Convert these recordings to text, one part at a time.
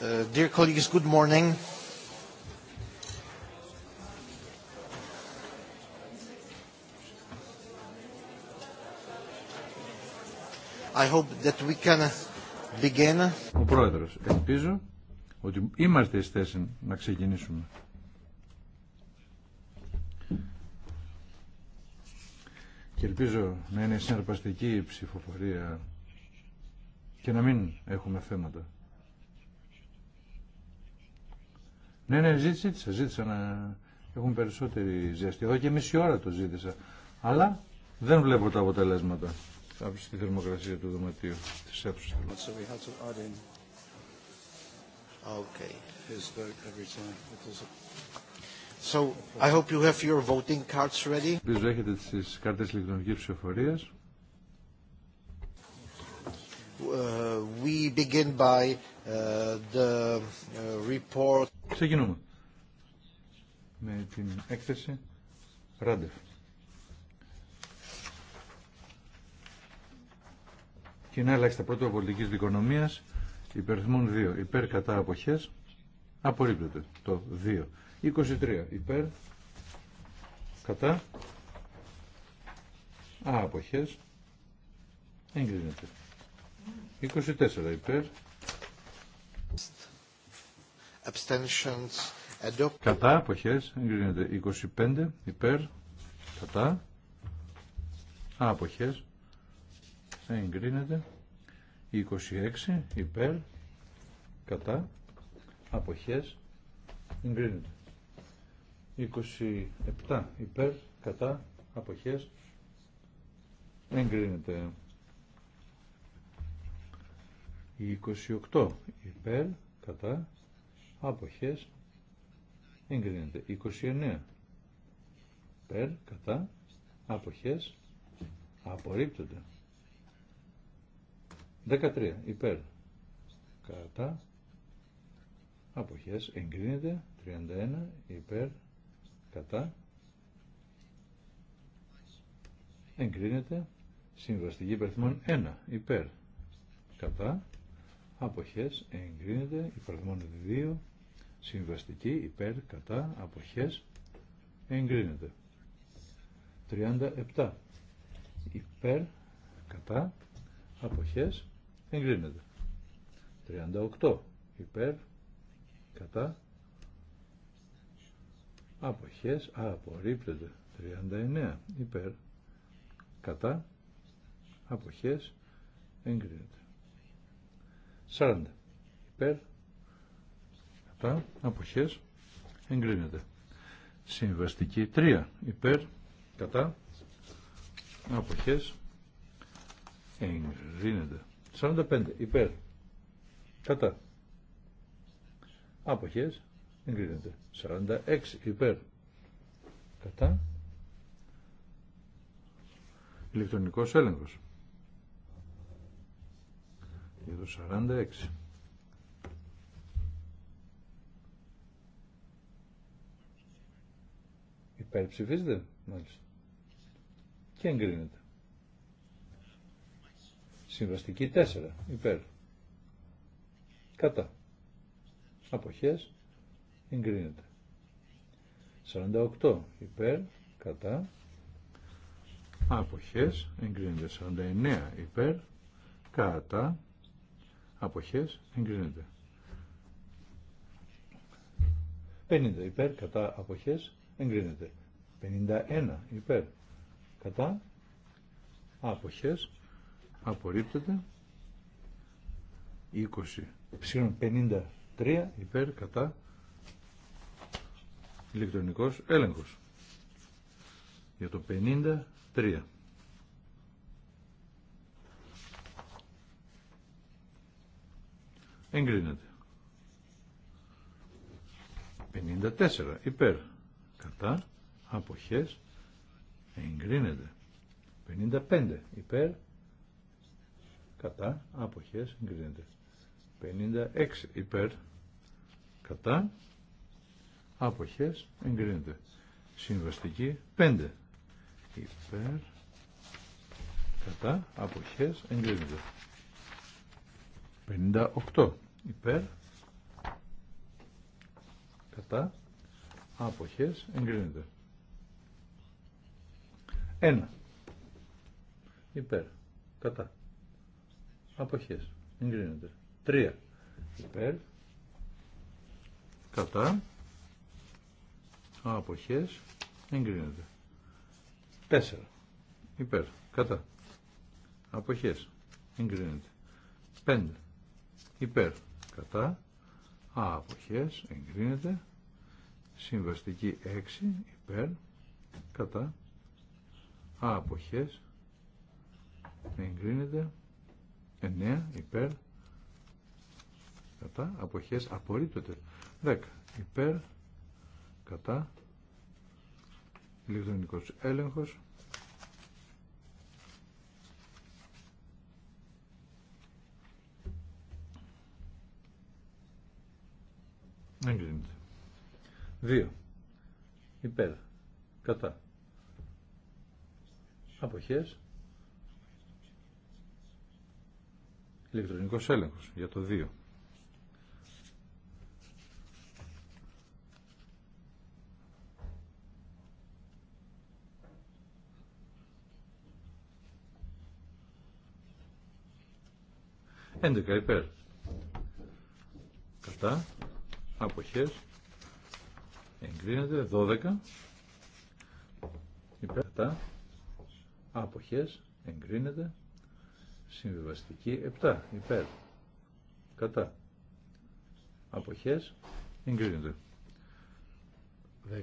Uh, dear colleagues, good morning. I hope that we can begin. Ο πρόεδρος, ελπίζω ότι είμαστε στη θέση να ξεκινήσουμε. Και ελπίζω να είναι συναρπαστική η ψηφοφορία και να μην έχουμε θέματα. Ναι, ναι, ζήτησα, ζήτησα, να έχουν περισσότερη ζέστη. Εδώ και μισή ώρα το ζήτησα. Αλλά δεν βλέπω τα αποτελέσματα από τη θερμοκρασία του δωματίου της αίθουσας. Okay, So, I hope you have your voting cards ready. Ελπίζω έχετε τις κάρτες ηλεκτρονικής ψηφοφορίας. Uh, uh, uh, Ξεκινούμε με την έκθεση Ράντεφ. Κοινά ελάχιστα πρώτα πολιτική δικονομία υπερθμών 2. Υπέρ κατά αποχέ. Απορρίπτεται το 2. 23. Υπέρ κατά. αποχέ. Εγκρίνεται. 24 υπέρ. Κατά αποχές εγκρίνεται 25 υπέρ. Κατά αποχές εγκρίνεται 26 υπέρ. Κατά αποχές εγκρίνεται. 27 υπέρ. Κατά αποχές εγκρίνεται. 28 υπέρ, κατά, αποχές, εγκρίνεται. 29 υπέρ, κατά, αποχές, απορρίπτονται. 13 υπέρ, κατά, αποχές, εγκρίνεται. 31 υπέρ, κατά, εγκρίνεται. Συμβαστική υπερθυμών 1 υπέρ, κατά, αποχές εγκρίνεται υπαριθμόν 2 συμβαστική υπέρ κατά αποχές εγκρίνεται 37 υπέρ κατά αποχές εγκρίνεται 38 υπέρ κατά αποχές απορρίπτεται 39 υπέρ κατά αποχές εγκρίνεται 40 υπέρ κατά αποχές εγκρίνεται. Συμβαστική 3 υπέρ κατά αποχές εγκρίνεται. 45 υπέρ κατά αποχές εγκρίνεται. 46 υπέρ κατά ηλεκτρονικός έλεγχος για το 46. Υπερψηφίζεται, μάλιστα. Και εγκρίνεται. Συμβαστική 4. Υπέρ. Κατά. Αποχές. Εγκρίνεται. 48. Υπέρ. Κατά. Αποχές. Εγκρίνεται. 49. Υπέρ. Κατά αποχές εγκρίνεται. 50 υπέρ κατά αποχές εγκρίνεται. 51 υπέρ κατά αποχές απορρίπτεται. 20 συγγνώμη 53 υπέρ κατά ηλεκτρονικός έλεγχος για το 53 εγκρίνεται. 54 υπέρ κατά αποχές εγκρίνεται. 55 υπέρ κατά αποχές εγκρίνεται. 56 υπέρ κατά αποχές εγκρίνεται. Συμβαστική 5 υπέρ κατά αποχές εγκρίνεται. 58 υπέρ κατά άποχες εγκρίνεται 1 υπέρ κατά άποχες εγκρίνεται 3 υπέρ κατά αποχές εγκρίνεται 4 υπέρ κατά αποχές εγκρίνεται 5 υπέρ κατά αποχές εγκρίνεται συμβαστική 6 υπέρ κατά αποχές εγκρίνεται 9 υπέρ κατά αποχές απορρίπτεται 10 υπέρ κατά ηλεκτρονικός έλεγχος Εγκρίνεται. 2. Υπέρ. Κατά. Αποχές. Ηλεκτρονικός έλεγχος για το 2. Έντεκα υπέρ. Κατά αποχές εγκρίνεται 12 υπέρ κατά αποχές εγκρίνεται συμβιβαστική 7 υπέρ κατά αποχές εγκρίνεται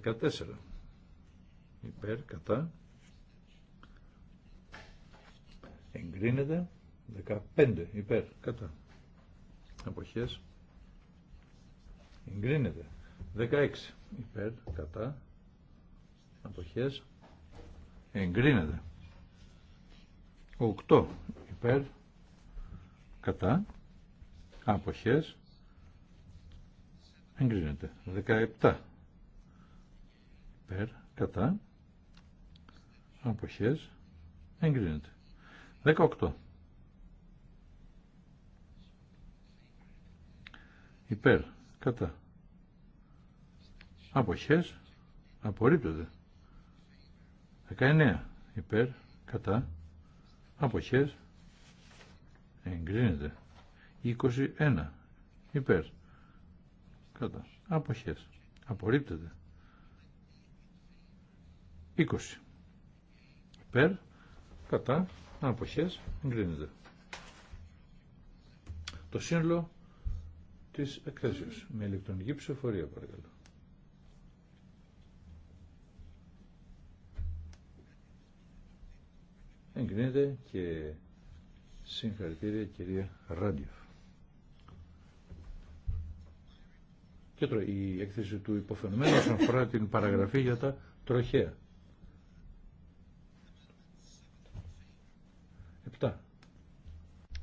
14 υπέρ κατά εγκρίνεται 15 υπέρ κατά αποχές Εγκρίνεται. 16 υπέρ, κατά, αποχές. Εγκρίνεται. 8 υπέρ, κατά, αποχές. Εγκρίνεται. 17 υπέρ, κατά, αποχές. Εγκρίνεται. 18 υπέρ, κατά αποχές απορρίπτονται 19 υπέρ κατά αποχές εγκρίνεται 21 υπέρ κατά αποχές απορρίπτεται 20 υπέρ κατά αποχές εγκρίνεται το σύνολο της εκθέσεως. Με ηλεκτρονική ψηφοφορία παρακαλώ. Εγκρίνεται και συγχαρητήρια κυρία Ράντιεφ. Και τώρα η έκθεση του υποφαινομένου όσον αφορά την παραγραφή για τα τροχέα.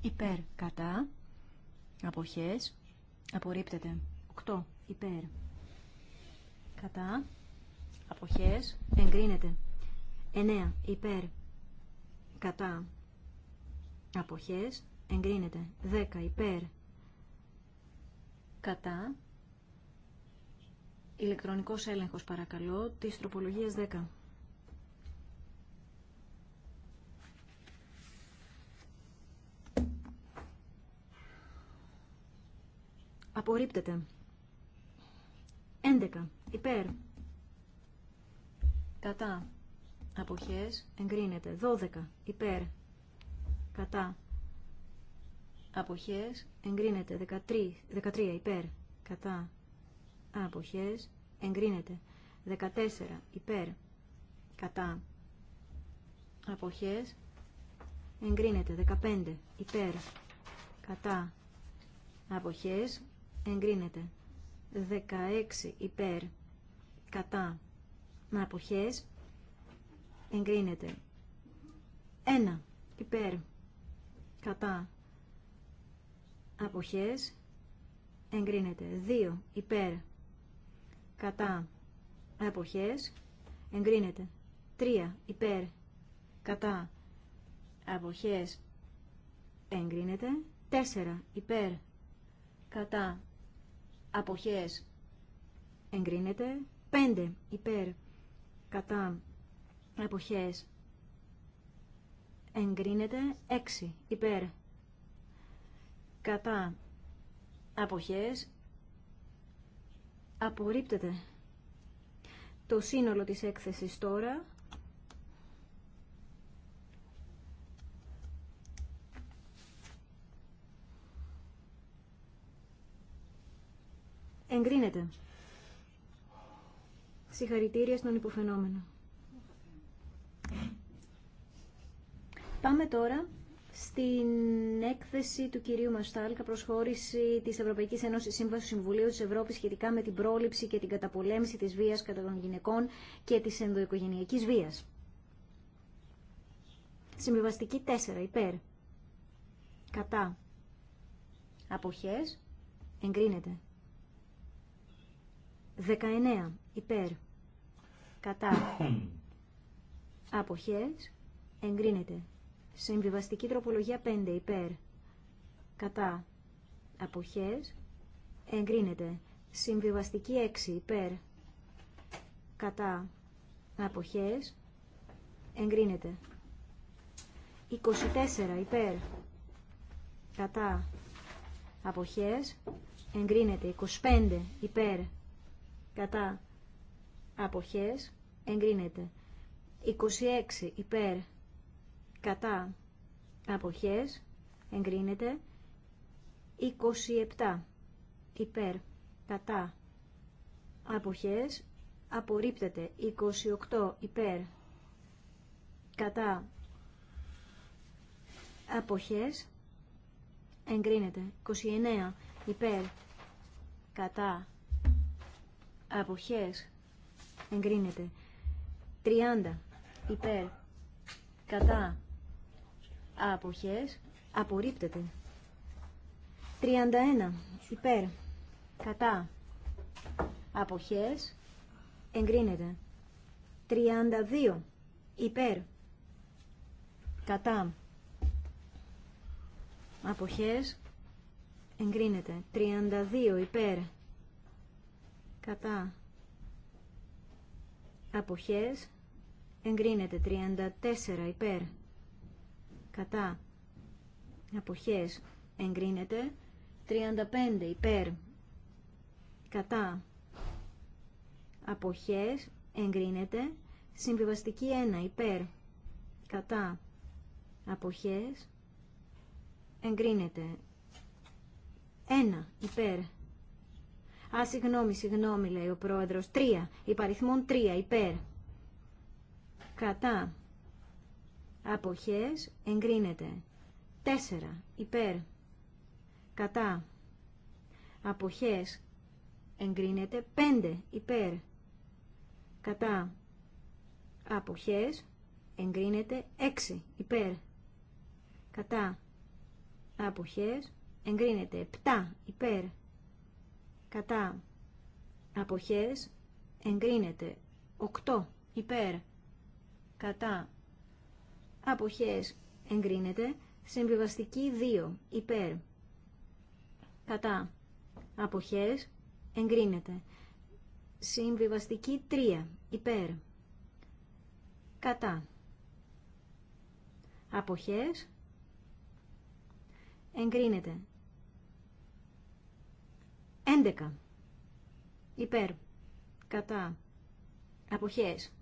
Υπέρ κατά αποχές Απορρίπτεται. 8. Υπέρ. Κατά. Αποχές. Εγκρίνεται. 9. Υπέρ. Κατά. Αποχές. Εγκρίνεται. 10. Υπέρ. Κατά. Ηλεκτρονικός έλεγχος παρακαλώ τη τροπολογίας 10. Απορρίπτεται. 11. Υπέρ. Κατά. Αποχές. Εγκρίνεται. 12. Υπέρ. Κατά. Αποχές. Εγκρίνεται. 13. 13. Υπέρ. Κατά. Αποχές. Εγκρίνεται. 14. Υπέρ. Κατά. Αποχές. Εγκρίνεται. 15. Υπέρ. Κατά. Αποχές εγκρίνεται. 16 υπέρ κατά με αποχές εγκρίνεται. 1 υπέρ κατά αποχές εγκρίνεται. 2 υπέρ κατά αποχές εγκρίνεται. 3 υπέρ κατά αποχές εγκρίνεται. 4 υπέρ κατά αποχές εγκρίνεται. 5 υπέρ κατά αποχές εγκρίνεται. 6 υπέρ κατά αποχές απορρίπτεται. Το σύνολο της έκθεσης τώρα εγκρίνεται. Συγχαρητήρια στον υποφαινόμενο. Πάμε τώρα στην έκθεση του κυρίου Μαστάλκα προσχώρηση της Ευρωπαϊκής Ένωσης Σύμβασης Συμβουλίου της Ευρώπης σχετικά με την πρόληψη και την καταπολέμηση της βίας κατά των γυναικών και της ενδοοικογενειακής βίας. Συμβιβαστική 4 υπέρ. Κατά. Αποχές. Εγκρίνεται. 19 υπέρ κατά αποχές εγκρίνεται. Συμβιβαστική τροπολογία 5 υπέρ κατά αποχές εγκρίνεται. Συμβιβαστική 6 υπέρ κατά αποχές εγκρίνεται. 24 υπέρ κατά αποχές εγκρίνεται. 25 υπέρ κατά αποχές εγκρίνεται 26 υπέρ κατά αποχές εγκρίνεται 27 υπέρ κατά αποχές απορρίπτεται 28 υπέρ κατά αποχές εγκρίνεται 29 υπέρ κατά Αποχές. Εγκρίνεται. 30. Υπέρ. Κατά. Αποχές. Απορρίπτεται. 31. Υπέρ. Κατά. Αποχές. Εγκρίνεται. 32. Υπέρ. Κατά. Αποχές. Εγκρίνεται. 32. Υπέρ κατά αποχές εγκρίνεται 34 υπέρ κατά αποχές εγκρίνεται 35 υπέρ κατά αποχές εγκρίνεται συμβιβαστική 1 υπέρ κατά αποχές εγκρίνεται 1 υπέρ Α, συγγνώμη, συγγνώμη, λέει ο πρόεδρος. τρία Υπαριθμών τρία, Υπέρ. Κατά. Αποχές. Εγκρίνεται. τέσσερα Υπέρ. Κατά. Αποχές. Εγκρίνεται. πέντε Υπέρ. Κατά. Αποχές. Εγκρίνεται. έξι Υπέρ. Κατά. Αποχές. Εγκρίνεται. 7. Υπέρ κατά αποχές εγκρίνεται 8 υπέρ κατά αποχές εγκρίνεται συμβιβαστική 2 υπέρ κατά αποχές εγκρίνεται συμβιβαστική 3 υπέρ κατά αποχές εγκρίνεται 11. Υπέρ. Κατά. Αποχές.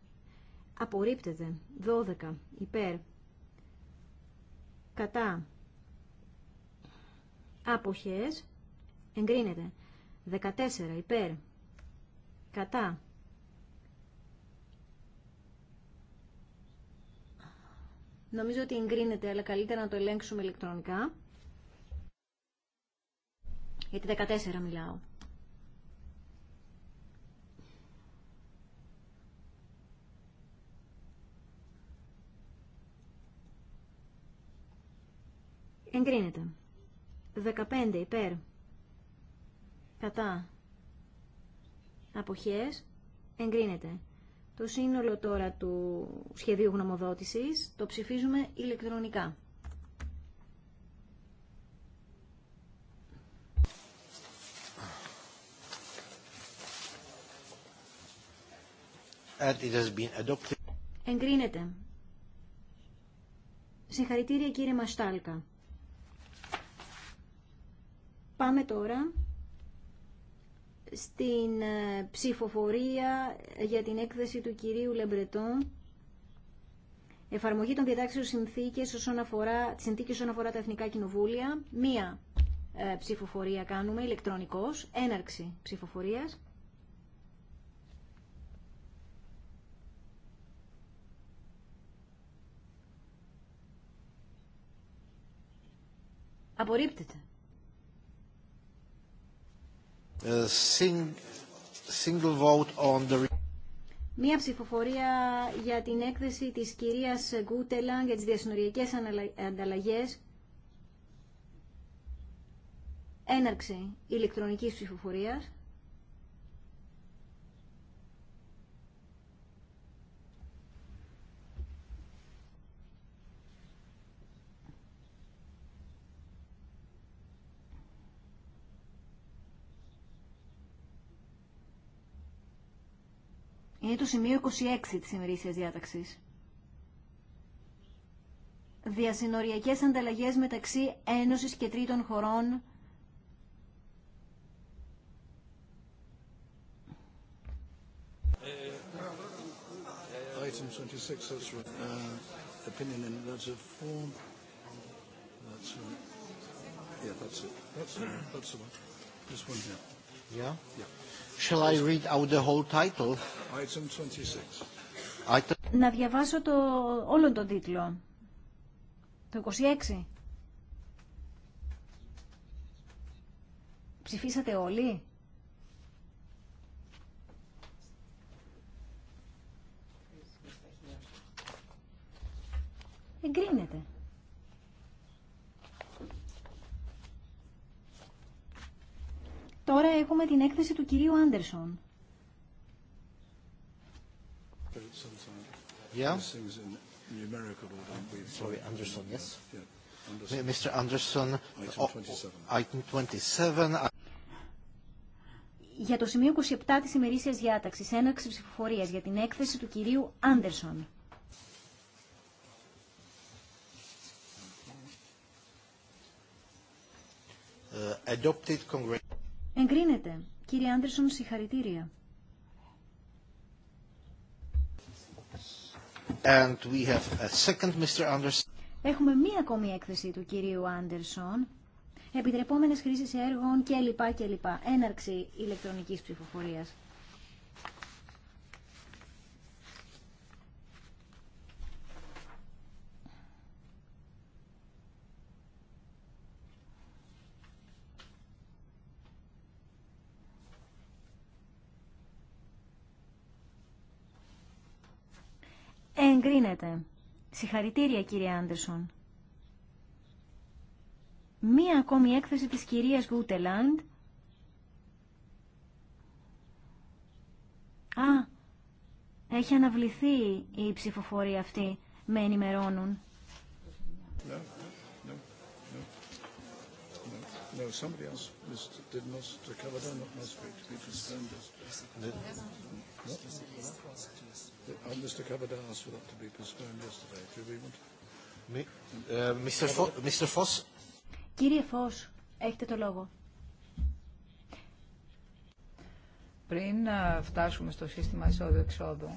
Απορρίπτεται. 12. Υπέρ. Κατά. Αποχές. Εγκρίνεται. 14. Υπέρ. Κατά. Νομίζω ότι εγκρίνεται, αλλά καλύτερα να το ελέγξουμε ηλεκτρονικά. Για 14 μιλάω. Εγκρίνεται. 15 υπέρ. Κατά. Αποχές. Εγκρίνεται. Το σύνολο τώρα του σχεδίου γνωμοδότησης το ψηφίζουμε ηλεκτρονικά. Εγκρίνεται. Συγχαρητήρια κύριε Μαστάλκα. Πάμε τώρα στην ε, ψηφοφορία για την έκθεση του κυρίου Λεμπρετών εφαρμογή των διατάξεων συνθήκες όσον αφορά, συνθήκες όσον αφορά τα εθνικά κοινοβούλια. Μία ε, ψηφοφορία κάνουμε ηλεκτρονικός, έναρξη ψηφοφορίας. Απορρίπτεται. Ε, Μία ψηφοφορία για την έκθεση της κυρίας Γκούτελαν για τις διασυνοριακές ανταλλαγές. Έναρξη ηλεκτρονικής ψηφοφορίας. Είναι το σημείο 26 της ημερήσιας διάταξης. Διασυνοριακές ανταλλαγές μεταξύ Ένωσης και Τρίτων χωρών Shall I read out the whole title? Item 26. Item... Να διαβάσω το, όλο τον τίτλο. Το 26. Ψηφίσατε όλοι. Εγκρίνεται. Τώρα έχουμε την έκθεση του κυρίου Άντερσον. Για το σημείο 27 της ημερήσιας διάταξης, έναξη ψηφοφορίας για την έκθεση του κυρίου Άντερσον. Uh, adopted Εγκρίνεται. Κύριε Άντρισον, συγχαρητήρια. And we have a second, Mr. Έχουμε μία ακόμη έκθεση του κυρίου Άντερσον. Επιτρεπόμενες χρήσεις έργων κλπ. κλπ. Έναρξη ηλεκτρονικής ψηφοφορίας. Συγχαρητήρια κύριε Άντερσον. Μία ακόμη έκθεση της κυρίας Γούτελαντ. Α, έχει αναβληθεί η ψηφοφορία αυτή. Με ενημερώνουν. Ναι. No, somebody else did not cover that. must be postponed. Yes. Mr. Cavada asked for that to be postponed yesterday. Do we want Mr. Mr. Foss. Κύριε Φως, έχετε το λόγο. Πριν φτάσουμε στο σύστημα εισόδου-εξόδου,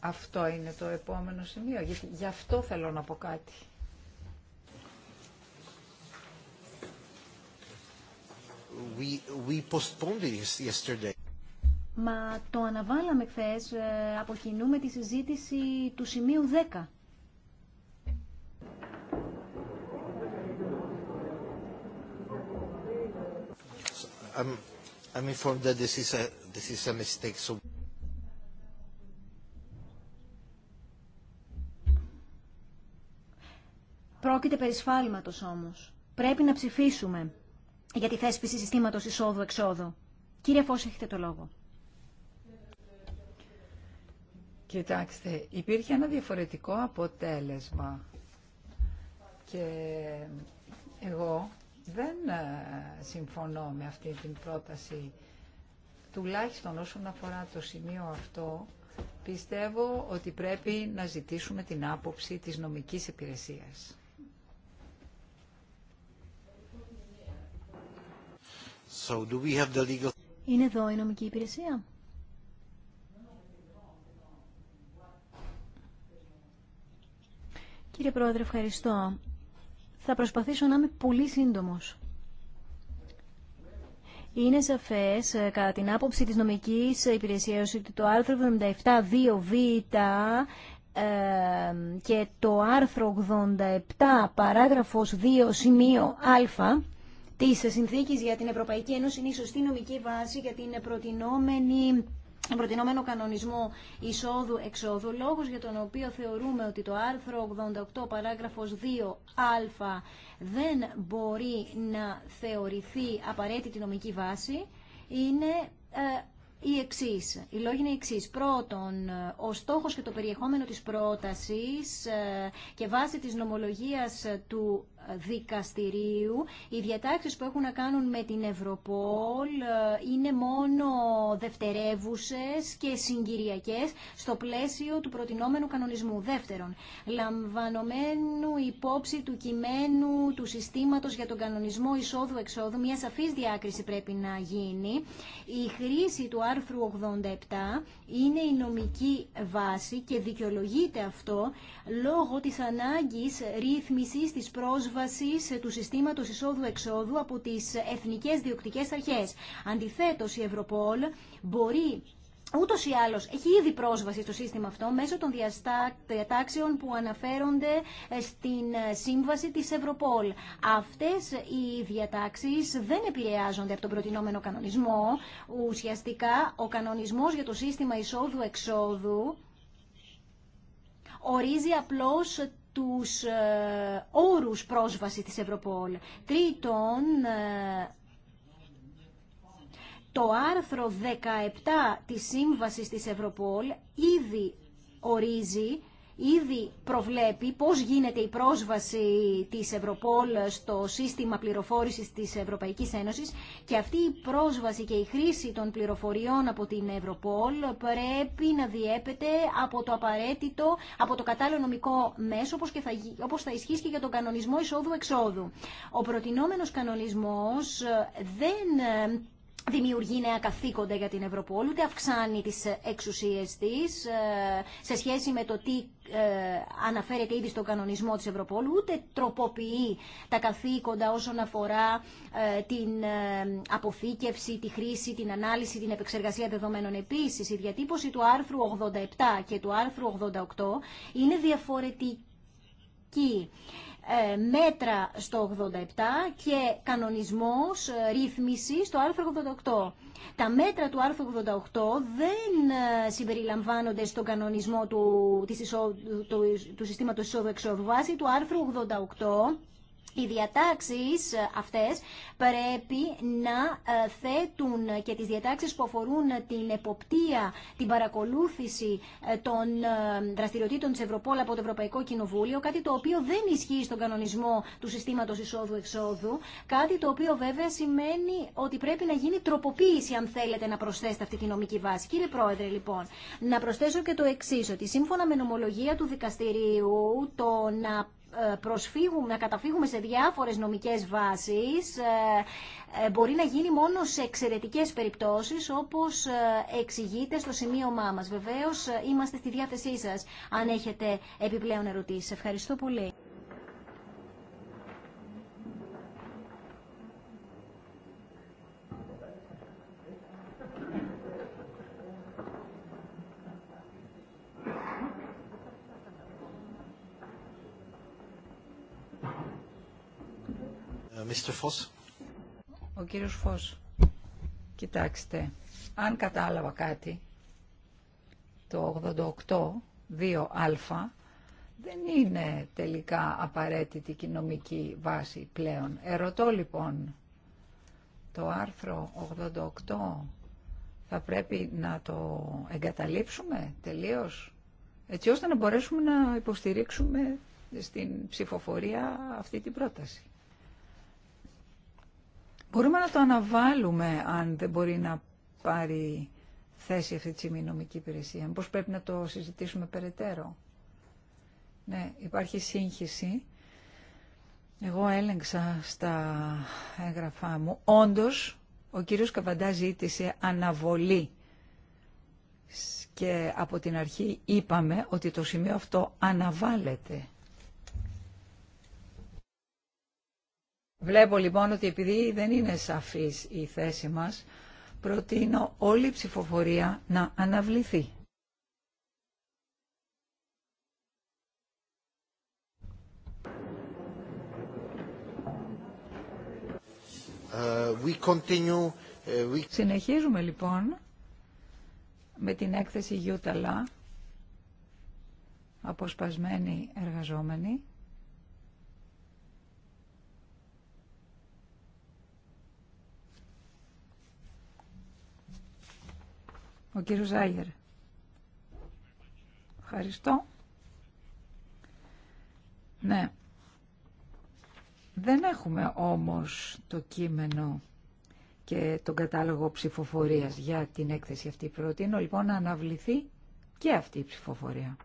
αυτό είναι το επόμενο σημείο, γιατί γι' αυτό θέλω να πω κάτι. we, postponed yesterday. Μα το αναβάλαμε χθε από τη συζήτηση του σημείου 10. that this is this is a mistake. Πρόκειται περί σφάλματος όμως. Πρέπει να ψηφίσουμε για τη θεσπιση συστήματο συστήματος εισόδου-εξόδου. Κύριε Φώση, έχετε το λόγο. Κοιτάξτε, υπήρχε ένα διαφορετικό αποτέλεσμα και εγώ δεν ε, συμφωνώ με αυτή την πρόταση. Τουλάχιστον όσον αφορά το σημείο αυτό, πιστεύω ότι πρέπει να ζητήσουμε την άποψη της νομικής υπηρεσίας. we have the legal... Είναι εδώ η νομική υπηρεσία. Κύριε Πρόεδρε, ευχαριστώ. Θα προσπαθήσω να είμαι πολύ σύντομος. Είναι σαφές, ε, κατά την άποψη της νομικής υπηρεσίας, ότι το άρθρο 77.2β ε, και το άρθρο 87 παράγραφος 2 σημείο α σε συνθήκη για την Ευρωπαϊκή Ένωση είναι η σωστή νομική βάση για την προτινόμενη προτινόμενο κανονισμό εισόδου-εξόδου, λόγος για τον οποίο θεωρούμε ότι το άρθρο 88 παράγραφος 2α δεν μπορεί να θεωρηθεί απαραίτητη νομική βάση, είναι ε, η εξή. Η λόγη είναι η εξή. Πρώτον, ο στόχο και το περιεχόμενο τη πρόταση ε, και βάσει τη νομολογία του δικαστηρίου. Οι διατάξεις που έχουν να κάνουν με την Ευρωπόλ ε, είναι μόνο δευτερεύουσες και συγκυριακές στο πλαίσιο του προτινόμενου κανονισμού. Δεύτερον, λαμβανομένου υπόψη του κειμένου του συστήματος για τον κανονισμό εισόδου-εξόδου, μια σαφής διάκριση πρέπει να γίνει. Η χρήση του άρθρου 87 είναι η νομική βάση και δικαιολογείται αυτό λόγω της ανάγκης ρύθμισης της πρόσβασης του συστήματο εισοδου εισόδου-εξόδου από τι εθνικές διοκτικέ αρχέ. Αντιθέτω, η Ευρωπόλ μπορεί Ούτω ή άλλω έχει ήδη πρόσβαση στο σύστημα αυτό μέσω των διατάξεων που αναφέρονται στην σύμβαση τη Ευρωπόλ. Αυτέ οι διατάξει δεν επηρεάζονται από τον προτινόμενο κανονισμό. Ουσιαστικά, ο κανονισμό για το σύστημα εισόδου-εξόδου ορίζει απλώς τους ε, όρους πρόσβαση της Ευρωπόλ. Τρίτον, ε, το άρθρο 17 της Σύμβασης της Ευρωπόλ ήδη ορίζει ήδη προβλέπει πώς γίνεται η πρόσβαση της Ευρωπόλ στο σύστημα πληροφόρησης της Ευρωπαϊκής Ένωσης και αυτή η πρόσβαση και η χρήση των πληροφοριών από την Ευρωπόλ πρέπει να διέπεται από το απαραίτητο, από το κατάλληλο νομικό μέσο όπως, και θα, όπως θα ισχύσει και για τον κανονισμό εισόδου-εξόδου. Ο προτινόμενος κανονισμός δεν δημιουργεί νέα καθήκοντα για την Ευρωπόλου, ούτε αυξάνει τις ε, εξουσίες της ε, σε σχέση με το τι ε, αναφέρεται ήδη στον κανονισμό της Ευρωπόλου, ούτε τροποποιεί τα καθήκοντα όσον αφορά την αποθήκευση, τη χρήση, την ανάλυση, την επεξεργασία δεδομένων. Επίσης, η διατύπωση του άρθρου 87 και του άρθρου 88 είναι διαφορετική. Ε, μέτρα στο 87 και κανονισμός ε, ρύθμιση στο άρθρο 88. Τα μέτρα του άρθρου 88 δεν ε, συμπεριλαμβάνονται στον κανονισμό του, του, του συστήματος εισόδου εξόδου βάση του άρθρου 88 οι διατάξεις ε, αυτές πρέπει να ε, θέτουν και τις διατάξεις που αφορούν την εποπτεία, την παρακολούθηση ε, των δραστηριοτήτων της ευρωπόλα από το Ευρωπαϊκό Κοινοβούλιο, κάτι το οποίο δεν ισχύει στον κανονισμό του συστήματος εισόδου-εξόδου, κάτι το οποίο βέβαια σημαίνει ότι πρέπει να γίνει τροποποίηση, αν θέλετε, να προσθέσετε αυτή τη νομική βάση. Κύριε Πρόεδρε, λοιπόν, να προσθέσω και το εξή, ότι σύμφωνα με νομολογία του δικαστηρίου, το να ε, προσφύγουμε, να καταφύγουμε σε διάφορες νομικές βάσεις ε, ε, μπορεί να γίνει μόνο σε εξαιρετικές περιπτώσεις όπως εξηγείται στο σημείωμά μας. Βεβαίως είμαστε στη διάθεσή σας αν έχετε επιπλέον ερωτήσεις. Ευχαριστώ πολύ. Ο κύριος Φως. Κοιτάξτε, αν κατάλαβα κάτι, το 88 2α δεν είναι τελικά απαραίτητη κοινωνική βάση πλέον. Ερωτώ λοιπόν, το άρθρο 88 θα πρέπει να το εγκαταλείψουμε τελείως, έτσι ώστε να μπορέσουμε να υποστηρίξουμε στην ψηφοφορία αυτή την πρόταση. Μπορούμε να το αναβάλουμε αν δεν μπορεί να πάρει θέση αυτή τη στιγμή η νομική υπηρεσία. Μήπως πρέπει να το συζητήσουμε περαιτέρω. Ναι, υπάρχει σύγχυση. Εγώ έλεγξα στα έγγραφά μου. Όντως, ο κύριος Καβαντά ζήτησε αναβολή. Και από την αρχή είπαμε ότι το σημείο αυτό αναβάλλεται. Βλέπω λοιπόν ότι επειδή δεν είναι σαφής η θέση μας, προτείνω όλη η ψηφοφορία να αναβληθεί. Uh, uh, Συνεχίζουμε λοιπόν με την έκθεση Γιούταλα, αποσπασμένοι εργαζόμενοι. Ο κύριος Ζάγερ. Ευχαριστώ. Ναι. Δεν έχουμε όμως το κείμενο και τον κατάλογο ψηφοφορίας για την έκθεση αυτή. Προτείνω λοιπόν να αναβληθεί και αυτή η ψηφοφορία.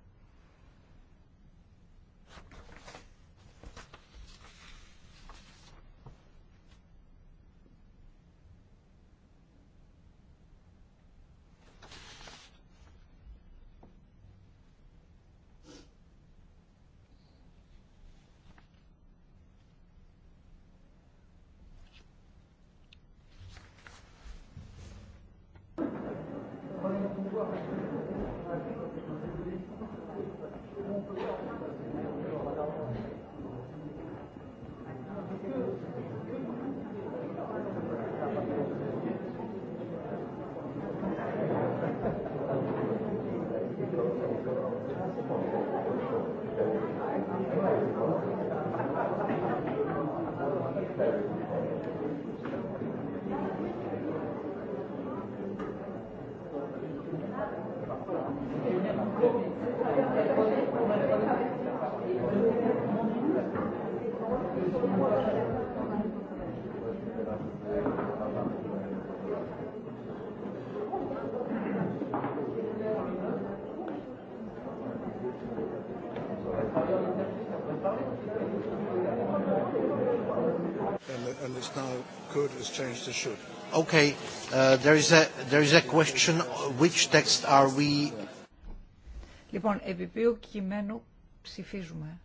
Λοιπόν, επί ποιου κειμένου ψηφίζουμε.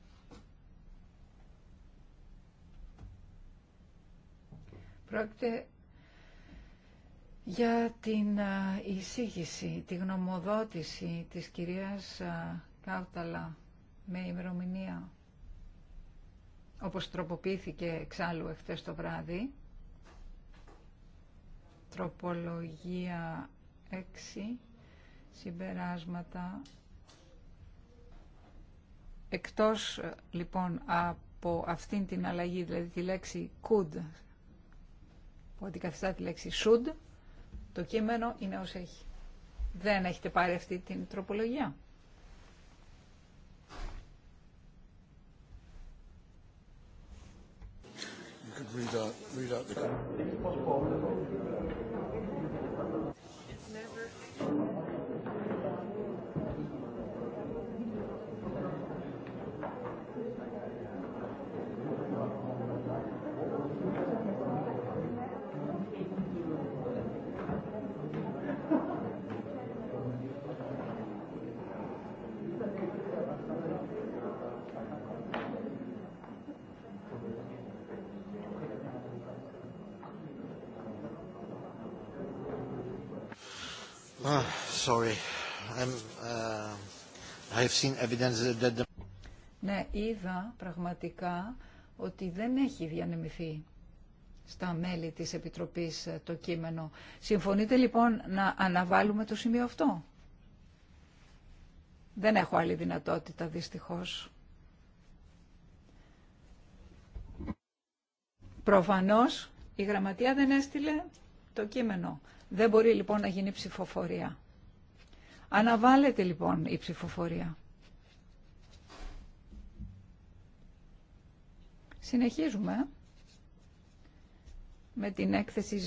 Πρόκειται για την εισήγηση, τη γνωμοδότηση της κυρίας Κάουταλα με ημερομηνία όπως τροποποιήθηκε εξάλλου εχθές το βράδυ Τροπολογία 6. Συμπεράσματα. Εκτός ε, λοιπόν από αυτήν την αλλαγή, δηλαδή τη λέξη could, που αντικαθιστά τη λέξη should, το κείμενο είναι ως έχει. Δεν έχετε πάρει αυτή την τροπολογία. read out, read out the sorry. I'm, uh, Ναι, είδα πραγματικά ότι δεν έχει διανεμηθεί στα μέλη της Επιτροπής ε, το κείμενο. Συμφωνείτε λοιπόν να αναβάλουμε το σημείο αυτό. Δεν έχω άλλη δυνατότητα δυστυχώς. Προφανώς η γραμματεία δεν έστειλε το κείμενο. Δεν μπορεί λοιπόν να γίνει ψηφοφορία. Αναβάλλεται λοιπόν η ψηφοφορία. Συνεχίζουμε με την έκθεση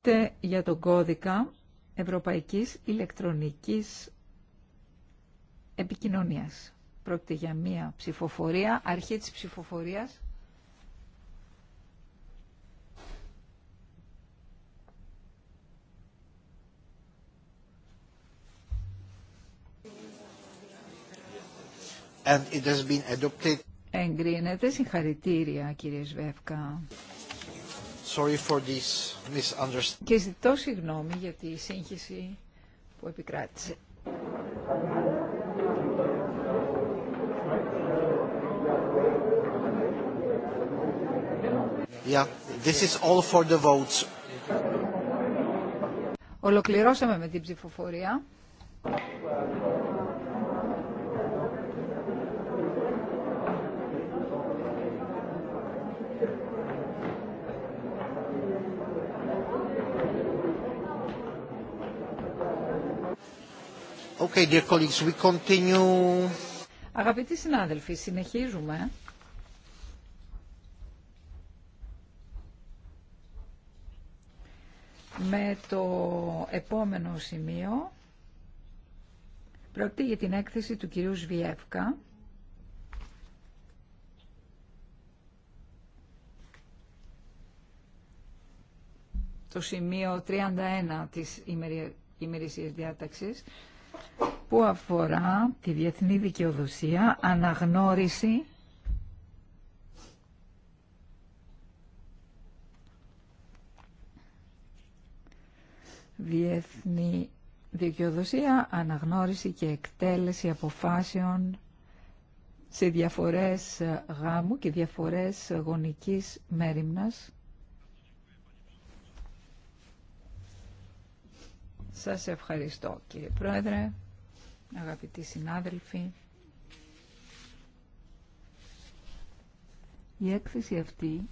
Τε για τον κώδικα Ευρωπαϊκής Ηλεκτρονικής Επικοινωνίας. Πρόκειται για μία ψηφοφορία, αρχή της ψηφοφορίας. Εγκρίνεται. Συγχαρητήρια, κύριε Σβεύκα sorry for this misunderstanding. Και ζητώ συγγνώμη για τη σύγχυση που επικράτησε. Yeah, this is all for the votes. Ολοκληρώσαμε με την ψηφοφορία. Αγαπητοί συνάδελφοι, συνεχίζουμε. Με το επόμενο σημείο πρόκειται για την έκθεση του κυρίου Σβιεύκα. Το σημείο 31 της ημερησίας διάταξης που αφορά τη διεθνή δικαιοδοσία, αναγνώριση διεθνή δικαιοδοσία, αναγνώριση και εκτέλεση αποφάσεων σε διαφορές γάμου και διαφορές γονικής μέρημνας. Σας ευχαριστώ κύριε Πρόεδρε, αγαπητοί συνάδελφοι. Η έκθεση αυτή,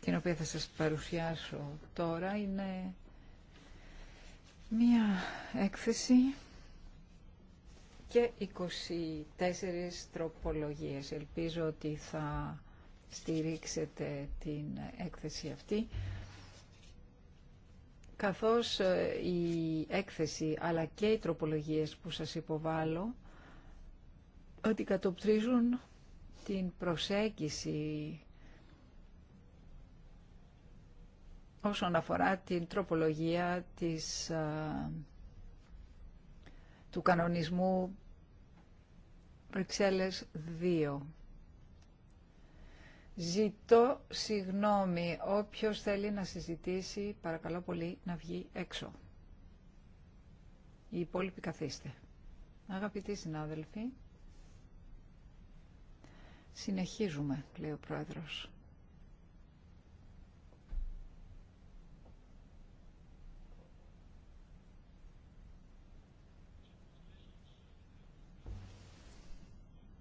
την οποία θα σας παρουσιάσω τώρα, είναι μία έκθεση και 24 τροπολογίες. Ελπίζω ότι θα στηρίξετε την έκθεση αυτή καθώς ε, η έκθεση αλλά και οι τροπολογίες που σας υποβάλλω ότι κατοπτρίζουν την προσέγγιση όσον αφορά την τροπολογία της, του κανονισμού Βρυξέλλες 2. Ζητώ συγγνώμη. Όποιος θέλει να συζητήσει, παρακαλώ πολύ να βγει έξω. Οι υπόλοιποι καθίστε. Αγαπητοί συνάδελφοι, συνεχίζουμε, λέει ο Πρόεδρος.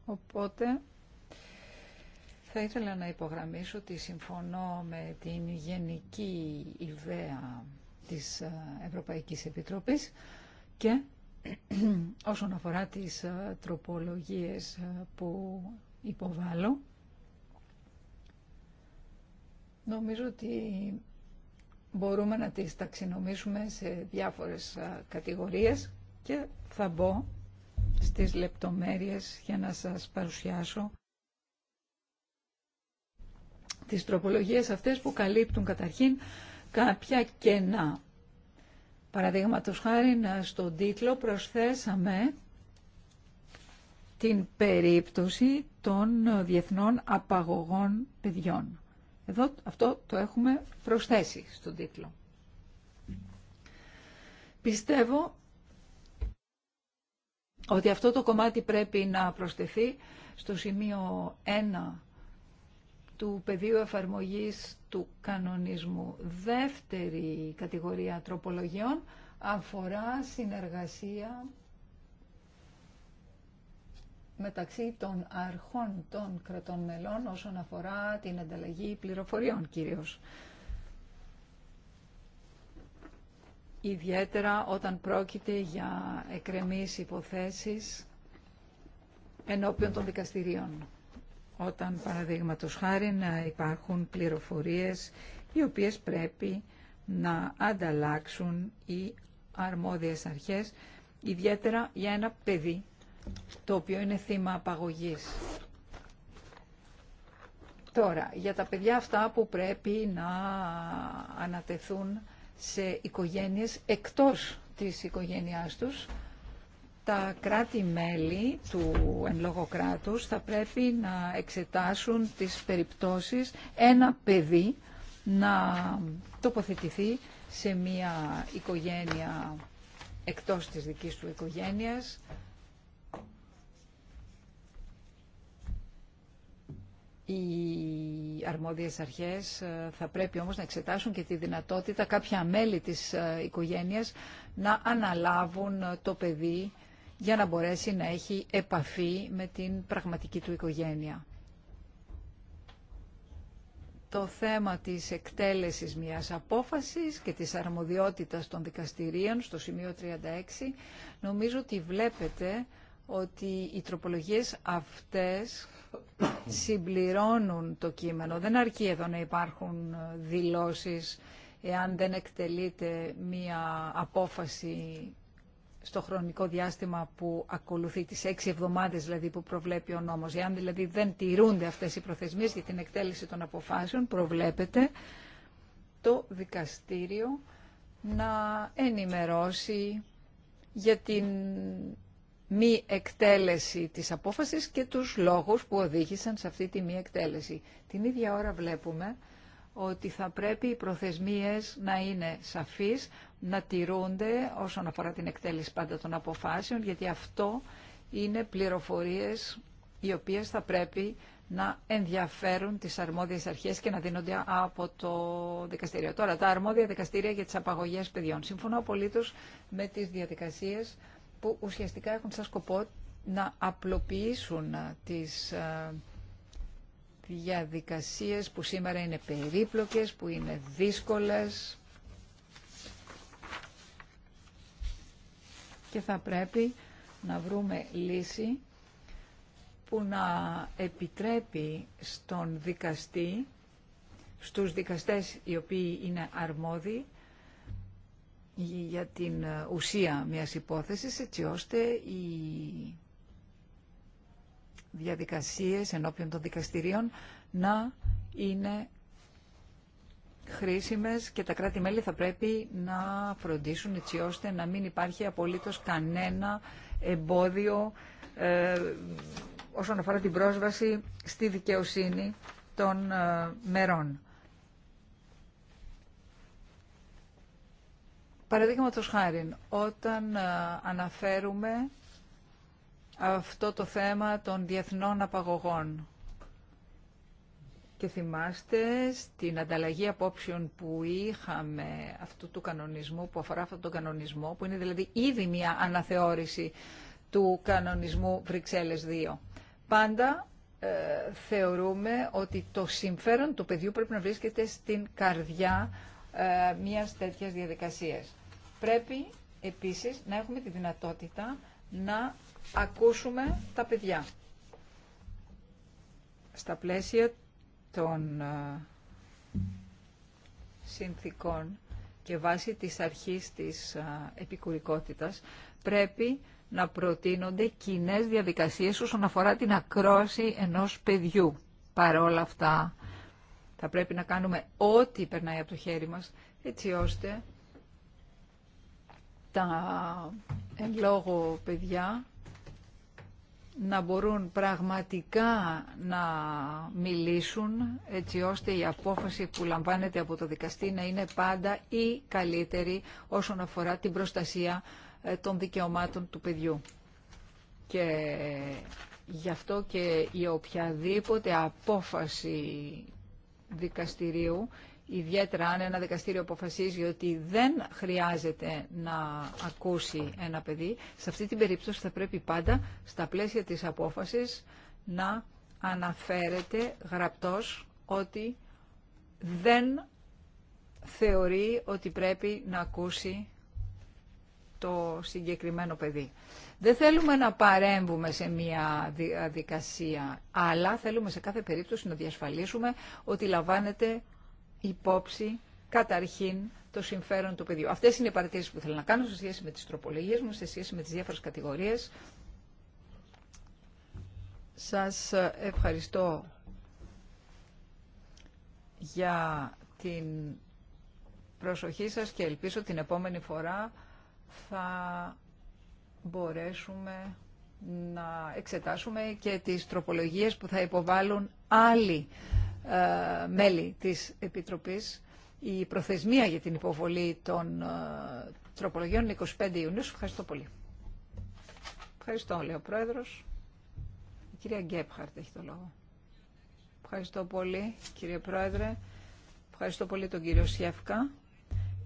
Οπότε θα ήθελα να υπογραμμίσω ότι συμφωνώ με την γενική ιδέα της ε, Ευρωπαϊκής Επιτροπής και όσον αφορά τις ε, τροπολογίες ε, που υποβάλλω, νομίζω ότι μπορούμε να τις ταξινομήσουμε σε διάφορες κατηγορίες και θα μπω στις λεπτομέρειες για να σας παρουσιάσω τις τροπολογίες αυτές που καλύπτουν καταρχήν κάποια κενά. Παραδείγματο χάρη στον τίτλο προσθέσαμε την περίπτωση των διεθνών απαγωγών παιδιών. Εδώ αυτό το έχουμε προσθέσει στον τίτλο. Πιστεύω ότι αυτό το κομμάτι πρέπει να προσθεθεί στο σημείο 1 του πεδίου εφαρμογής του κανονισμού. Δεύτερη κατηγορία τροπολογιών αφορά συνεργασία μεταξύ των αρχών των κρατών μελών όσον αφορά την ανταλλαγή πληροφοριών κυρίως. Ιδιαίτερα όταν πρόκειται για εκρεμείς υποθέσεις ενώπιον των δικαστηρίων όταν παραδείγματος χάρη να υπάρχουν πληροφορίες οι οποίες πρέπει να ανταλλάξουν οι αρμόδιες αρχές, ιδιαίτερα για ένα παιδί το οποίο είναι θύμα απαγωγής. Τώρα, για τα παιδιά αυτά που πρέπει να ανατεθούν σε οικογένειες εκτός της οικογένειάς τους, τα κράτη-μέλη του εν λόγω κράτους θα πρέπει να εξετάσουν τις περιπτώσεις ένα παιδί να τοποθετηθεί σε μια οικογένεια εκτός της δικής του οικογένειας Οι αρμόδιες αρχές ε, θα πρέπει όμως να εξετάσουν και τη δυνατότητα κάποια μέλη της ε, οικογένειας να αναλάβουν ε, το παιδί για να μπορέσει να έχει επαφή με την πραγματική του οικογένεια. Το θέμα της εκτέλεσης μιας απόφασης και της αρμοδιότητας των δικαστηρίων στο σημείο 36 νομίζω ότι βλέπετε ότι οι τροπολογίες αυτές συμπληρώνουν το κείμενο. Δεν αρκεί εδώ να υπάρχουν δηλώσεις εάν δεν εκτελείται μία απόφαση στο χρονικό διάστημα που ακολουθεί, τις έξι εβδομάδες δηλαδή που προβλέπει ο νόμος. Εάν δηλαδή δεν τηρούνται αυτές οι προθεσμίες για την εκτέλεση των αποφάσεων, προβλέπεται το δικαστήριο να ενημερώσει για την μη εκτέλεση της απόφασης και τους λόγους που οδήγησαν σε αυτή τη μη εκτέλεση. Την ίδια ώρα βλέπουμε ότι θα πρέπει οι προθεσμίες να είναι σαφείς, να τηρούνται όσον αφορά την εκτέλεση πάντα των αποφάσεων, γιατί αυτό είναι πληροφορίες οι οποίες θα πρέπει να ενδιαφέρουν τις αρμόδιες αρχές και να δίνονται από το δικαστήριο. Τώρα, τα αρμόδια δικαστήρια για τις απαγωγές παιδιών. Συμφωνώ απολύτως με τις διαδικασίες που ουσιαστικά έχουν σαν σκοπό να απλοποιήσουν τις ε, διαδικασίες που σήμερα είναι περίπλοκες, που είναι δύσκολες και θα πρέπει να βρούμε λύση που να επιτρέπει στον δικαστή, στους δικαστές οι οποίοι είναι αρμόδιοι για την ουσία μιας υπόθεσης, έτσι ώστε η διαδικασίες ενώπιον των δικαστηρίων να είναι χρήσιμες και τα κράτη-μέλη θα πρέπει να φροντίσουν έτσι ώστε να μην υπάρχει απολύτως κανένα εμπόδιο ε, όσον αφορά την πρόσβαση στη δικαιοσύνη των ε, μερών. Παραδείγματος χάρη, όταν ε, αναφέρουμε αυτό το θέμα των διεθνών απαγωγών. Και θυμάστε στην ανταλλαγή απόψεων που είχαμε αυτού του κανονισμού, που αφορά αυτόν τον κανονισμό, που είναι δηλαδή ήδη μια αναθεώρηση του κανονισμού Βρυξέλλες 2. Πάντα ε, θεωρούμε ότι το συμφέρον του παιδιού πρέπει να βρίσκεται στην καρδιά ε, μιας τέτοιας διαδικασίας. Πρέπει επίσης να έχουμε τη δυνατότητα να ακούσουμε τα παιδιά. Στα πλαίσια των ε, συνθήκων και βάσει της αρχής της ε, επικουρικότητας πρέπει να προτείνονται κοινέ διαδικασίες όσον αφορά την ακρόαση ενός παιδιού. Παρόλα αυτά θα πρέπει να κάνουμε ό,τι περνάει από το χέρι μας έτσι ώστε τα εν λόγω παιδιά να μπορούν πραγματικά να μιλήσουν έτσι ώστε η απόφαση που λαμβάνεται από το δικαστή να είναι πάντα η καλύτερη όσον αφορά την προστασία ε, των δικαιωμάτων του παιδιού. Και γι' αυτό και η οποιαδήποτε απόφαση δικαστηρίου Ιδιαίτερα αν ένα δικαστήριο αποφασίζει ότι δεν χρειάζεται να ακούσει ένα παιδί, σε αυτή την περίπτωση θα πρέπει πάντα στα πλαίσια της απόφασης να αναφέρεται γραπτός ότι δεν θεωρεί ότι πρέπει να ακούσει το συγκεκριμένο παιδί. Δεν θέλουμε να παρέμβουμε σε μια διαδικασία, αλλά θέλουμε σε κάθε περίπτωση να διασφαλίσουμε ότι λαμβάνεται υπόψη καταρχήν το συμφέρον του παιδιού. Αυτές είναι οι παρατηρήσεις που θέλω να κάνω σε σχέση με τις τροπολογίες μου, σε σχέση με τις διάφορες κατηγορίες. Σας ευχαριστώ για την προσοχή σας και ελπίζω την επόμενη φορά θα μπορέσουμε να εξετάσουμε και τις τροπολογίες που θα υποβάλουν άλλοι ε, μέλη της Επιτροπής. Η προθεσμία για την υποβολή των ε, τροπολογιών 25 Ιουνίου. Σας ευχαριστώ πολύ. Ευχαριστώ, λέει ο Πρόεδρος. Η κυρία Γκέπχαρτ έχει το λόγο. Ευχαριστώ πολύ, κύριε Πρόεδρε. Ευχαριστώ πολύ τον κύριο Σιεύκα,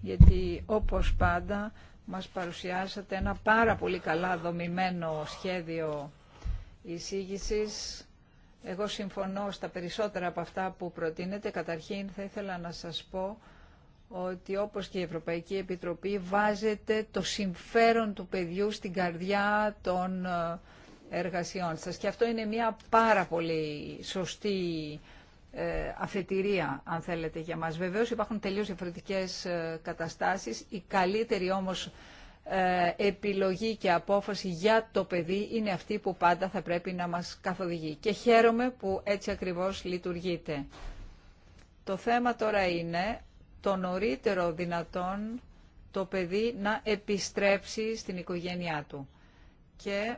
γιατί όπως πάντα μας παρουσιάσατε ένα πάρα πολύ καλά δομημένο σχέδιο εισήγησης εγώ συμφωνώ στα περισσότερα από αυτά που προτείνετε. Καταρχήν θα ήθελα να σας πω ότι όπως και η Ευρωπαϊκή Επιτροπή βάζετε το συμφέρον του παιδιού στην καρδιά των ε, εργασιών σας. Και αυτό είναι μια πάρα πολύ σωστή ε, αφετηρία, αν θέλετε, για μας. Βεβαίως υπάρχουν τελείως διαφορετικές ε, καταστάσεις. Η καλύτεροι, όμως ε, επιλογή και απόφαση για το παιδί είναι αυτή που πάντα θα πρέπει να μας καθοδηγεί. Και χαίρομαι που έτσι ακριβώς λειτουργείτε. Το θέμα τώρα είναι το νωρίτερο δυνατόν το παιδί να επιστρέψει στην οικογένειά του. Και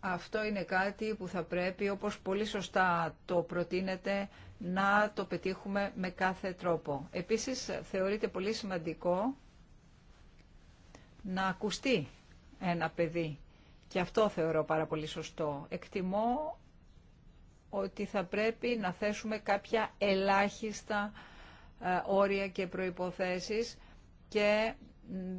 αυτό είναι κάτι που θα πρέπει, όπως πολύ σωστά το προτείνεται, να το πετύχουμε με κάθε τρόπο. Επίσης, θεωρείται πολύ σημαντικό να ακουστεί ένα παιδί. Και αυτό θεωρώ πάρα πολύ σωστό. Εκτιμώ ότι θα πρέπει να θέσουμε κάποια ελάχιστα ε, όρια και προϋποθέσεις και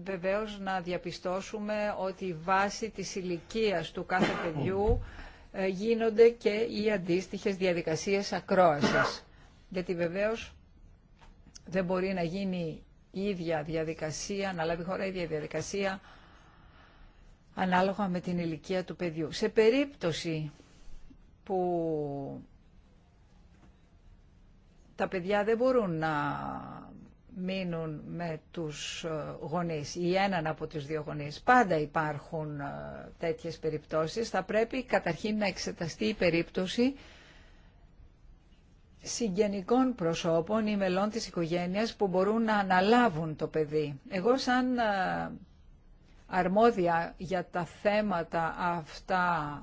βεβαίως να διαπιστώσουμε ότι η βάση της ηλικία του κάθε παιδιού ε, γίνονται και οι αντίστοιχες διαδικασίες ακρόασης. Γιατί βεβαίως δεν μπορεί να γίνει η ίδια διαδικασία, να χώρα η ίδια διαδικασία ανάλογα με την ηλικία του παιδιού. Σε περίπτωση που τα παιδιά δεν μπορούν να μείνουν με τους ε, γονείς ή έναν από τους δύο γονείς. Πάντα υπάρχουν ε, τέτοιες περιπτώσεις. Θα πρέπει καταρχήν να εξεταστεί η περίπτωση συγγενικών προσώπων ή μελών της οικογένειας που μπορούν να αναλάβουν το παιδί. Εγώ σαν αρμόδια για τα θέματα αυτά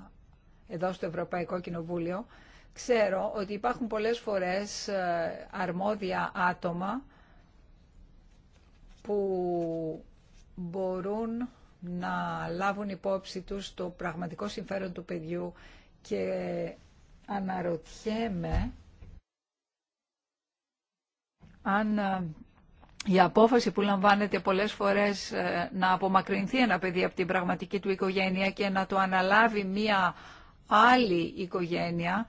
εδώ στο Ευρωπαϊκό Κοινοβούλιο, ξέρω ότι υπάρχουν πολλές φορές αρμόδια άτομα που μπορούν να λάβουν υπόψη τους το πραγματικό συμφέρον του παιδιού και αναρωτιέμαι αν ε, η απόφαση που λαμβάνεται πολλές φορές ε, να απομακρυνθεί ένα παιδί από την πραγματική του οικογένεια και να το αναλάβει μία άλλη οικογένεια,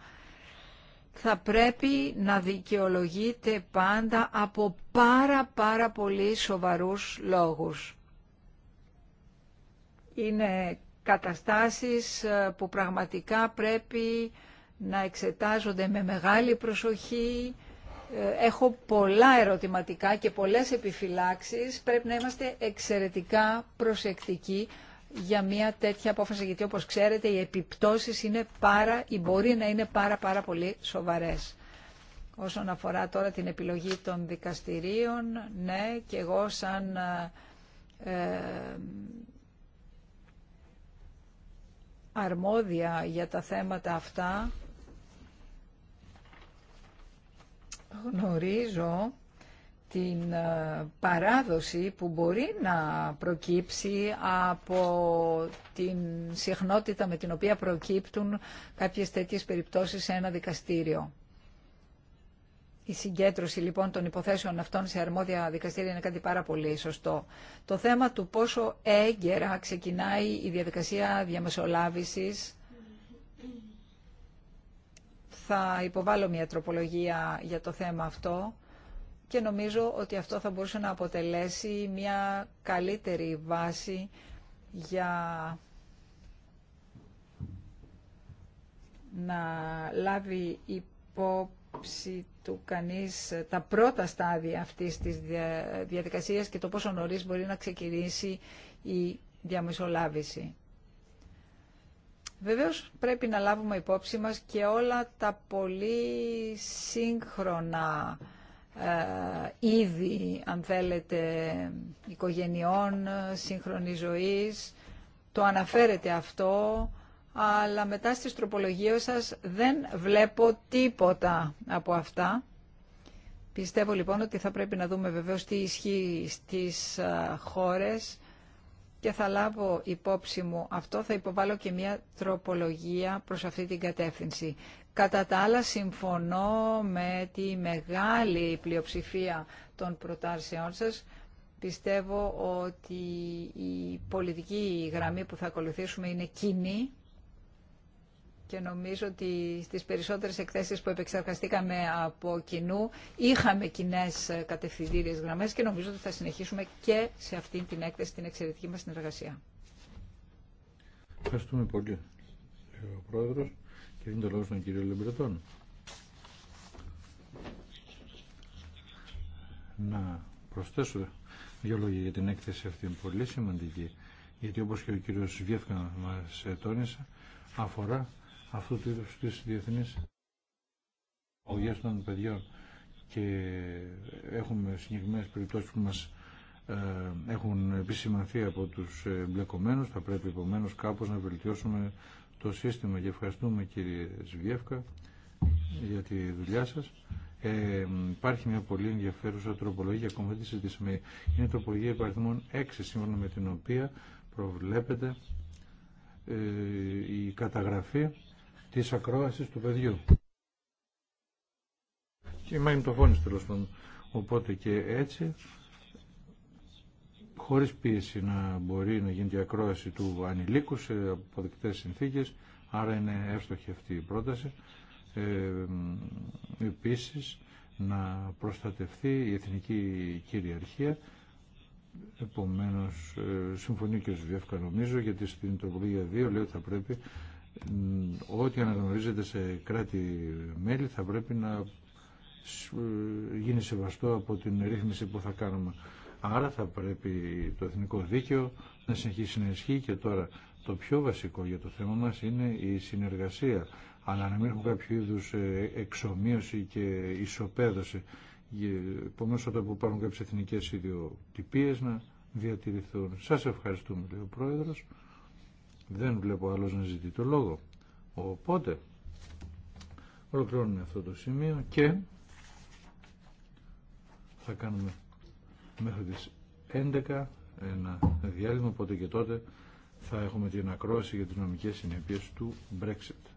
θα πρέπει να δικαιολογείται πάντα από πάρα πάρα πολύ σοβαρούς λόγους. Είναι καταστάσεις ε, που πραγματικά πρέπει να εξετάζονται με μεγάλη προσοχή, ε, έχω πολλά ερωτηματικά και πολλές επιφυλάξεις. Πρέπει να είμαστε εξαιρετικά προσεκτικοί για μια τέτοια απόφαση, γιατί όπως ξέρετε οι επιπτώσεις είναι πάρα, ή μπορεί να είναι πάρα πάρα πολύ σοβαρές. Όσον αφορά τώρα την επιλογή των δικαστηρίων, ναι, και εγώ σαν ε, ε, αρμόδια για τα θέματα αυτά, γνωρίζω την ε, παράδοση που μπορεί να προκύψει από την συχνότητα με την οποία προκύπτουν κάποιες τέτοιες περιπτώσεις σε ένα δικαστήριο. Η συγκέντρωση λοιπόν των υποθέσεων αυτών σε αρμόδια δικαστήρια είναι κάτι πάρα πολύ σωστό. Το θέμα του πόσο έγκαιρα ξεκινάει η διαδικασία διαμεσολάβησης θα υποβάλω μια τροπολογία για το θέμα αυτό και νομίζω ότι αυτό θα μπορούσε να αποτελέσει μια καλύτερη βάση για να λάβει υπόψη του κανείς τα πρώτα στάδια αυτής της διαδικασίας και το πόσο νωρίς μπορεί να ξεκινήσει η διαμεσολάβηση. Βεβαίως πρέπει να λάβουμε υπόψη μας και όλα τα πολύ σύγχρονα ε, είδη, αν θέλετε, οικογενειών, σύγχρονη ζωής. Το αναφέρετε αυτό, αλλά μετά στις τροπολογίες σας δεν βλέπω τίποτα από αυτά. Πιστεύω λοιπόν ότι θα πρέπει να δούμε βεβαίως τι ισχύει στις ε, χώρες και θα λάβω υπόψη μου αυτό, θα υποβάλω και μια τροπολογία προς αυτή την κατεύθυνση. Κατά τα άλλα συμφωνώ με τη μεγάλη πλειοψηφία των προτάσεών σας. Πιστεύω ότι η πολιτική γραμμή που θα ακολουθήσουμε είναι κοινή και νομίζω ότι στις περισσότερες εκθέσεις που επεξεργαστήκαμε από κοινού είχαμε κοινέ ε, κατευθυντήριες γραμμές και νομίζω ότι θα συνεχίσουμε και σε αυτή την έκθεση την εξαιρετική μας συνεργασία. Ευχαριστούμε πολύ, ο Πρόεδρος και είναι το λόγο στον κύριο Λεμπρετών. Να προσθέσω δύο λόγια για την έκθεση αυτή πολύ σημαντική γιατί όπως και ο κύριος Βιέφκα μας ε, τόνισε αφορά αυτού του είδους της διεθνής αγωγές των παιδιών και έχουμε συγκεκριμένες περιπτώσεις που μας ε, έχουν επισημανθεί από τους εμπλεκομένους. Θα πρέπει επομένως κάπως να βελτιώσουμε το σύστημα και ευχαριστούμε κύριε Σβιεύκα για τη δουλειά σας. Ε, υπάρχει μια πολύ ενδιαφέρουσα τροπολογία, ακόμα δεν τη συζητήσαμε. Είναι τροπολογία υπαριθμών 6, σύμφωνα με την οποία προβλέπεται ε, η καταγραφή της ακρόασης του παιδιού. Και το τέλο πάντων. Οπότε και έτσι, χωρίς πίεση να μπορεί να γίνει η ακρόαση του ανηλίκου σε αποδεκτές συνθήκες, άρα είναι εύστοχη αυτή η πρόταση. Ε, επίσης, να προστατευτεί η εθνική κυριαρχία. Επομένως, ε, συμφωνεί και ο Σβιεύκα νομίζω, γιατί στην τροπολογία 2 λέει ότι θα πρέπει ό,τι αναγνωρίζεται σε κράτη-μέλη θα πρέπει να ε, γίνει σεβαστό από την ρύθμιση που θα κάνουμε. Άρα θα πρέπει το εθνικό δίκαιο να συνεχίσει να ισχύει και τώρα το πιο βασικό για το θέμα μας είναι η συνεργασία αλλά να μην έχουν κάποιο είδου ε, εξομοίωση και ισοπαίδωση. Επομένω, όταν υπάρχουν κάποιε εθνικέ ιδιοτυπίε να διατηρηθούν. Σα ευχαριστούμε, λέει ο δεν βλέπω άλλος να ζητεί το λόγο. Οπότε, ολοκληρώνουμε αυτό το σημείο και θα κάνουμε μέχρι τις 11 ένα διάλειμμα, οπότε και τότε θα έχουμε την ακρόαση για τις νομικές συνέπειες του Brexit.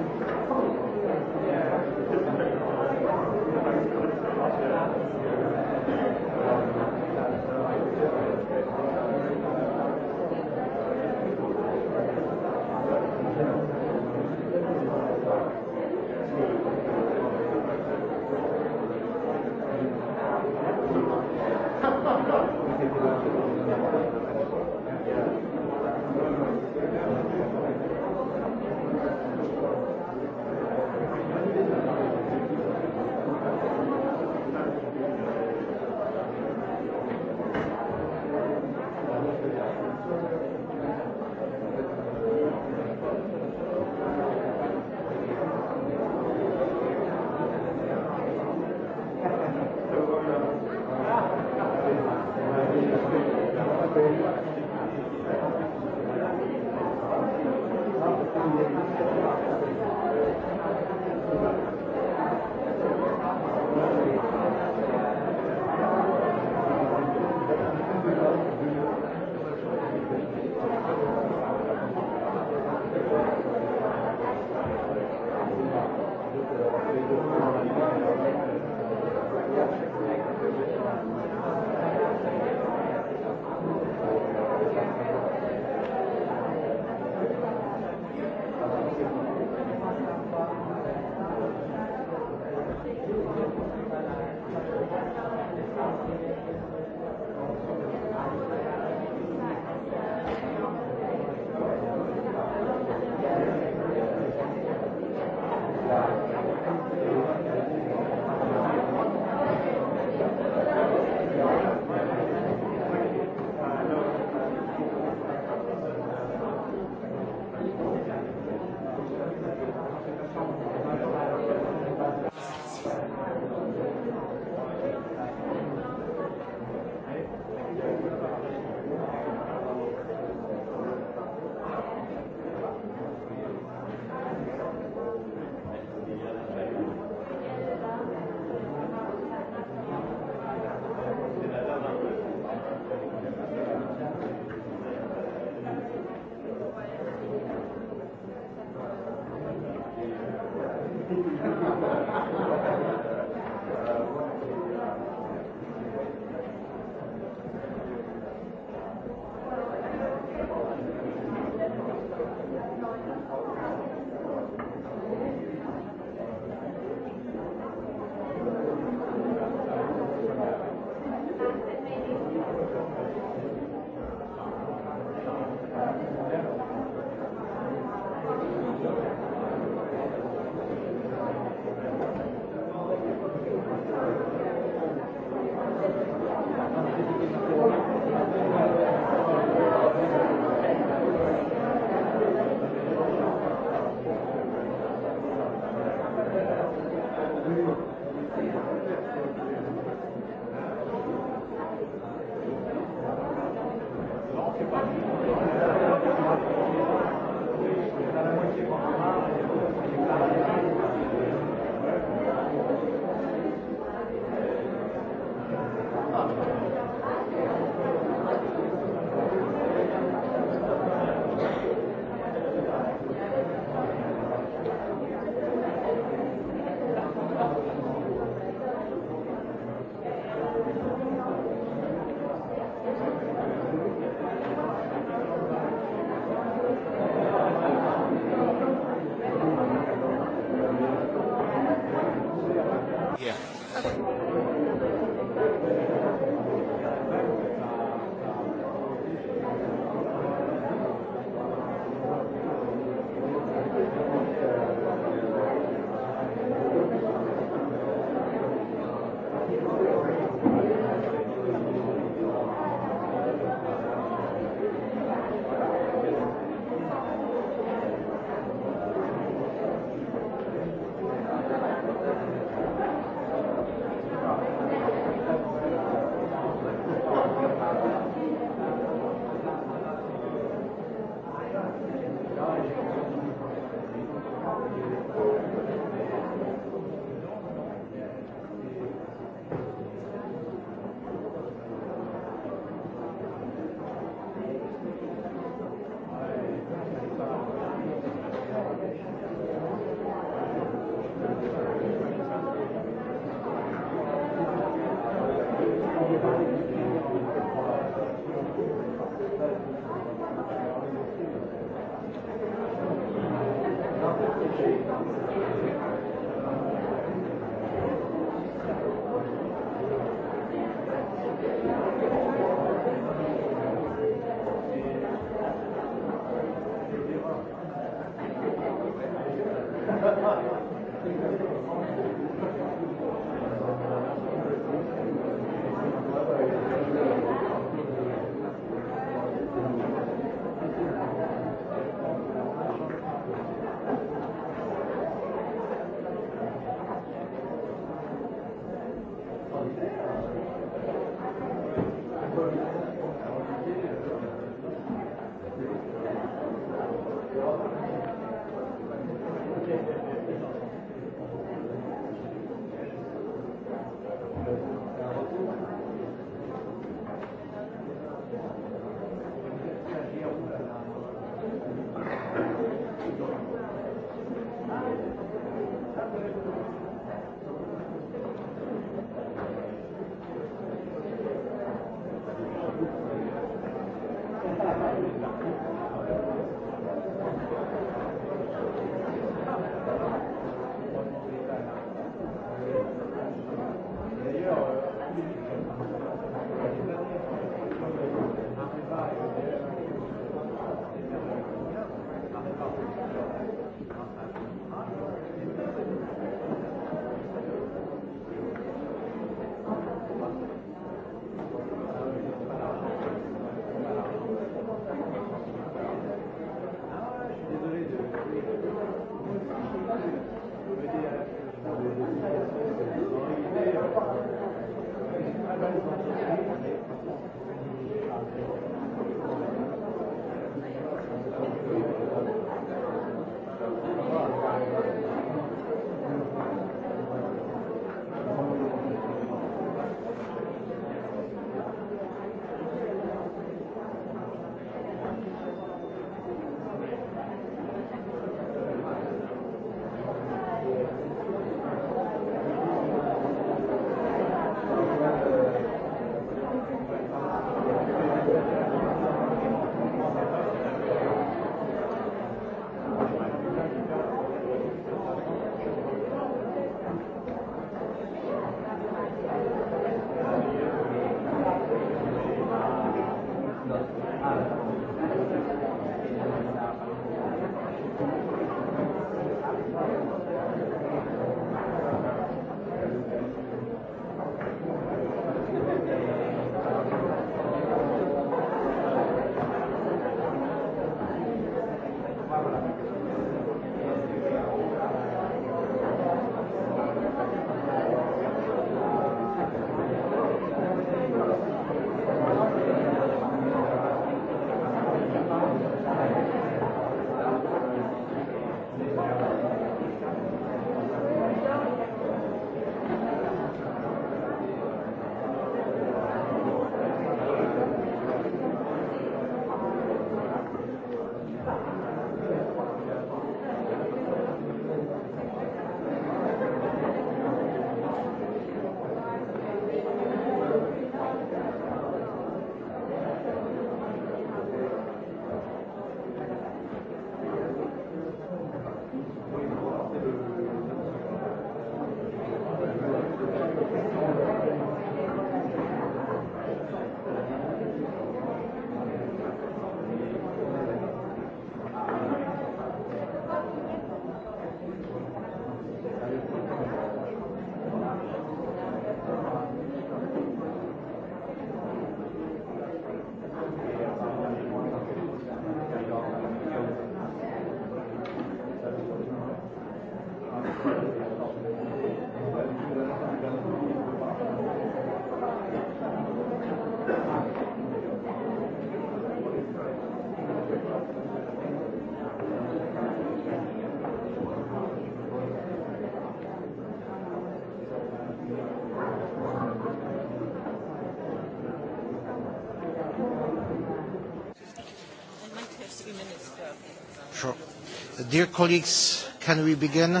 Dear colleagues, can we begin?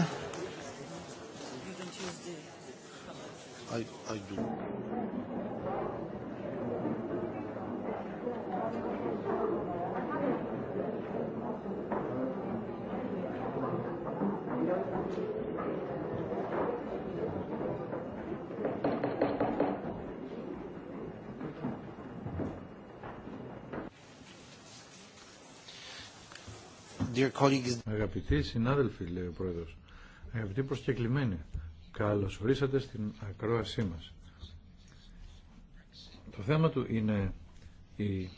Αγαπητοί συνάδελφοι, λέει ο Πρόεδρος, αγαπητοί προσκεκλημένοι, καλώς ορίσατε στην ακρόασή μας. Το θέμα του είναι οι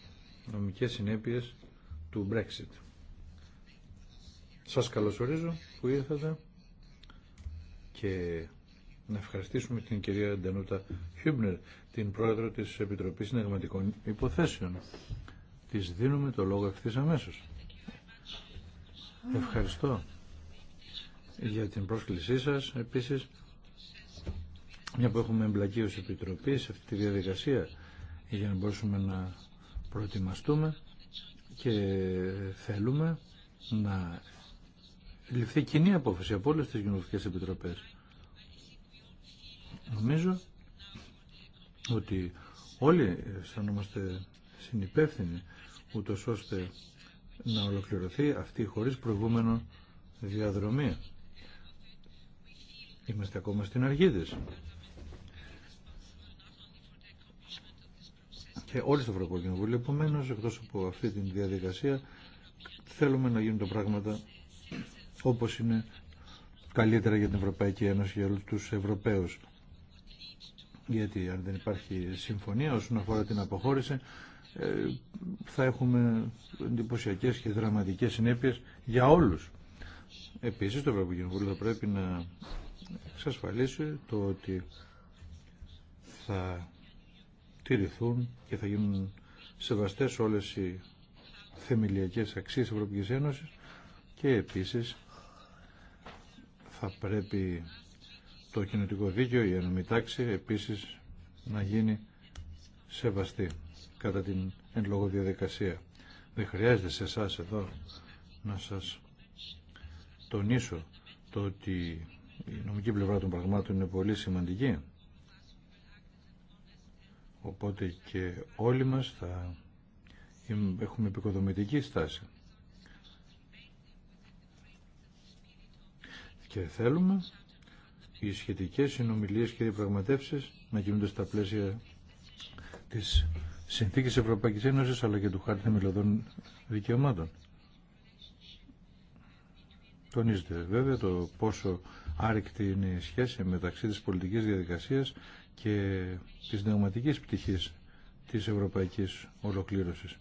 νομικέ συνέπειες του Brexit. Σας καλωσορίζω που ήρθατε και να ευχαριστήσουμε την κυρία Ντενούτα Χιούμπνερ, την πρόεδρο της Επιτροπής Συνεγματικών Υποθέσεων. Της δίνουμε το λόγο ευθύς αμέσως. Ευχαριστώ για την πρόσκλησή σας. Επίσης, μια που έχουμε εμπλακεί ως Επιτροπή σε αυτή τη διαδικασία για να μπορούμε να προετοιμαστούμε και θέλουμε να ληφθεί κοινή απόφαση από όλες τις κοινοβουλικές επιτροπές. Νομίζω ότι όλοι αισθανόμαστε συνυπεύθυνοι ούτω ώστε να ολοκληρωθεί αυτή χωρίς προηγούμενο διαδρομή. Είμαστε ακόμα στην αρχή της. Και όλοι στο Ευρωπαϊκό Κοινοβούλιο, επομένω, εκτός από αυτή τη διαδικασία, θέλουμε να γίνουν τα πράγματα όπως είναι καλύτερα για την Ευρωπαϊκή Ένωση για όλους τους Ευρωπαίους. Γιατί αν δεν υπάρχει συμφωνία όσον αφορά την αποχώρηση, ε, θα έχουμε εντυπωσιακέ και δραματικές συνέπειες για όλους. Επίσης το Ευρωπαϊκό Κοινοβούλιο θα πρέπει να εξασφαλίσει το ότι θα τηρηθούν και θα γίνουν σεβαστές όλες οι θεμελιακές αξίες της Ευρωπαϊκής Ένωσης και επίσης θα πρέπει το κοινωτικό δίκαιο, η ενωμητάξη επίσης να γίνει σεβαστή κατά την εν λόγω διαδικασία. Δεν χρειάζεται σε εσά εδώ να σας τονίσω το ότι η νομική πλευρά των πραγμάτων είναι πολύ σημαντική. Οπότε και όλοι μας θα έχουμε επικοδομητική στάση. Και θέλουμε οι σχετικές συνομιλίες και πραγματεύσεις να γίνονται στα πλαίσια της συνθήκες Ευρωπαϊκής Ένωσης αλλά και του χάρτη θεμελιωδών δικαιωμάτων. Τονίζεται βέβαια το πόσο άρρηκτη είναι η σχέση μεταξύ της πολιτικής διαδικασίας και της νεωματικής πτυχής της ευρωπαϊκής ολοκλήρωσης.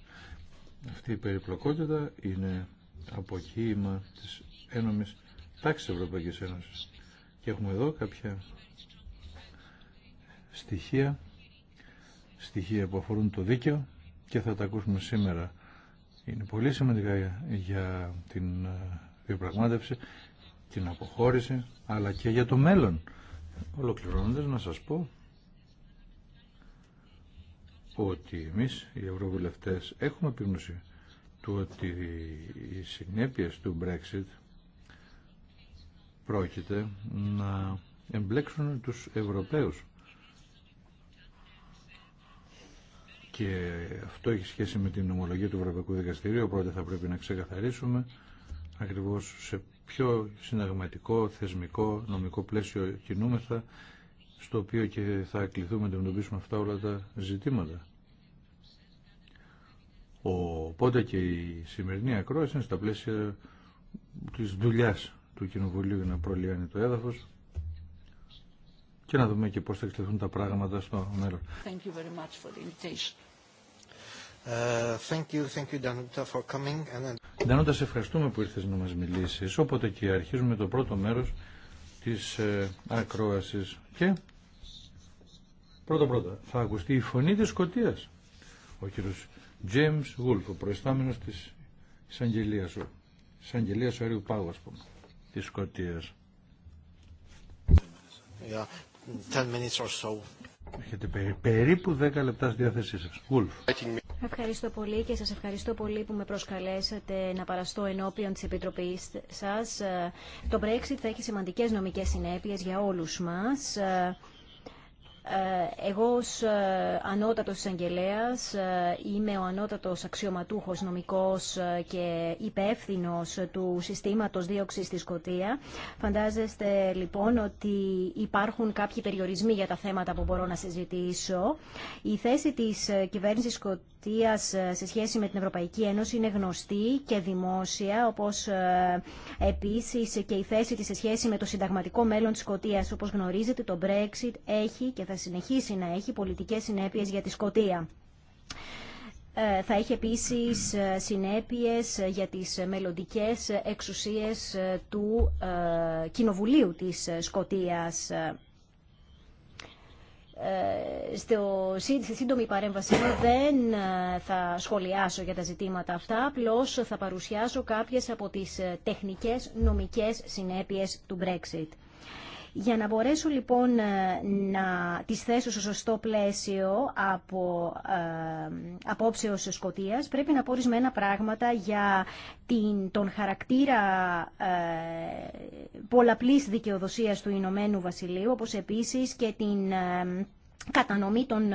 Αυτή η περιπλοκότητα είναι αποκοίημα της ένομης τάξης Ευρωπαϊκής Ένωσης. Και έχουμε εδώ κάποια στοιχεία στοιχεία που αφορούν το δίκαιο και θα τα ακούσουμε σήμερα. Είναι πολύ σημαντικά για την ε, διαπραγμάτευση, την αποχώρηση, αλλά και για το μέλλον. Ολοκληρώνοντας να σας πω ότι εμείς οι ευρωβουλευτές έχουμε επίγνωση του ότι οι συνέπειες του Brexit πρόκειται να εμπλέξουν τους Ευρωπαίους και αυτό έχει σχέση με την ομολογία του Ευρωπαϊκού Δικαστηρίου. Οπότε θα πρέπει να ξεκαθαρίσουμε ακριβώς σε ποιο συναγματικό, θεσμικό, νομικό πλαίσιο κινούμεθα στο οποίο και θα κληθούμε να αντιμετωπίσουμε αυτά όλα τα ζητήματα. Οπότε και η σημερινή ακρόαση είναι στα πλαίσια της δουλειάς του Κοινοβουλίου για να προλυάνει το έδαφος και να δούμε και πώς θα εξελιχθούν τα πράγματα στο μέλλον. Uh, thank you, σε ευχαριστούμε που ήρθες να μας μιλήσεις. Όποτε και αρχίζουμε το πρώτο μέρος της ε, ακρόασης. Και πρώτα-πρώτα θα ακουστεί η φωνή της Σκοτίας. Ο κύριος James Γουλφ, ο προϊστάμενος της εισαγγελίας, ο, εισαγγελίας αερίου πάγου, ας πούμε, της Σκοτίας. Yeah, 10 minutes or so. Έχετε περίπου 10 λεπτά στη διάθεσή σα. Ευχαριστώ πολύ και σας ευχαριστώ πολύ που με προσκαλέσατε να παραστώ ενώπιον της Επιτροπής σας. Το Brexit θα έχει σημαντικές νομικές συνέπειες για όλους μας. Ε, εγώ ως ε, ανώτατος εισαγγελέα ε, είμαι ο ανώτατος αξιωματούχος νομικός και υπεύθυνο του συστήματος δίωξης στη Σκωτία. Φαντάζεστε λοιπόν ότι υπάρχουν κάποιοι περιορισμοί για τα θέματα που μπορώ να συζητήσω. Η θέση της κυβέρνησης Σκωτίας σε σχέση με την Ευρωπαϊκή Ένωση είναι γνωστή και δημόσια, όπως επίσης και η θέση της σε σχέση με το συνταγματικό μέλλον της Σκωτίας. Όπως γνωρίζετε, το Brexit έχει συνεχίσει να έχει πολιτικές συνέπειες για τη Σκοτία. Ε, θα έχει επίσης ε, συνέπειες για τις μελλοντικές εξουσίες ε, του Κοινοβουλίου της Σκοτίας. Στο, στη σύντομη παρέμβασή μου δεν θα σχολιάσω για τα ζητήματα αυτά, απλώ θα παρουσιάσω κάποιες από τις τεχνικές νομικές συνέπειες του Brexit. Για να μπορέσω λοιπόν ε, να τις θέσω στο σωστό πλαίσιο από ε, απόψεως σκοτίας, πρέπει να πω ορισμένα πράγματα για την, τον χαρακτήρα ε, πολλαπλής δικαιοδοσίας του Ηνωμένου Βασιλείου, όπως επίσης και την... Ε, κατανομή των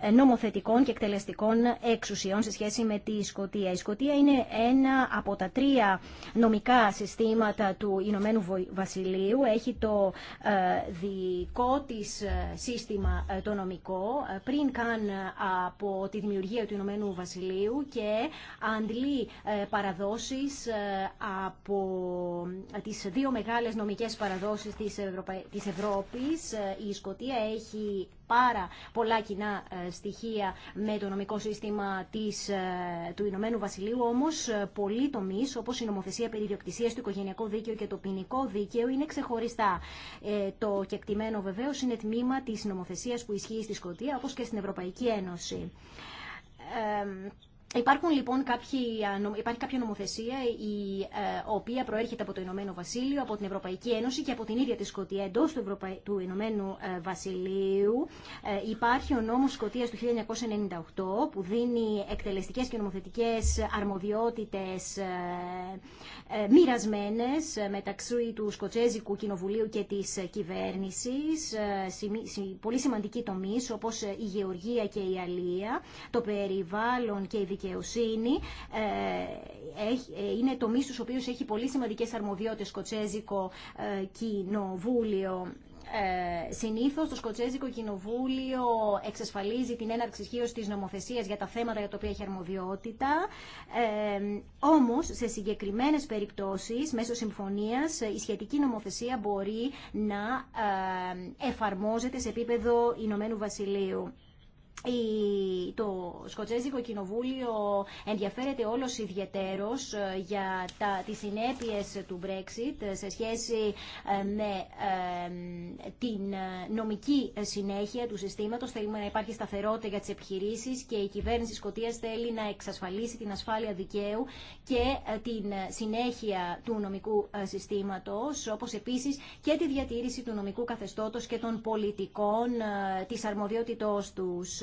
ε, νομοθετικών και εκτελεστικών εξουσιών σε σχέση με τη Σκοτία. Η Σκοτία είναι ένα από τα τρία νομικά συστήματα του Ηνωμένου Βασιλείου. Έχει το ε, δικό της ε, σύστημα το νομικό πριν καν από τη δημιουργία του Ηνωμένου Βασιλείου και αντλεί παραδόσεις από τις δύο μεγάλες νομικές παραδόσεις της Ευρώπης. Η Σκοτία έχει πάρα πολλά κοινά ε, στοιχεία με το νομικό σύστημα της, ε, του Ηνωμένου Βασιλείου, όμως ε, πολλοί τομεί, όπως η νομοθεσία περί ιδιοκτησίας, το οικογενειακό δίκαιο και το ποινικό δίκαιο είναι ξεχωριστά. το κεκτημένο βεβαίως είναι τμήμα της νομοθεσίας που ισχύει στη Σκωτία, όπως και στην Ευρωπαϊκή Ένωση. Υπάρχουν λοιπόν κάποιοι, υπάρχει κάποια νομοθεσία η ε, οποία προέρχεται από το Ηνωμένο Βασίλειο, από την Ευρωπαϊκή Ένωση και από την ίδια τη Σκωτία εντό του, του Ηνωμένου ε, Βασιλείου. Ε, υπάρχει ο νόμος Σκωτίας του 1998 που δίνει εκτελεστικές και νομοθετικές αρμοδιότητες μοιρασμένες μεταξύ του Σκοτσέζικου Κοινοβουλίου και της κυβέρνησης. πολύ σημαντική τομείς όπως η γεωργία και η αλία, το περιβάλλον και η δικαιοσύνη ε, ε, είναι τομείς ο οποίους έχει πολύ σημαντικές αρμοδιότητες σκοτσέζικο ε, κοινοβούλιο ε, συνήθως το Σκοτσέζικο Κοινοβούλιο εξασφαλίζει την έναρξη ισχύω της νομοθεσίας για τα θέματα για τα οποία έχει αρμοδιότητα. Ε, όμως, σε συγκεκριμένες περιπτώσεις, μέσω συμφωνίας, η σχετική νομοθεσία μπορεί να εφαρμόζεται σε επίπεδο Ηνωμένου Βασιλείου το Σκοτσέζικο Κοινοβούλιο ενδιαφέρεται όλος ιδιαιτέρως ε, για τα, τις συνέπειες του Brexit ε, σε σχέση ε, με την νομική συνέχεια του συστήματος. Θέλουμε να υπάρχει σταθερότητα για τις επιχειρήσεις και η κυβέρνηση Σκοτίας θέλει να εξασφαλίσει την ασφάλεια δικαίου και την συνέχεια του νομικού συστήματος, όπως επίσης και τη διατήρηση του νομικού καθεστώτος και των πολιτικών της αρμοδιότητός τους.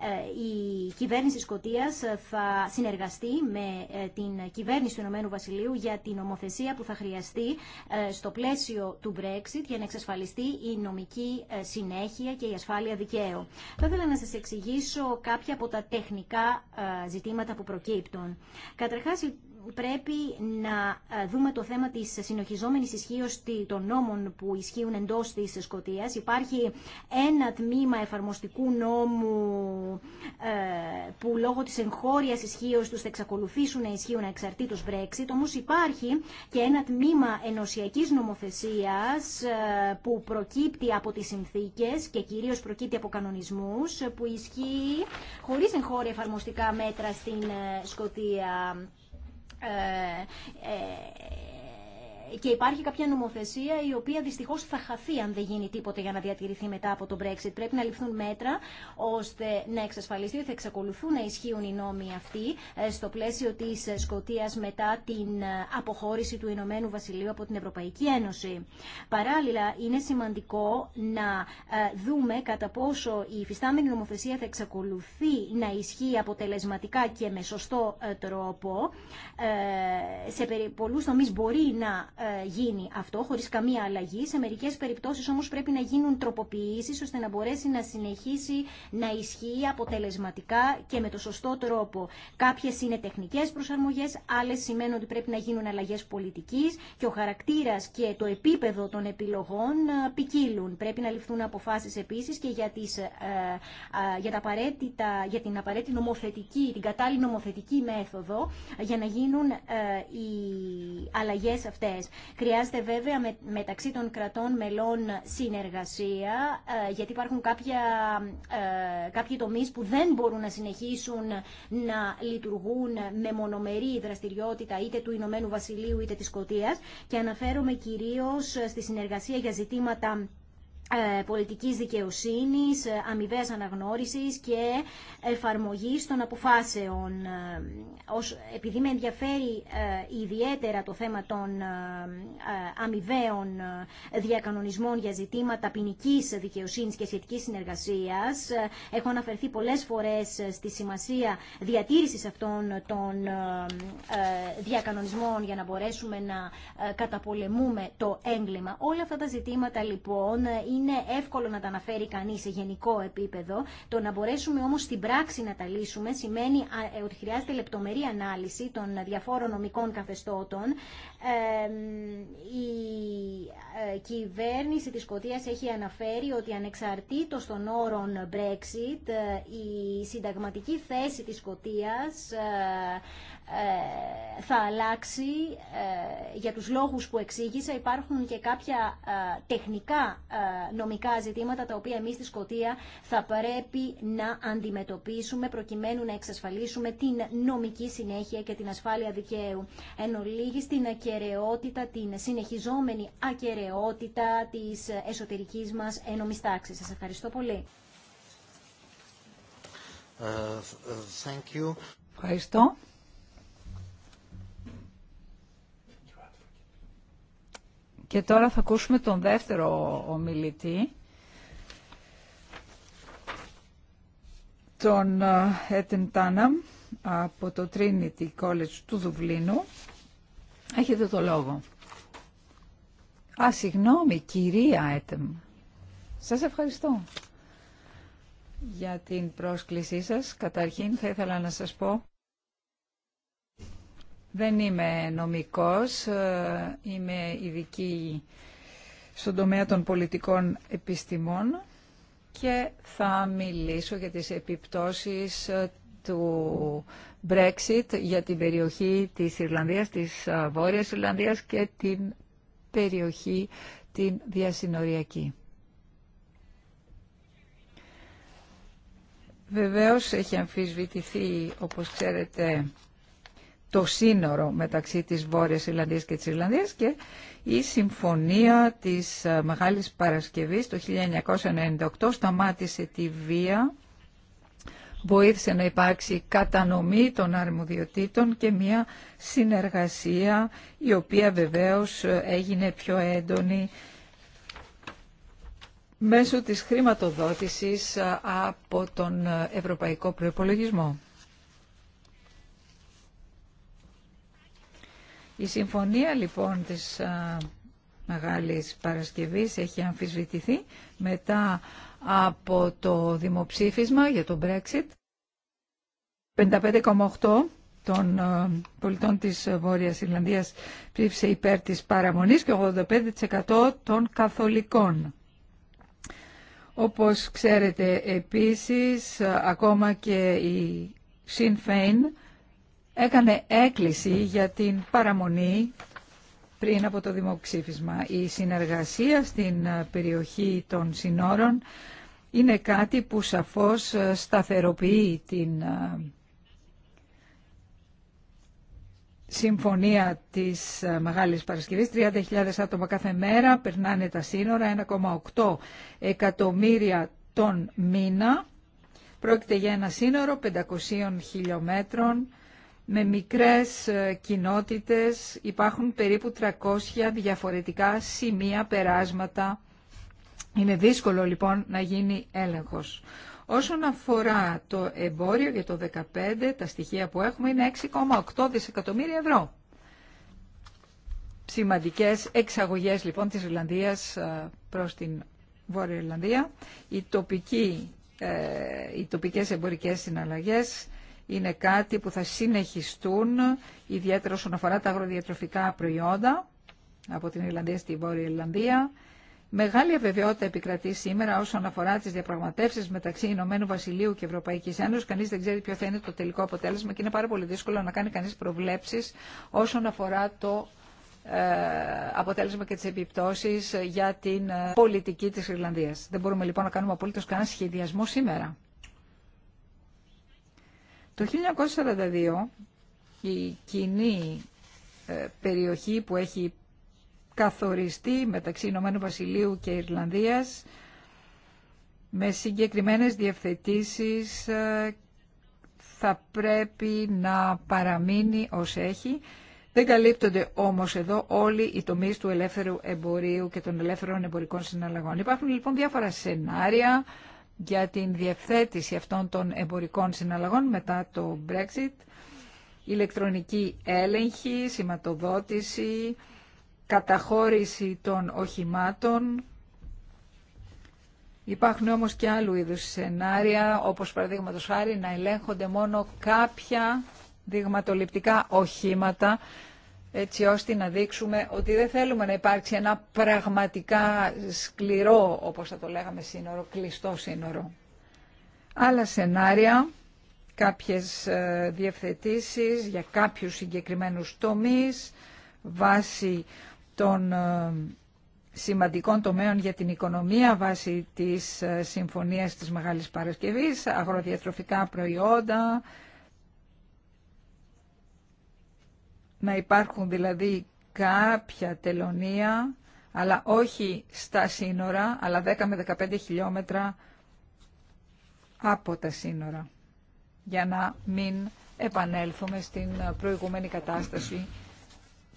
Ε, η κυβέρνηση Σκωτίας ε, θα συνεργαστεί με ε, την κυβέρνηση του Ηνωμένου Βασιλείου για την ομοθεσία που θα χρειαστεί στο πλαίσιο του Brexit για να εξασφαλιστεί η νομική συνέχεια και η ασφάλεια δικαίου. Θα ήθελα να σας εξηγήσω κάποια από τα τεχνικά ζητήματα που προκύπτουν. Καταρχάς, πρέπει να ε, δούμε το θέμα της συνοχιζόμενης ισχύω των νόμων που ισχύουν εντός της Σκοτίας. Υπάρχει ένα τμήμα εφαρμοστικού νόμου ε, που λόγω της εγχώριας ισχύω τους θα εξακολουθήσουν να ισχύουν εξαρτήτως Brexit, όμως υπάρχει και ένα τμήμα ενωσιακής νομοθεσίας ε, που προκύπτει από τις συνθήκες και κυρίως προκύπτει από κανονισμούς που ισχύει χωρίς εγχώρια εφαρμοστικά μέτρα στην Σκοτία ε, ε και υπάρχει κάποια νομοθεσία η οποία δυστυχώ θα χαθεί αν δεν γίνει τίποτε για να διατηρηθεί μετά από τον Brexit. Πρέπει να ληφθούν μέτρα ώστε να εξασφαλιστεί ότι θα εξακολουθούν να ισχύουν οι νόμοι αυτοί ε, στο πλαίσιο τη ε, σκοτία μετά την ε, αποχώρηση του Ηνωμένου Βασιλείου από την Ευρωπαϊκή Ένωση. Παράλληλα, είναι σημαντικό να δούμε κατά πόσο η υφιστάμενη νομοθεσία θα εξακολουθεί να ισχύει αποτελεσματικά και με σωστό τρόπο. Σε πολλού τομεί μπορεί να ε, γίνει αυτό χωρίς καμία αλλαγή. Σε μερικές περιπτώσεις όμως πρέπει να γίνουν τροποποιήσεις ώστε να μπορέσει να συνεχίσει να ισχύει αποτελεσματικά και με το σωστό τρόπο. Κάποιες είναι τεχνικές προσαρμογές, άλλες σημαίνουν ότι πρέπει να γίνουν αλλαγές πολιτικής και ο χαρακτήρας και το επίπεδο των επιλογών ε, ποικίλουν. Πρέπει να ληφθούν αποφάσεις επίσης και για, ε, για, τα απαραίτητα, για την απαραίτητη νομοθετική, την κατάλληλη νομοθετική μέθοδο για να γίνουν οι αλλαγές αυτές. Χρειάζεται βέβαια με, μεταξύ των κρατών μελών συνεργασία, ε, γιατί υπάρχουν κάποια, ε, κάποιοι τομεί που δεν μπορούν να συνεχίσουν να λειτουργούν με μονομερή δραστηριότητα είτε του Ηνωμένου Βασιλείου είτε τη Σκωτία. και αναφέρομαι κυρίως στη συνεργασία για ζητήματα ε, πολιτικής δικαιοσύνης, ε, αμοιβές αναγνώρισης και εφαρμογής των αποφάσεων. Ε, επειδή με ενδιαφέρει ιδιαίτερα το θέμα των αμοιβαίων διακανονισμών για ζητήματα ποινική δικαιοσύνης και σχετικής συνεργασίας, έχω αναφερθεί πολλές φορές στη σημασία διατήρησης αυτών των διακανονισμών για να μπορέσουμε να καταπολεμούμε το έγκλημα. Όλα αυτά τα ζητήματα λοιπόν είναι εύκολο να τα αναφέρει κανεί σε γενικό επίπεδο. Το να μπορέσουμε όμω στην πράξη να τα λύσουμε σημαίνει ε, ότι χρειάζεται λεπτομερή ανάλυση των διαφόρων νομικών καθεστώτων. Η ε, κυβέρνηση της Σκωτία έχει αναφέρει ότι ανεξαρτήτως των όρων Brexit ε, η συνταγματική θέση της Σκοτίας ε, θα αλλάξει ε, για τους λόγους που εξήγησα. Υπάρχουν και κάποια ε, τεχνικά νομικά ζητήματα τα οποία εμείς στη Σκωτία θα πρέπει να αντιμετωπίσουμε προκειμένου να εξασφαλίσουμε την νομική συνέχεια και την ασφάλεια δικαίου. Εν ολίγη στην ακαιρεότητα, την συνεχιζόμενη ακαιρεότητα της εσωτερικής μας ένομης τάξης. Σας ευχαριστώ πολύ. Ευχαριστώ. Και τώρα θα ακούσουμε τον δεύτερο ομιλητή, τον ε, Έτεν Τάναμ από το Trinity College του Δουβλίνου. Έχετε το λόγο. Α, συγγνώμη, κυρία Έτεμ. Σας ευχαριστώ για την πρόσκλησή σας. Καταρχήν θα ήθελα να σας πω δεν είμαι νομικός, ε, είμαι ειδική στον τομέα των πολιτικών επιστημών και θα μιλήσω για τις επιπτώσεις ε, του Brexit για την περιοχή της Ιρλανδίας, της ε, Βόρειας Ιρλανδίας και την περιοχή την διασυνοριακή. Βεβαίως έχει αμφισβητηθεί, όπως ξέρετε, το σύνορο μεταξύ της Βόρειας Ιρλανδίας και της Ιρλανδίας και η Συμφωνία της ε, Μεγάλης Παρασκευής το 1998 σταμάτησε τη βία, βοήθησε να υπάρξει κατανομή των αρμοδιοτήτων και μια συνεργασία η οποία βεβαίως ε, έγινε πιο έντονη μέσω της χρηματοδότησης ε, από τον Ευρωπαϊκό Προϋπολογισμό. Η συμφωνία λοιπόν της Μεγάλης Παρασκευής έχει αμφισβητηθεί μετά από το δημοψήφισμα για το Brexit. 55,8 των πολιτών της Βόρειας Ιρλανδίας ψήφισε υπέρ της παραμονής και 85% των καθολικών. Όπως ξέρετε επίσης, ακόμα και η Sinn Féin έκανε έκκληση για την παραμονή πριν από το δημοψήφισμα. Η συνεργασία στην περιοχή των συνόρων είναι κάτι που σαφώς σταθεροποιεί την συμφωνία της Μεγάλης Παρασκευής. 30.000 άτομα κάθε μέρα περνάνε τα σύνορα, 1,8 εκατομμύρια τον μήνα. Πρόκειται για ένα σύνορο 500 χιλιόμετρων με μικρές ε, κοινότητες υπάρχουν περίπου 300 διαφορετικά σημεία περάσματα. Είναι δύσκολο λοιπόν να γίνει έλεγχος. Όσον αφορά το εμπόριο για το 2015, τα στοιχεία που έχουμε είναι 6,8 δισεκατομμύρια ευρώ. Σημαντικές εξαγωγές λοιπόν της Ιρλανδίας ε, προς την Βόρεια Ιρλανδία. οι ε, τοπικές εμπορικές συναλλαγές είναι κάτι που θα συνεχιστούν, ιδιαίτερα όσον αφορά τα αγροδιατροφικά προϊόντα από την Ιρλανδία στη Βόρεια Ιρλανδία. Μεγάλη αβεβαιότητα επικρατεί σήμερα όσον αφορά τι διαπραγματεύσει μεταξύ Ηνωμένου Βασιλείου και Ευρωπαϊκή Ένωση. Κανεί δεν ξέρει ποιο θα είναι το τελικό αποτέλεσμα και είναι πάρα πολύ δύσκολο να κάνει κανεί προβλέψει όσον αφορά το ε, αποτέλεσμα και τι επιπτώσει για την ε, πολιτική τη Ιρλανδία. Δεν μπορούμε λοιπόν να κάνουμε απολύτω κανένα σχεδιασμό σήμερα. Το 1942 η κοινή ε, περιοχή που έχει καθοριστεί μεταξύ Ηνωμένου Βασιλείου και Ιρλανδίας με συγκεκριμένες διευθετήσεις ε, θα πρέπει να παραμείνει ως έχει. Δεν καλύπτονται όμως εδώ όλοι οι τομείς του ελεύθερου εμπορίου και των ελεύθερων εμπορικών συναλλαγών. Υπάρχουν λοιπόν διάφορα σενάρια για την διευθέτηση αυτών των εμπορικών συναλλαγών μετά το Brexit, ηλεκτρονική έλεγχη, σηματοδότηση, καταχώρηση των οχημάτων. Υπάρχουν όμως και άλλου είδους σενάρια, όπως παραδείγματος χάρη να ελέγχονται μόνο κάποια δειγματοληπτικά οχήματα έτσι ώστε να δείξουμε ότι δεν θέλουμε να υπάρξει ένα πραγματικά σκληρό, όπως θα το λέγαμε, σύνορο, κλειστό σύνορο. Άλλα σενάρια, κάποιες ε, διευθετήσεις για κάποιους συγκεκριμένους τομείς, βάσει των ε, σημαντικών τομέων για την οικονομία βάσει της ε, Συμφωνίας της Μεγάλης Παρασκευής, αγροδιατροφικά προϊόντα, να υπάρχουν δηλαδή κάποια τελωνία, αλλά όχι στα σύνορα, αλλά 10 με 15 χιλιόμετρα από τα σύνορα, για να μην επανέλθουμε στην προηγούμενη κατάσταση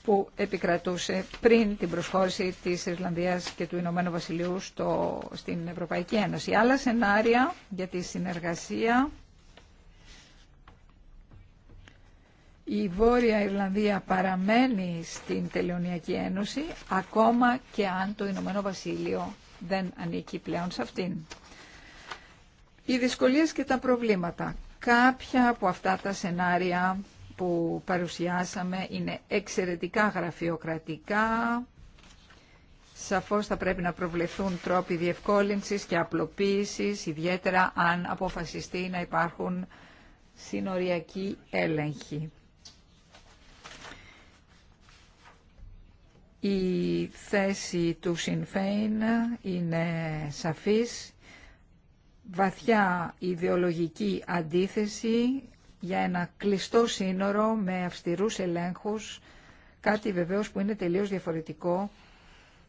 που επικρατούσε πριν την προσχώρηση της Ιρλανδίας και του Ηνωμένου Βασιλείου στο, στην Ευρωπαϊκή Ένωση. Άλλα σενάρια για τη συνεργασία η Βόρεια Ιρλανδία παραμένει στην Τελωνιακή Ένωση ακόμα και αν το Ηνωμένο Βασίλειο δεν ανήκει πλέον σε αυτήν. Οι δυσκολίες και τα προβλήματα. Κάποια από αυτά τα σενάρια που παρουσιάσαμε είναι εξαιρετικά γραφειοκρατικά. Σαφώς θα πρέπει να προβλεφθούν τρόποι διευκόλυνσης και απλοποίησης, ιδιαίτερα αν αποφασιστεί να υπάρχουν συνοριακοί έλεγχοι. Η θέση του Σινφέιν είναι σαφής, βαθιά ιδεολογική αντίθεση για ένα κλειστό σύνορο με αυστηρούς ελέγχους, κάτι βεβαίως που είναι τελείως διαφορετικό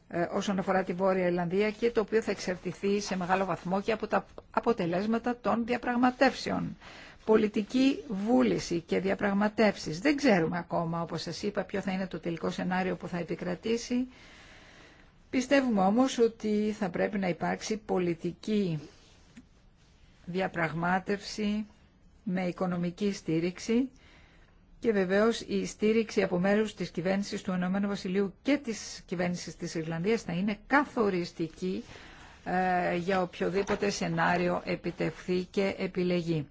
ε, όσον αφορά τη Βόρεια Ιρλανδία και το οποίο θα εξαρτηθεί σε μεγάλο βαθμό και από τα αποτελέσματα των διαπραγματεύσεων πολιτική βούληση και διαπραγματεύσεις. Δεν ξέρουμε ακόμα, όπως σας είπα, ποιο θα είναι το τελικό σενάριο που θα επικρατήσει. Πιστεύουμε όμως ότι θα πρέπει να υπάρξει πολιτική διαπραγμάτευση με οικονομική στήριξη και βεβαίως η στήριξη από μέρους της κυβέρνησης του Ηνωμένου Βασιλείου και της κυβέρνησης της Ιρλανδίας θα είναι καθοριστική ε, για οποιοδήποτε σενάριο επιτευχθεί και επιλεγεί.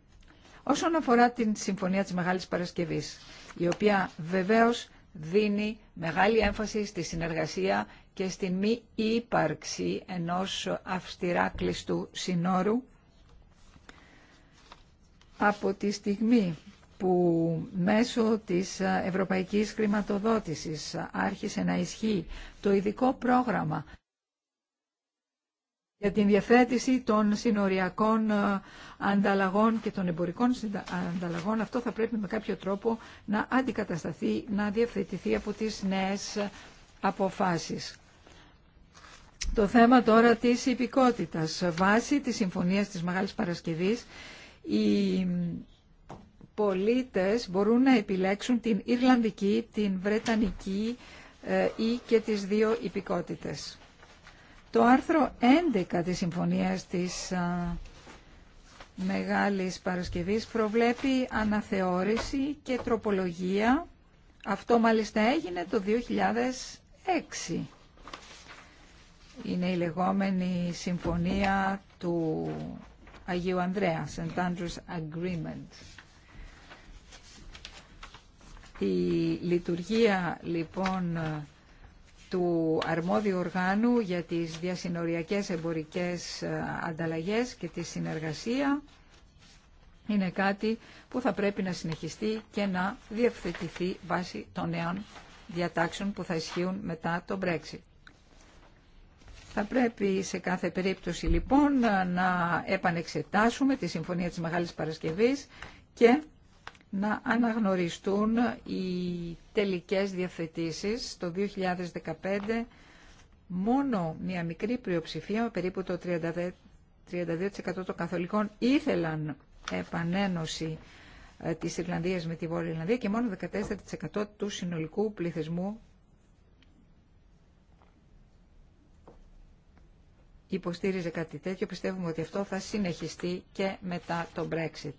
Όσον αφορά την Συμφωνία της Μεγάλης Παρασκευής, η οποία βεβαίως δίνει μεγάλη έμφαση στη συνεργασία και στη μη ύπαρξη ενός αυστηρά κλειστού συνόρου. Από τη στιγμή που μέσω της ευρωπαϊκής χρηματοδότησης άρχισε να ισχύει το ειδικό πρόγραμμα για την διαθέτηση των συνοριακών ε, ανταλλαγών και των εμπορικών ανταλλαγών. Αυτό θα πρέπει με κάποιο τρόπο να αντικατασταθεί, να διευθετηθεί από τις νέες αποφάσεις. Το θέμα τώρα της υπηκότητας. Βάσει της Συμφωνίας της Μεγάλης Παρασκευής, οι πολίτες μπορούν να επιλέξουν την Ιρλανδική, την Βρετανική ε, ή και τις δύο υπηκότητες. Το άρθρο 11 της Συμφωνίας της Μεγάλης Παρασκευής προβλέπει αναθεώρηση και τροπολογία. Αυτό μάλιστα έγινε το 2006. Είναι η λεγόμενη συμφωνία του Αγίου Ανδρέα, St. Andrews Agreement. Η λειτουργία λοιπόν του αρμόδιου οργάνου για τις διασυνοριακές εμπορικές ε, ανταλλαγές και τη συνεργασία είναι κάτι που θα πρέπει να συνεχιστεί και να διευθετηθεί βάσει των νέων διατάξεων που θα ισχύουν μετά το Brexit. Θα πρέπει σε κάθε περίπτωση λοιπόν να επανεξετάσουμε τη Συμφωνία της Μεγάλης Παρασκευής και να αναγνωριστούν οι τελικές διαθετήσεις το 2015 μόνο μια μικρή πλειοψηφία, περίπου το 32% των καθολικών ήθελαν επανένωση ε, της Ιρλανδίας με τη Βόρεια Ιρλανδία και μόνο 14% του συνολικού πληθυσμού υποστήριζε κάτι τέτοιο, πιστεύουμε ότι αυτό θα συνεχιστεί και μετά το Brexit.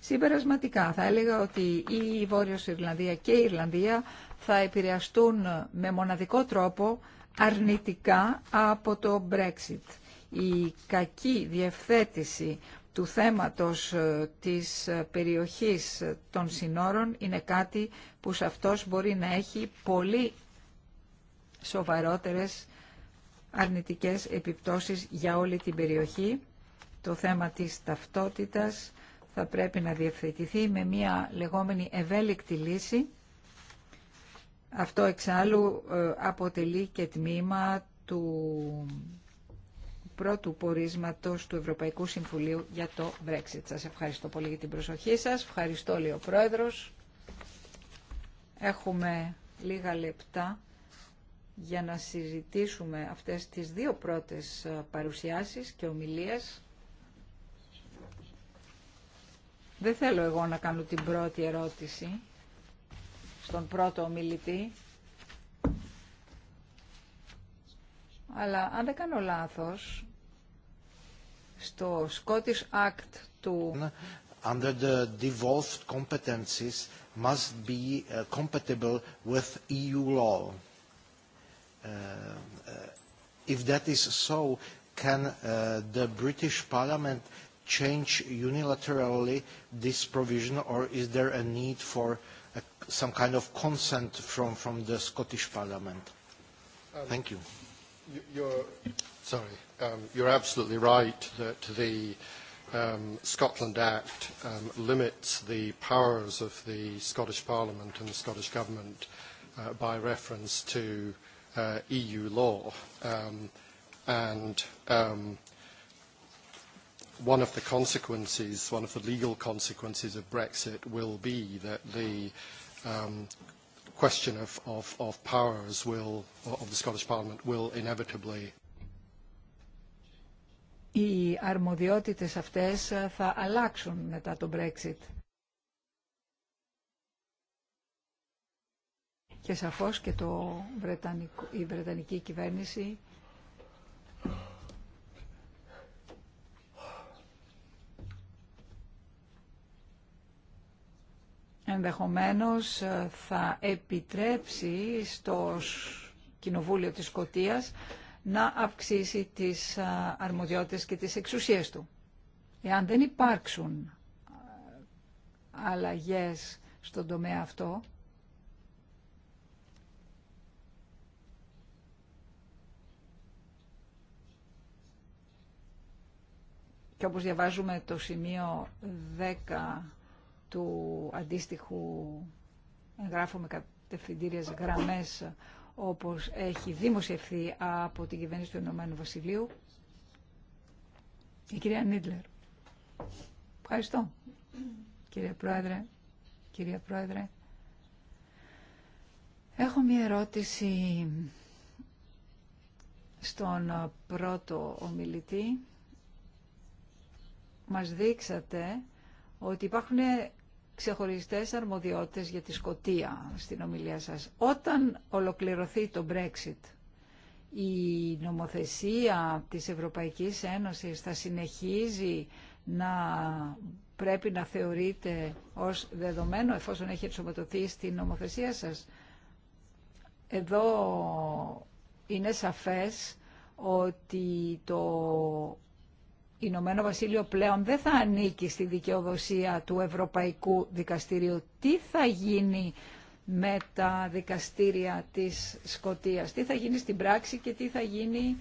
Συμπερασματικά θα έλεγα ότι η Βόρειος Ιρλανδία και η Ιρλανδία θα επηρεαστούν με μοναδικό τρόπο αρνητικά από το Brexit. Η κακή διευθέτηση του θέματος ε, της ε, περιοχής των συνόρων είναι κάτι που σε αυτός μπορεί να έχει πολύ σοβαρότερες αρνητικές επιπτώσεις για όλη την περιοχή. Το θέμα της ταυτότητας θα πρέπει να διευθετηθεί με μια λεγόμενη ευέλικτη λύση. Αυτό εξάλλου ε, αποτελεί και τμήμα του πρώτου πορίσματος του Ευρωπαϊκού Συμβουλίου για το Brexit. Σας ευχαριστώ πολύ για την προσοχή σας. Ευχαριστώ, λέει ο Πρόεδρος. Έχουμε λίγα λεπτά για να συζητήσουμε αυτές τις δύο πρώτες ε, παρουσιάσεις και ομιλίες. Δεν θέλω εγώ να κάνω την πρώτη ερώτηση στον πρώτο ομιλητή. Αλλά αν δεν κάνω λάθος, στο Scottish Act του... Ναι, under the devolved competencies must be ε, compatible with EU law. If that is so, can the British Parliament change unilaterally this provision, or is there a need for some kind of consent from from the Scottish Parliament? Thank you. You're sorry. You're absolutely right that the Scotland Act limits the powers of the Scottish Parliament and the Scottish Government by reference to EU law. And one of the consequences, one of the legal consequences of Brexit will be that the question of powers will, of the Scottish Parliament will inevitably. Οι αρμοδιότητες αυτές θα αλλάξουν μετά το Brexit. Και σαφώς και το Βρετανικό, η Βρετανική κυβέρνηση ενδεχομένως ε, θα επιτρέψει στο Κοινοβούλιο της Σκοτίας να αυξήσει τις ε, αρμοδιότητες και τις εξουσίες του. Εάν δεν υπάρξουν ε, αλλαγές στον τομέα αυτό, και όπως διαβάζουμε το σημείο 10 του αντίστοιχου εγγράφου με κατευθυντήριες γραμμές όπως έχει δημοσιευθεί από την κυβέρνηση του Ηνωμένου Βασιλείου. Η κυρία Νίτλερ. Ευχαριστώ. Κύριε Πρόεδρε, κυρία Πρόεδρε, έχω μία ερώτηση στον πρώτο ομιλητή μας δείξατε ότι υπάρχουν ξεχωριστές αρμοδιότητες για τη σκοτία στην ομιλία σας. Όταν ολοκληρωθεί το Brexit, η νομοθεσία της Ευρωπαϊκής Ένωσης θα συνεχίζει να πρέπει να θεωρείται ως δεδομένο εφόσον έχει ενσωματωθεί στην νομοθεσία σας. Εδώ είναι σαφές ότι το Ηνωμένο Βασίλειο πλέον δεν θα ανήκει στη δικαιοδοσία του Ευρωπαϊκού Δικαστηρίου. Τι θα γίνει με τα δικαστήρια της Σκοτίας, τι θα γίνει στην πράξη και τι θα γίνει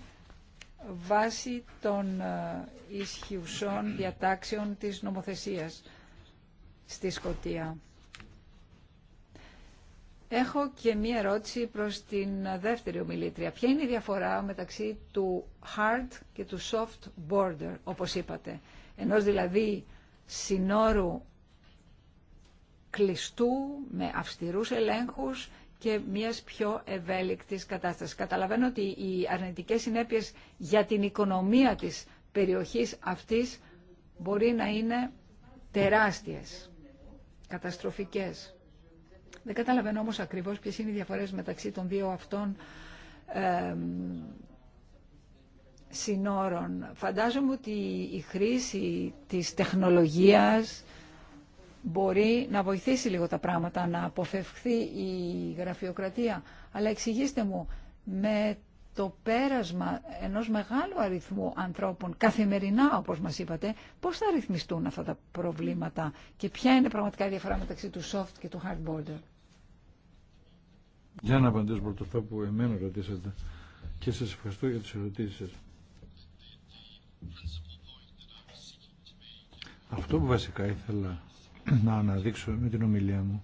βάσει των ε, ισχυουσών διατάξεων της νομοθεσίας στη Σκοτία. Έχω και μία ερώτηση προς την δεύτερη ομιλήτρια. Ποια είναι η διαφορά μεταξύ του hard και του soft border, όπως είπατε, ενώ δηλαδή συνόρου κλειστού με αυστηρούς ελέγχους και μιας πιο ευέλικτης κατάστασης. Καταλαβαίνω ότι οι αρνητικές συνέπειες για την οικονομία της περιοχής αυτής μπορεί να είναι τεράστιες, καταστροφικές. Δεν καταλαβαίνω όμως ακριβώς ποιες είναι οι διαφορές μεταξύ των δύο αυτών ε, συνόρων. Φαντάζομαι ότι η χρήση της τεχνολογίας μπορεί να βοηθήσει λίγο τα πράγματα, να αποφευχθεί η γραφειοκρατία. Αλλά εξηγήστε μου, με το πέρασμα ενός μεγάλου αριθμού ανθρώπων καθημερινά, όπως μας είπατε, πώς θα ρυθμιστούν αυτά τα προβλήματα και ποια είναι πραγματικά η διαφορά μεταξύ του soft και του hard border. Για να απαντήσω πρώτα αυτά που εμένα ρωτήσατε και σας ευχαριστώ για τις ερωτήσεις σας. Αυτό που βασικά ήθελα να αναδείξω με την ομιλία μου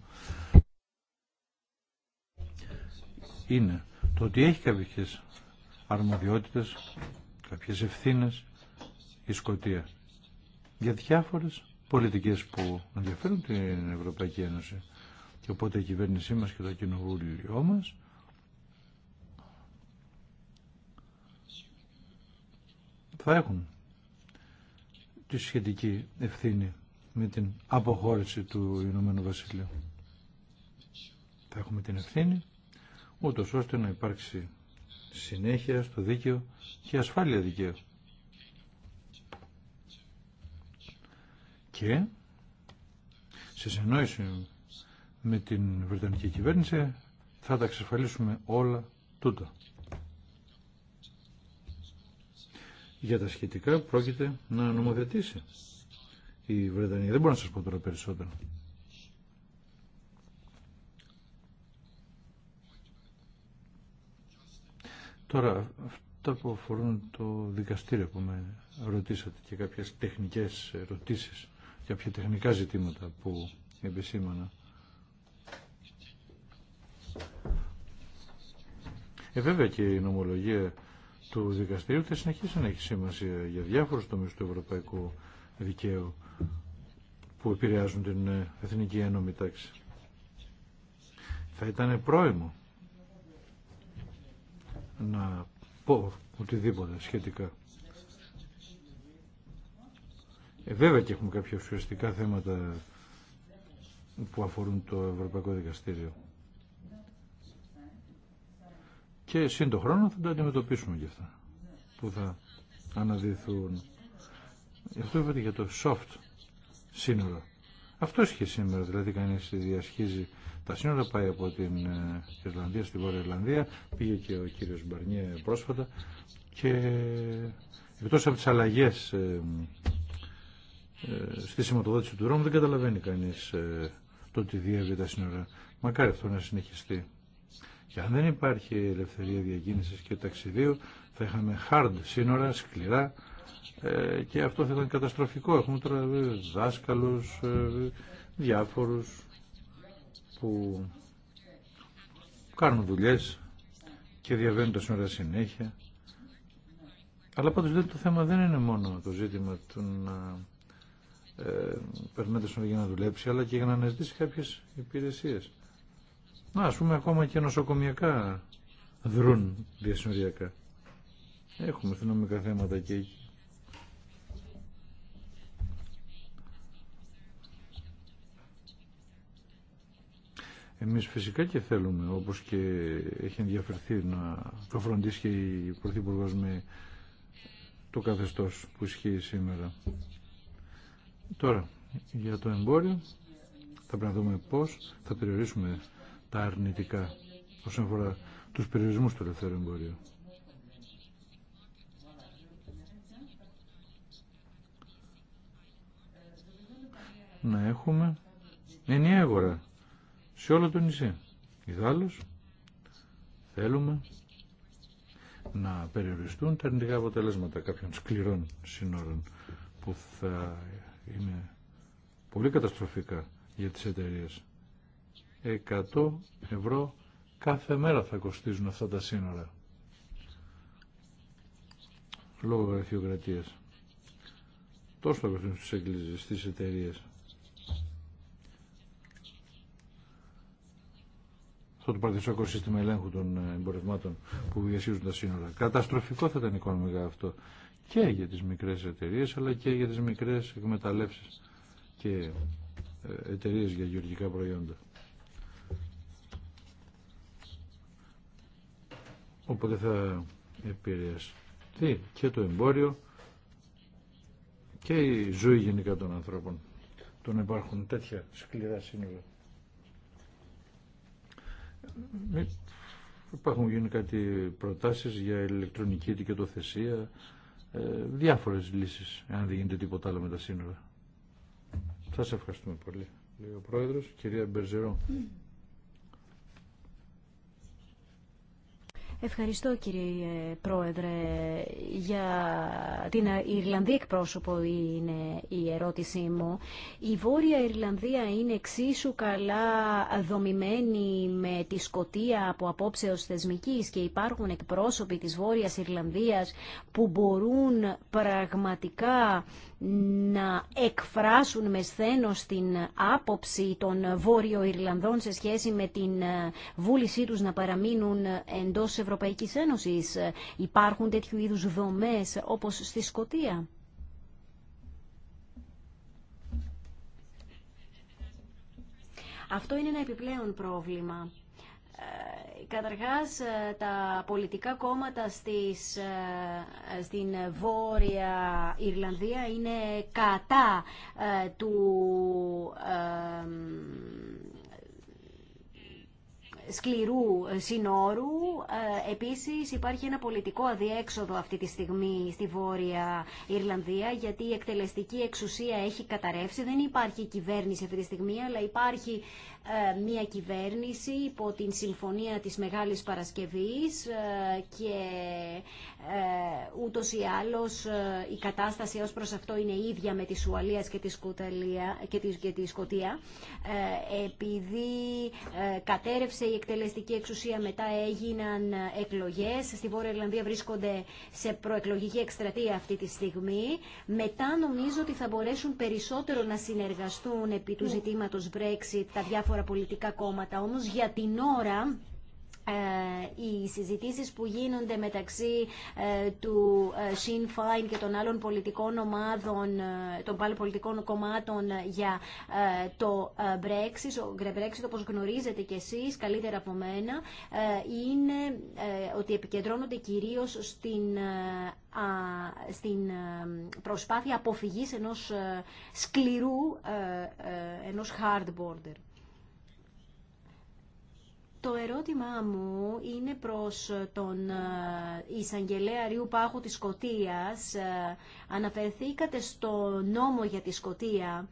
είναι το ότι έχει κάποιες αρμοδιότητες, κάποιες ευθύνες η Σκωτία για διάφορες πολιτικές που ενδιαφέρουν την Ευρωπαϊκή Ένωση. Και οπότε η κυβέρνησή μας και το κοινοβούλιο μας θα έχουν τη σχετική ευθύνη με την αποχώρηση του Ηνωμένου Βασιλείου. Θα έχουμε την ευθύνη ούτω ώστε να υπάρξει συνέχεια στο δίκαιο και ασφάλεια δικαίου. Και σε συνεννόηση με την Βρετανική κυβέρνηση θα τα εξασφαλίσουμε όλα τούτα. Για τα σχετικά πρόκειται να νομοθετήσει η Βρετανία. Δεν μπορώ να σας πω τώρα περισσότερο. Τώρα, αυτά που αφορούν το δικαστήριο που με ρωτήσατε και κάποιες τεχνικές ερωτήσεις για τεχνικά ζητήματα που επισήμανα. Ε, βέβαια και η νομολογία του δικαστηρίου θα συνεχίσει να έχει σημασία για διάφορου τομείς του ευρωπαϊκού δικαίου που επηρεάζουν την ε, Εθνική Ένωμη Τάξη. Θα ήταν πρόημο να πω οτιδήποτε σχετικά. Ε, βέβαια και έχουμε κάποια ουσιαστικά θέματα που αφορούν το Ευρωπαϊκό Δικαστήριο και σύντο χρόνο θα τα αντιμετωπίσουμε και αυτά που θα αναδυθούν. Γι' αυτό είπατε για το soft σύνορο. Αυτό είχε σήμερα, δηλαδή κανείς διασχίζει τα σύνορα, πάει από την ε, Ιρλανδία στη Βόρεια Ιρλανδία, πήγε και ο κύριος Μπαρνιέ πρόσφατα και εκτός από τις αλλαγές ε, ε, στη σηματοδότηση του δρόμου δεν καταλαβαίνει κανείς ε, το ότι διέβη τα σύνορα. Μακάρι αυτό να συνεχιστεί. Και αν δεν υπάρχει ελευθερία διακίνησης και ταξιδίου, θα είχαμε hard σύνορα, σκληρά, ε, και αυτό θα ήταν καταστροφικό. Έχουμε τώρα ε, δάσκαλους, ε, διάφορους που κάνουν δουλειές και διαβαίνουν τα σύνορα συνέχεια. Αλλά πάντως δεν το θέμα δεν είναι μόνο το ζήτημα του να ε, σύνορα για να δουλέψει, αλλά και για να αναζητήσει κάποιες υπηρεσίες. Να, ας πούμε ακόμα και νοσοκομιακά δρούν διασυνοριακά. Έχουμε αστυνομικά θέματα και εκεί. Εμείς φυσικά και θέλουμε, όπως και έχει ενδιαφερθεί να το φροντίσει και η Πρωθυπουργός με το καθεστώς που ισχύει σήμερα. Τώρα, για το εμπόριο θα πρέπει να δούμε πώς θα περιορίσουμε τα αρνητικά όσον αφορά τους περιορισμούς του ελευθερίου εμπορίου. Να έχουμε ενιαία αγορά σε όλο το νησί. Ιδάλλως θέλουμε να περιοριστούν τα αρνητικά αποτελέσματα κάποιων σκληρών σύνορων που θα είναι πολύ καταστροφικά για τις εταιρείες. 100 ευρώ κάθε μέρα θα κοστίζουν αυτά τα σύνορα. Λόγω γραφειοκρατίας. Τόσο θα κοστίζουν στις εκκλησίες, στις εταιρείες. Αυτό το παρτισσόκο σύστημα ελέγχου των ε, εμπορευμάτων που διασύζουν τα σύνορα. Καταστροφικό θα ήταν οικονομικά αυτό και για τις μικρές εταιρείες αλλά και για τις μικρές εκμεταλλεύσεις και ε, εταιρείες για γεωργικά προϊόντα. Οπότε θα επηρεαστεί και το εμπόριο και η ζωή γενικά των ανθρώπων. Τον υπάρχουν τέτοια σκληρά σύνορα. Υπάρχουν γίνει κάτι προτάσεις για ηλεκτρονική ετικετοθεσία, ε, διάφορες λύσεις, αν δεν γίνεται τίποτα άλλο με τα σύνορα. Σας ευχαριστούμε πολύ, ο Πρόεδρος, κυρία Μπερζερό. Ευχαριστώ κύριε Πρόεδρε για την Ιρλανδία εκπρόσωπο είναι η ερώτησή μου. Η Βόρεια Ιρλανδία είναι εξίσου καλά δομημένη με τη Σκοτία από απόψεως θεσμικής και υπάρχουν εκπρόσωποι της Βόρειας Ιρλανδίας που μπορούν πραγματικά να εκφράσουν με σθένος την άποψη των Βόρειο Ιρλανδών σε σχέση με την ε, βούλησή τους να παραμείνουν εντός Ευρωπαϊκής Ένωσης. Υπάρχουν τέτοιου είδους δομές όπως στη Σκοτία. Αυτό είναι ένα επιπλέον πρόβλημα. Ε, καταρχάς, ε, τα πολιτικά κόμματα ε, στην Βόρεια Ιρλανδία είναι κατά του σκληρού συνόρου. Επίσης υπάρχει ένα πολιτικό αδιέξοδο αυτή τη στιγμή στη Βόρεια Ιρλανδία γιατί η εκτελεστική εξουσία έχει καταρρεύσει. Δεν υπάρχει κυβέρνηση αυτή τη στιγμή αλλά υπάρχει ε, μια κυβέρνηση υπό την συμφωνία της Μεγάλης Παρασκευής ε, και ε, ούτως ή άλλως η κατάσταση ως προς αυτό είναι ίδια με τη Σουαλία και τη, Σκωτία. και τη, και επειδή κατέρευσε η εκτελεστική εξουσία μετά έγιναν εκλογές στη Βόρεια Ιρλανδία βρίσκονται σε προεκλογική εκστρατεία αυτή τη στιγμή μετά νομίζω ότι θα μπορέσουν περισσότερο να συνεργαστούν επί του ναι. ζητήματος Brexit τα διάφορα διάφορα πολιτικά κόμματα. Όμως για την ώρα ε, οι συζητήσεις που γίνονται μεταξύ ε, του ε, Sinn Féin και των άλλων πολιτικών ομάδων, των πάλι πολιτικών κομμάτων για το Brexit, ο Brexit όπως γνωρίζετε κι εσείς καλύτερα από μένα, είναι ότι επικεντρώνονται κυρίως στην στην προσπάθεια αποφυγής ενός σκληρού, ενός hard border. Το ερώτημά μου είναι προς τον ε, εισαγγελέα Ριού Πάχου της Σκοτίας. Ε, αναφερθήκατε στο νόμο για τη Σκοτία.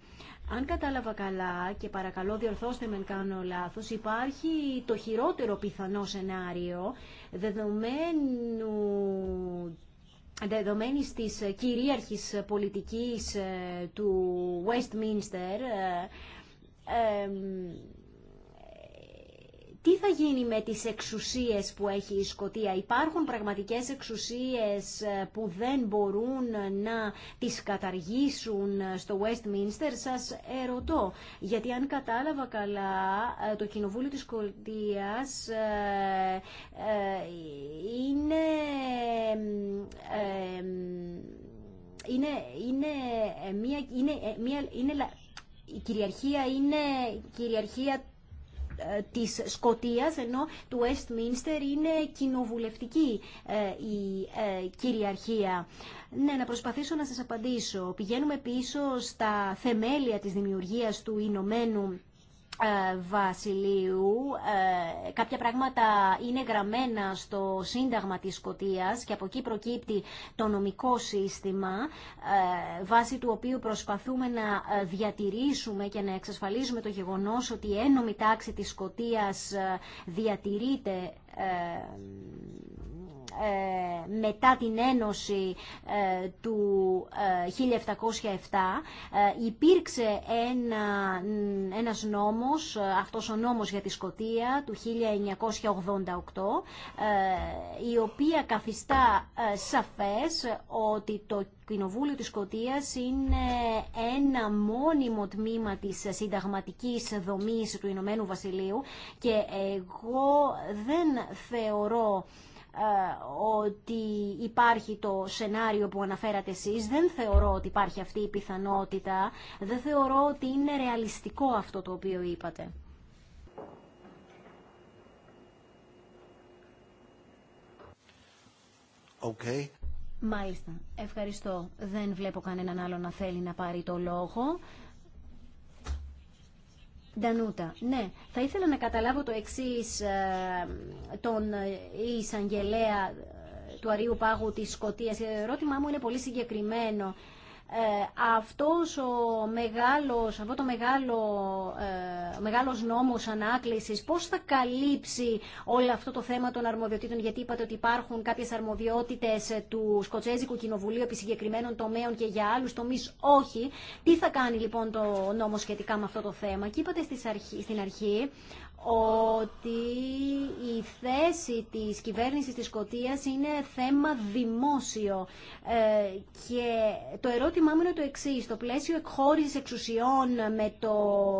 Αν κατάλαβα καλά, και παρακαλώ διορθώστε με αν κάνω λάθος, υπάρχει το χειρότερο πιθανό σενάριο, δεδομένου δεδομένης της κυρίαρχης πολιτικής ε, του Westminster, τι θα γίνει με τις εξουσίες που έχει η Σκοτία. Υπάρχουν πραγματικές εξουσίες ε, που δεν μπορούν να τις καταργήσουν στο Westminster. Σας ερωτώ, γιατί αν κατάλαβα καλά, ε, το Κοινοβούλιο της Σκοτίας ε, είναι... Είναι, είναι, μια, είναι, μια, είναι, η κυριαρχία είναι κυριαρχία ε, της Σκοτίας, ενώ του Westminster είναι κοινοβουλευτική ε, η ε, κυριαρχία. Ναι, να προσπαθήσω να σας απαντήσω. Πηγαίνουμε πίσω στα θεμέλια της δημιουργίας του Ηνωμένου ε, Βασιλείου. Ε, κάποια πράγματα είναι γραμμένα στο Σύνταγμα της Σκοτίας και από εκεί προκύπτει το νομικό σύστημα ε, βάσει του οποίου προσπαθούμε να διατηρήσουμε και να εξασφαλίζουμε το γεγονός ότι η ένομη τάξη της Σκοτίας διατηρείται ε, μετά την ένωση ε, του 1707 ε, υπήρξε ένα, ένας νόμος, αυτός ο νόμος για τη Σκοτία του 1988 η οποία καθιστά σαφές ότι το Κοινοβούλιο της Σκοτίας είναι ένα μόνιμο τμήμα της συνταγματικής δομής του Ηνωμένου Βασιλείου και εγώ δεν θεωρώ ε, ότι υπάρχει το σενάριο που αναφέρατε εσείς. Δεν θεωρώ ότι υπάρχει αυτή η πιθανότητα. Δεν θεωρώ ότι είναι ρεαλιστικό αυτό το οποίο είπατε. Okay. Μάλιστα. Ευχαριστώ. Δεν βλέπω κανέναν άλλο να θέλει να πάρει το λόγο. Ντανούτα. Ναι, θα ήθελα να καταλάβω το εξής ε, τον ε, εισαγγελέα ε, του Αρίου Πάγου της Σκοτίας. Το ερώτημά μου είναι πολύ συγκεκριμένο. Ε, αυτός ο μεγάλος, αυτό το μεγάλο, ε, μεγάλος νόμος ανάκλησης πώς θα καλύψει όλο αυτό το θέμα των αρμοδιοτήτων γιατί είπατε ότι υπάρχουν κάποιες αρμοδιότητες του Σκοτσέζικου Κοινοβουλίου επί συγκεκριμένων τομέων και για άλλους τομείς όχι. Τι θα κάνει λοιπόν το νόμο σχετικά με αυτό το θέμα και είπατε στην αρχή ότι η θέση της κυβέρνησης της Σκοτίας είναι θέμα δημόσιο. Ε, και το ερώτημά μου είναι το εξή. Στο πλαίσιο εκχώρησης εξουσιών με, το,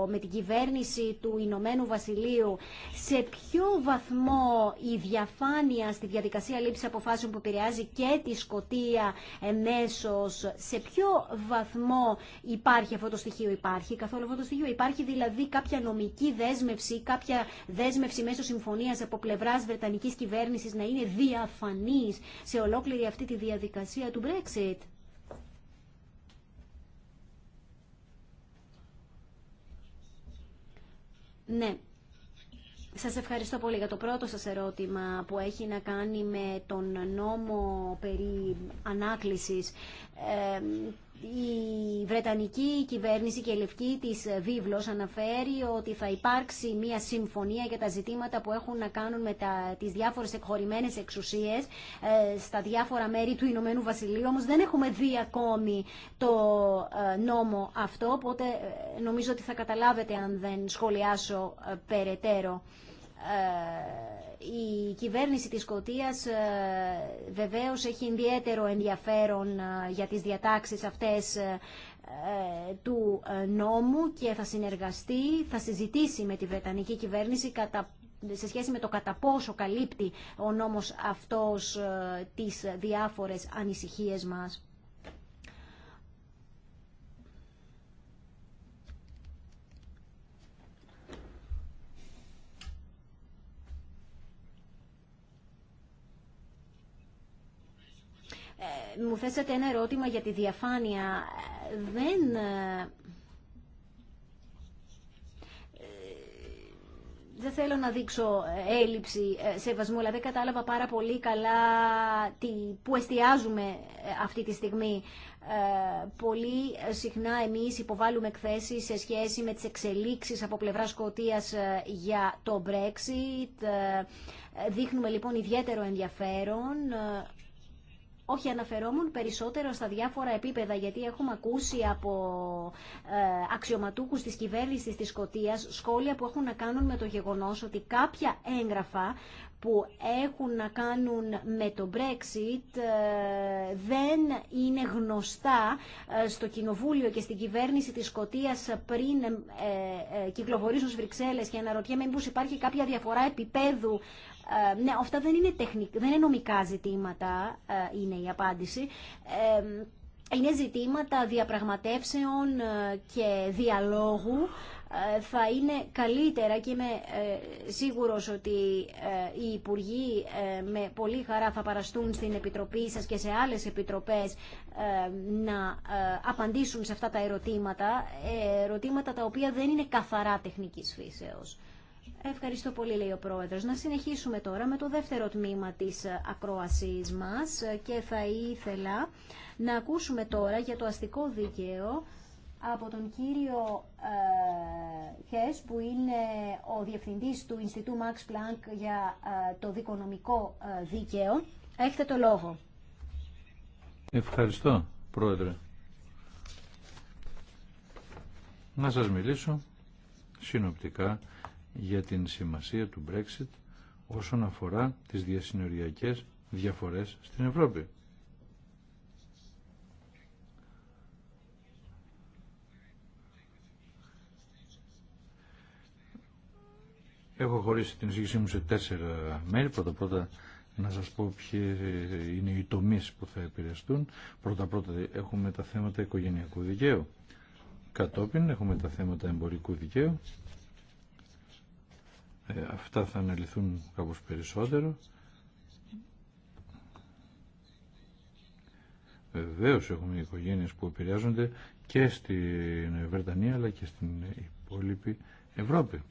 με την κυβέρνηση του Ηνωμένου Βασιλείου, σε ποιο βαθμό η διαφάνεια στη διαδικασία λήψη αποφάσεων που επηρεάζει και τη Σκωτία εμέσως, σε ποιο βαθμό υπάρχει αυτό το στοιχείο, υπάρχει καθόλου αυτό το στοιχείο, υπάρχει δηλαδή κάποια νομική δέσμευση, κάποια δέσμευση μέσω συμφωνία από πλευρά Βρετανική κυβέρνηση να είναι διαφανή σε ολόκληρη αυτή τη διαδικασία του Brexit. Ναι. Σας ευχαριστώ πολύ για το πρώτο σας ερώτημα που έχει να κάνει με τον νόμο περί ανάκλησης. Ε, η Βρετανική κυβέρνηση και η Λευκή της Βίβλος αναφέρει ότι θα υπάρξει μια συμφωνία για τα ζητήματα που έχουν να κάνουν με τα, τις διάφορες εκχωρημένες εξουσίες ε, στα διάφορα μέρη του Ηνωμένου Βασιλείου. Όμως δεν έχουμε δει ακόμη το ε, νόμο αυτό, οπότε ε, νομίζω ότι θα καταλάβετε αν δεν σχολιάσω περαιτέρω η κυβέρνηση της Σκοτίας ε, βεβαίως έχει ιδιαίτερο ενδιαφέρον ε, για τις διατάξεις αυτές ε, του νόμου και θα συνεργαστεί, θα συζητήσει με τη Βρετανική κυβέρνηση κατά σε σχέση με το κατά πόσο καλύπτει ο νόμος αυτός τις διάφορες ανησυχίες μας. μου θέσατε ένα ερώτημα για τη διαφάνεια. Δεν... Ε, ε, δεν θέλω να δείξω ε, έλλειψη σεβασμού, αλλά δεν κατάλαβα πάρα πολύ καλά τι, που εστιάζουμε αυτή τη στιγμή. πολύ συχνά εμείς υποβάλλουμε εκθέσεις σε σχέση με τις εξελίξεις από πλευρά Σκοτίας για το Brexit. δείχνουμε λοιπόν ιδιαίτερο ενδιαφέρον όχι αναφερόμουν περισσότερο στα διάφορα επίπεδα γιατί έχουμε ακούσει από ε, αξιωματούχους της κυβέρνησης της Σκοτίας σχόλια που έχουν να κάνουν με το γεγονός ότι κάποια έγγραφα που έχουν να κάνουν με το Brexit ε, δεν είναι γνωστά ε, στο Κοινοβούλιο και στην κυβέρνηση της Σκοτίας πριν ε, κυκλοφορήσουν στις Βρυξέλλες και αναρωτιέμαι μήπως υπάρχει κάποια διαφορά επίπεδου ε, ναι, αυτά δεν είναι, τεχνικ... δεν είναι νομικά ζητήματα, ε, είναι η απάντηση. Ε, είναι ζητήματα διαπραγματεύσεων ε, και διαλόγου. Ε, θα είναι καλύτερα και είμαι ε, σίγουρος ότι οι Υπουργοί με πολύ χαρά θα παραστούν στην Επιτροπή σας και σε άλλες Επιτροπές να απαντήσουν σε αυτά τα ερωτήματα, ερωτήματα τα οποία δεν είναι καθαρά τεχνικής φύσεως. Ευχαριστώ πολύ, λέει ο Πρόεδρος. Να συνεχίσουμε τώρα με το δεύτερο τμήμα της ε, ακρόασής μας ε, και θα ήθελα να ακούσουμε τώρα για το αστικό δίκαιο από τον κύριο ε, Χες, που είναι ο Διευθυντής του Ινστιτού Max Planck για το δικονομικό δίκαιο. Έχετε το λόγο. Ευχαριστώ, Πρόεδρε. Να σας μιλήσω συνοπτικά για την σημασία του Brexit όσον αφορά τις διασυνοριακές διαφορές στην Ευρώπη. Έχω χωρίσει την εισήγησή μου σε τέσσερα μέρη. Πρώτα-πρώτα να σας πω ποιοι είναι οι τομείς που θα επηρεαστούν. Πρώτα-πρώτα έχουμε τα θέματα οικογενειακού δικαίου. Κατόπιν έχουμε τα θέματα εμπορικού δικαίου ε, αυτά θα αναλυθούν κάπως περισσότερο. Βεβαίω έχουμε οικογένειες που επηρεάζονται και στην Βρετανία αλλά και στην υπόλοιπη Ευρώπη.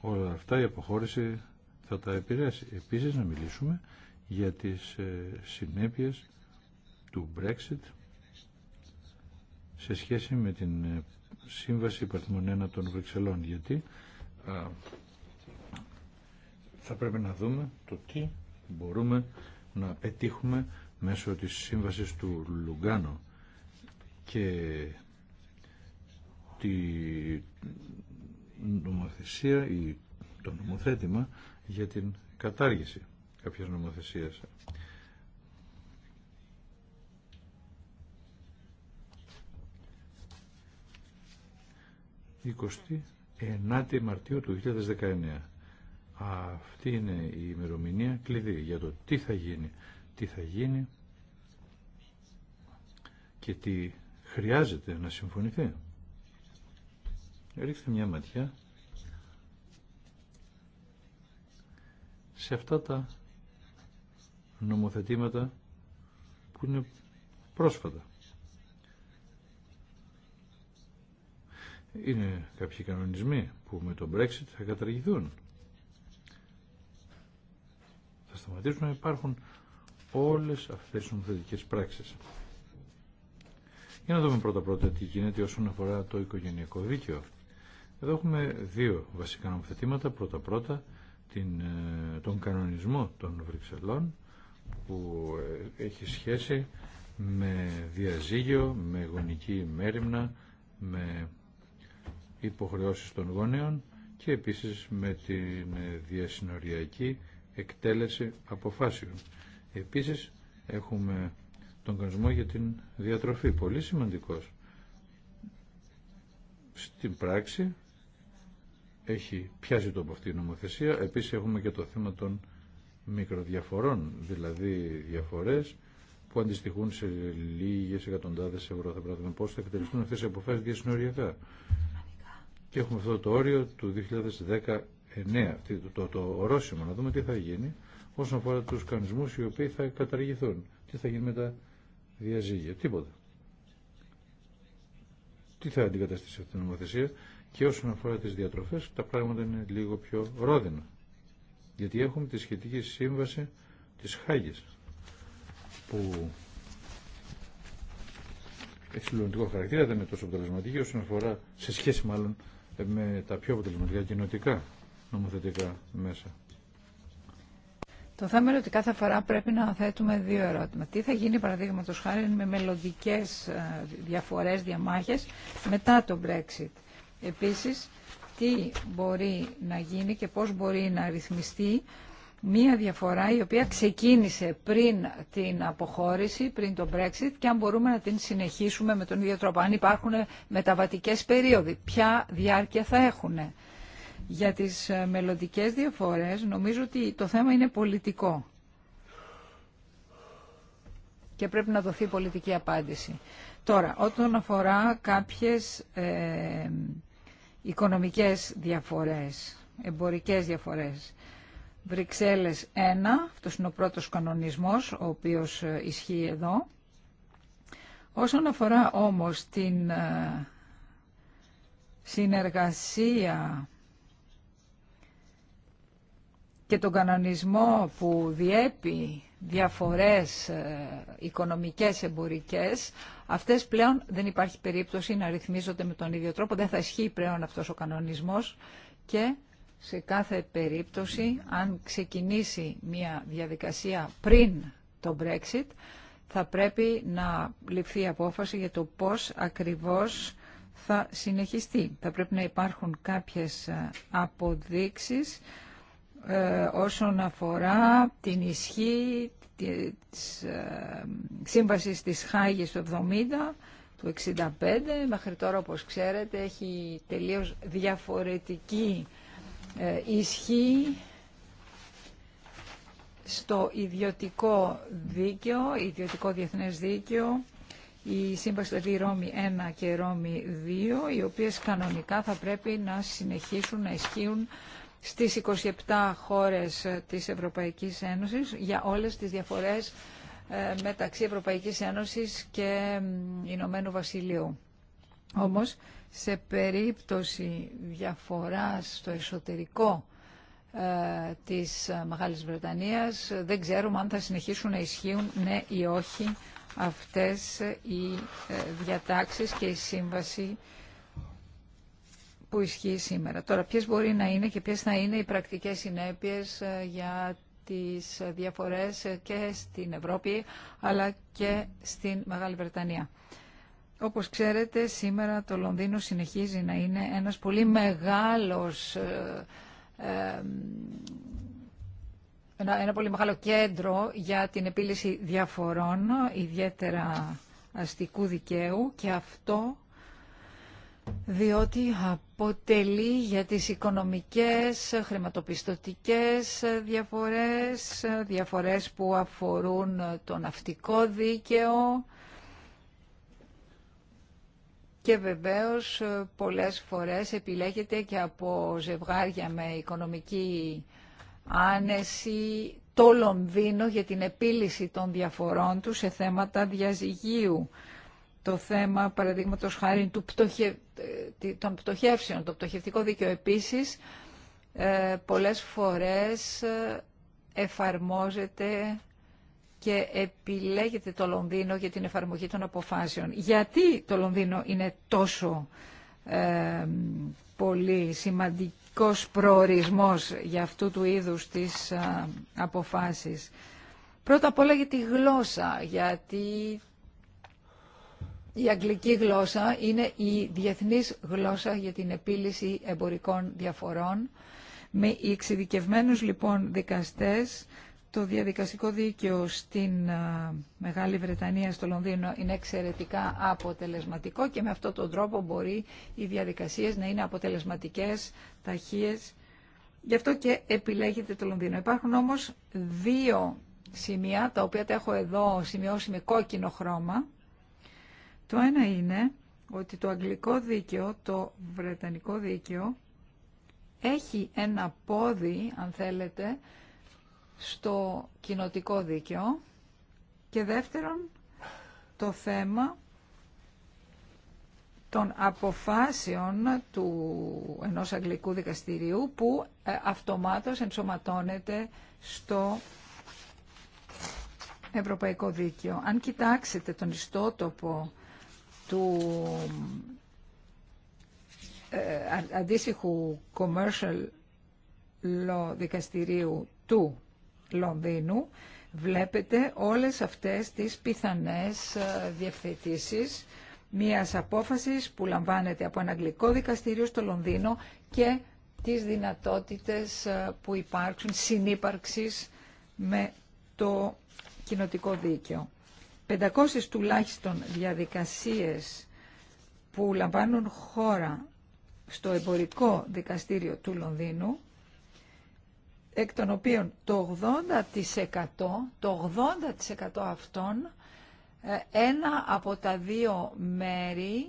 Όλα αυτά η αποχώρηση θα τα επηρεάσει. Επίσης να μιλήσουμε για τις ε, συνέπειες του Brexit σε σχέση με την ε, Σύμβαση Υπαρθμών των Βρυξελών γιατί θα πρέπει να δούμε το τι μπορούμε να πετύχουμε μέσω της σύμβασης του Λουγκάνο και τη νομοθεσία ή το νομοθέτημα για την κατάργηση κάποιας νομοθεσίας. Η 29η Μαρτίου του 2019 αυτή είναι η ημερομηνία κλειδί για το τι θα γίνει, τι θα γίνει και τι χρειάζεται να συμφωνηθεί. Ρίξτε μια ματιά σε αυτά τα νομοθετήματα που είναι πρόσφατα. Είναι κάποιοι κανονισμοί που με το Brexit θα καταργηθούν θα σταματήσουν να υπάρχουν όλες αυτές οι νομοθετικές πράξεις. Για να δούμε πρώτα πρώτα τι γίνεται όσον αφορά το οικογενειακό δίκαιο. Εδώ έχουμε δύο βασικά νομοθετήματα. Πρώτα πρώτα την, ε, τον κανονισμό των Βρυξελών που ε, έχει σχέση με διαζύγιο, με γονική μέρημνα, με υποχρεώσεις των γονέων και επίσης με την ε, διασυνοριακή εκτέλεση αποφάσεων. Επίσης έχουμε τον κανονισμό για την διατροφή, πολύ σημαντικός. Στην πράξη έχει πιάσει το από αυτή η νομοθεσία. Επίσης έχουμε και το θέμα των μικροδιαφορών, δηλαδή διαφορές που αντιστοιχούν σε λίγες εκατοντάδες ευρώ. Θα πρέπει να πώς θα εκτελεστούν αυτές οι αποφάσεις διασυνοριακά. Και έχουμε αυτό το όριο του ε, ναι, το, το, το ορόσημο, να δούμε τι θα γίνει όσον αφορά του κανονισμού οι οποίοι θα καταργηθούν. Τι θα γίνει με τα διαζύγια, τίποτα. Τι θα αντικαταστήσει αυτή την νομοθεσία και όσον αφορά τι διατροφέ, τα πράγματα είναι λίγο πιο ρόδινα. Γιατί έχουμε τη σχετική σύμβαση τη Χάγη που έχει συλλογικό χαρακτήρα, δεν είναι τόσο αποτελεσματική όσον αφορά σε σχέση μάλλον με τα πιο αποτελεσματικά κοινοτικά το θέμα είναι ότι κάθε φορά πρέπει να θέτουμε δύο ερώτημα. Τι θα γίνει παραδείγματο χάρη με μελλοντικέ ε, διαφορές, διαμάχε μετά το Brexit. Επίσης, τι μπορεί να γίνει και πώς μπορεί να ρυθμιστεί μία διαφορά η οποία ξεκίνησε πριν την αποχώρηση, πριν το Brexit και αν μπορούμε να την συνεχίσουμε με τον ίδιο τρόπο. Αν υπάρχουν μεταβατικές περίοδοι, ποια διάρκεια θα έχουν. Για τις ε, μελλοντικέ διαφορές νομίζω ότι το θέμα είναι πολιτικό και πρέπει να δοθεί πολιτική απάντηση. Τώρα, όταν αφορά κάποιες ε, οικονομικές διαφορές, εμπορικές διαφορές, Βρυξέλλες 1, αυτός είναι ο πρώτος κανονισμός, ο οποίος ε, ισχύει εδώ. Όσον αφορά όμως την ε, συνεργασία και τον κανονισμό που διέπει διαφορές ε, οικονομικές εμπορικές, αυτές πλέον δεν υπάρχει περίπτωση να ρυθμίζονται με τον ίδιο τρόπο, δεν θα ισχύει πλέον αυτός ο κανονισμός και σε κάθε περίπτωση αν ξεκινήσει μια διαδικασία πριν το Brexit θα πρέπει να ληφθεί απόφαση για το πώς ακριβώς θα συνεχιστεί. Θα πρέπει να υπάρχουν κάποιες ε, αποδείξεις ε, όσον αφορά την ισχύ της ε, σύμβασης της Χάγης του 70 του 65 μέχρι τώρα όπως ξέρετε έχει τελείως διαφορετική ε, ισχύ στο ιδιωτικό δίκαιο, ιδιωτικό διεθνές δίκαιο η σύμβαση δηλαδή Ρώμη 1 και Ρώμη 2 οι οποίες κανονικά θα πρέπει να συνεχίσουν να ισχύουν στις 27 χώρες της Ευρωπαϊκής Ένωσης για όλες τις διαφορές ε, μεταξύ Ευρωπαϊκής Ένωσης και Ηνωμένου Βασιλείου. Όμως, σε περίπτωση διαφοράς στο εσωτερικό ε, της ε, Μεγάλης Βρετανίας δεν ξέρουμε αν θα συνεχίσουν να ισχύουν ναι ή όχι αυτές οι διατάξεις και η σύμβαση που ισχύει σήμερα. Τώρα, ποιες μπορεί να είναι και ποιες θα είναι οι πρακτικές συνέπειες ε, για τις διαφορές ε, και στην Ευρώπη, αλλά και στην Μεγάλη Βρετανία. Όπως ξέρετε, σήμερα το Λονδίνο συνεχίζει να είναι ένας πολύ μεγάλος, ε, ένα πολύ μεγάλο κέντρο για την επίλυση διαφορών, ιδιαίτερα αστικού δικαίου και αυτό διότι αποτελεί για τις οικονομικές, χρηματοπιστωτικές διαφορές, διαφορές που αφορούν το ναυτικό δίκαιο και βεβαίως πολλές φορές επιλέγεται και από ζευγάρια με οικονομική άνεση το Λονδίνο για την επίλυση των διαφορών του σε θέματα διαζυγίου το θέμα παραδείγματο χάρη του πτωχε... Ε, των πτωχεύσεων, το πτωχευτικό δίκαιο επίσης, ε, πολλές φορές ε, εφαρμόζεται και επιλέγεται το Λονδίνο για την εφαρμογή των αποφάσεων. Γιατί το Λονδίνο είναι τόσο πολύ σημαντικός προορισμός για αυτού του είδους της ε, αποφάσεις. Πρώτα απ' όλα για τη γλώσσα, γιατί η αγγλική γλώσσα είναι η διεθνής γλώσσα για την επίλυση εμπορικών διαφορών. Με εξειδικευμένους λοιπόν δικαστές, το διαδικαστικό δίκαιο στην Μεγάλη Βρετανία, στο Λονδίνο, είναι εξαιρετικά αποτελεσματικό και με αυτόν τον τρόπο μπορεί οι διαδικασίες να είναι αποτελεσματικές, ταχείες. Γι' αυτό και επιλέγεται το Λονδίνο. Υπάρχουν όμως δύο σημεία, τα οποία τα έχω εδώ σημειώσει με κόκκινο χρώμα, το ένα είναι ότι το αγγλικό δίκαιο, το βρετανικό δίκαιο, έχει ένα πόδι, αν θέλετε, στο κοινοτικό δίκαιο και δεύτερον το θέμα των αποφάσεων του ενός αγγλικού δικαστηρίου που ε, αυτομάτως ενσωματώνεται στο ευρωπαϊκό δίκαιο. Αν κοιτάξετε τον ιστότοπο του ε, αντίστοιχου commercial law δικαστηρίου του Λονδίνου βλέπετε όλες αυτές τις πιθανές ε, διευθετήσεις μιας απόφασης που λαμβάνεται από ένα αγγλικό δικαστήριο στο Λονδίνο και τις δυνατότητες ε, που υπάρξουν συνύπαρξης με το κοινοτικό δίκαιο. 500 τουλάχιστον διαδικασίες που λαμβάνουν χώρα στο εμπορικό δικαστήριο του Λονδίνου, εκ των οποίων το 80%, το 80% αυτών, ε, ένα από τα δύο μέρη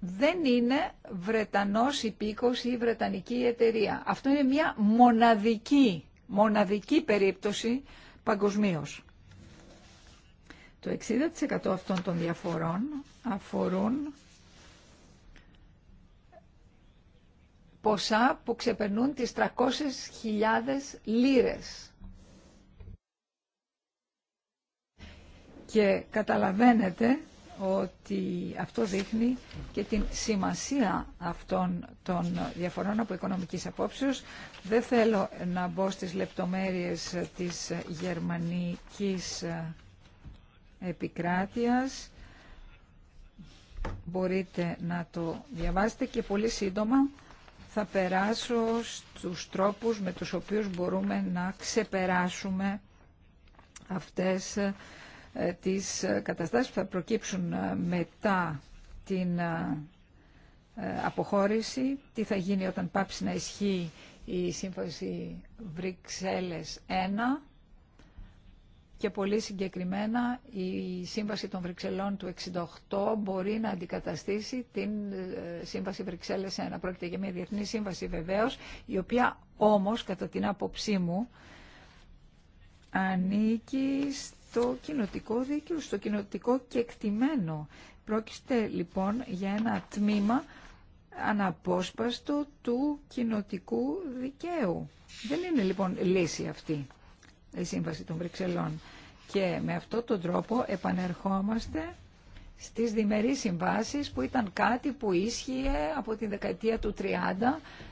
δεν είναι Βρετανός υπήκος ή Βρετανική εταιρεία. Αυτό είναι μια μοναδική, μοναδική περίπτωση παγκοσμίως. Το 60% αυτών των διαφορών αφορούν ποσά που ξεπερνούν τις 300.000 λίρες. Και καταλαβαίνετε ότι αυτό δείχνει και την σημασία αυτών των διαφορών από οικονομικής απόψεως. Δεν θέλω να μπω στις λεπτομέρειες της γερμανικής επικράτειας. Μπορείτε να το διαβάσετε και πολύ σύντομα θα περάσω στους τρόπους με τους οποίους μπορούμε να ξεπεράσουμε αυτές ε, τις καταστάσεις που θα προκύψουν ε, μετά την ε, αποχώρηση, τι θα γίνει όταν πάψει να ισχύει η Σύμφωση Βρυξέλλες 1 και πολύ συγκεκριμένα η Σύμβαση των Βρυξελών του 68 μπορεί να αντικαταστήσει την ε, Σύμβαση Βρυξέλλες 1. Πρόκειται για μια διεθνή σύμβαση βεβαίως, η οποία όμως κατά την άποψή μου ανήκει στο κοινοτικό δίκαιο, στο κοινοτικό εκτιμένο Πρόκειται λοιπόν για ένα τμήμα αναπόσπαστο του κοινοτικού δικαίου. Δεν είναι λοιπόν λύση αυτή η Σύμβαση των Βρυξελών. Και με αυτόν τον τρόπο επανερχόμαστε στις διμερείς συμβάσεις που ήταν κάτι που ίσχυε από την δεκαετία του 30,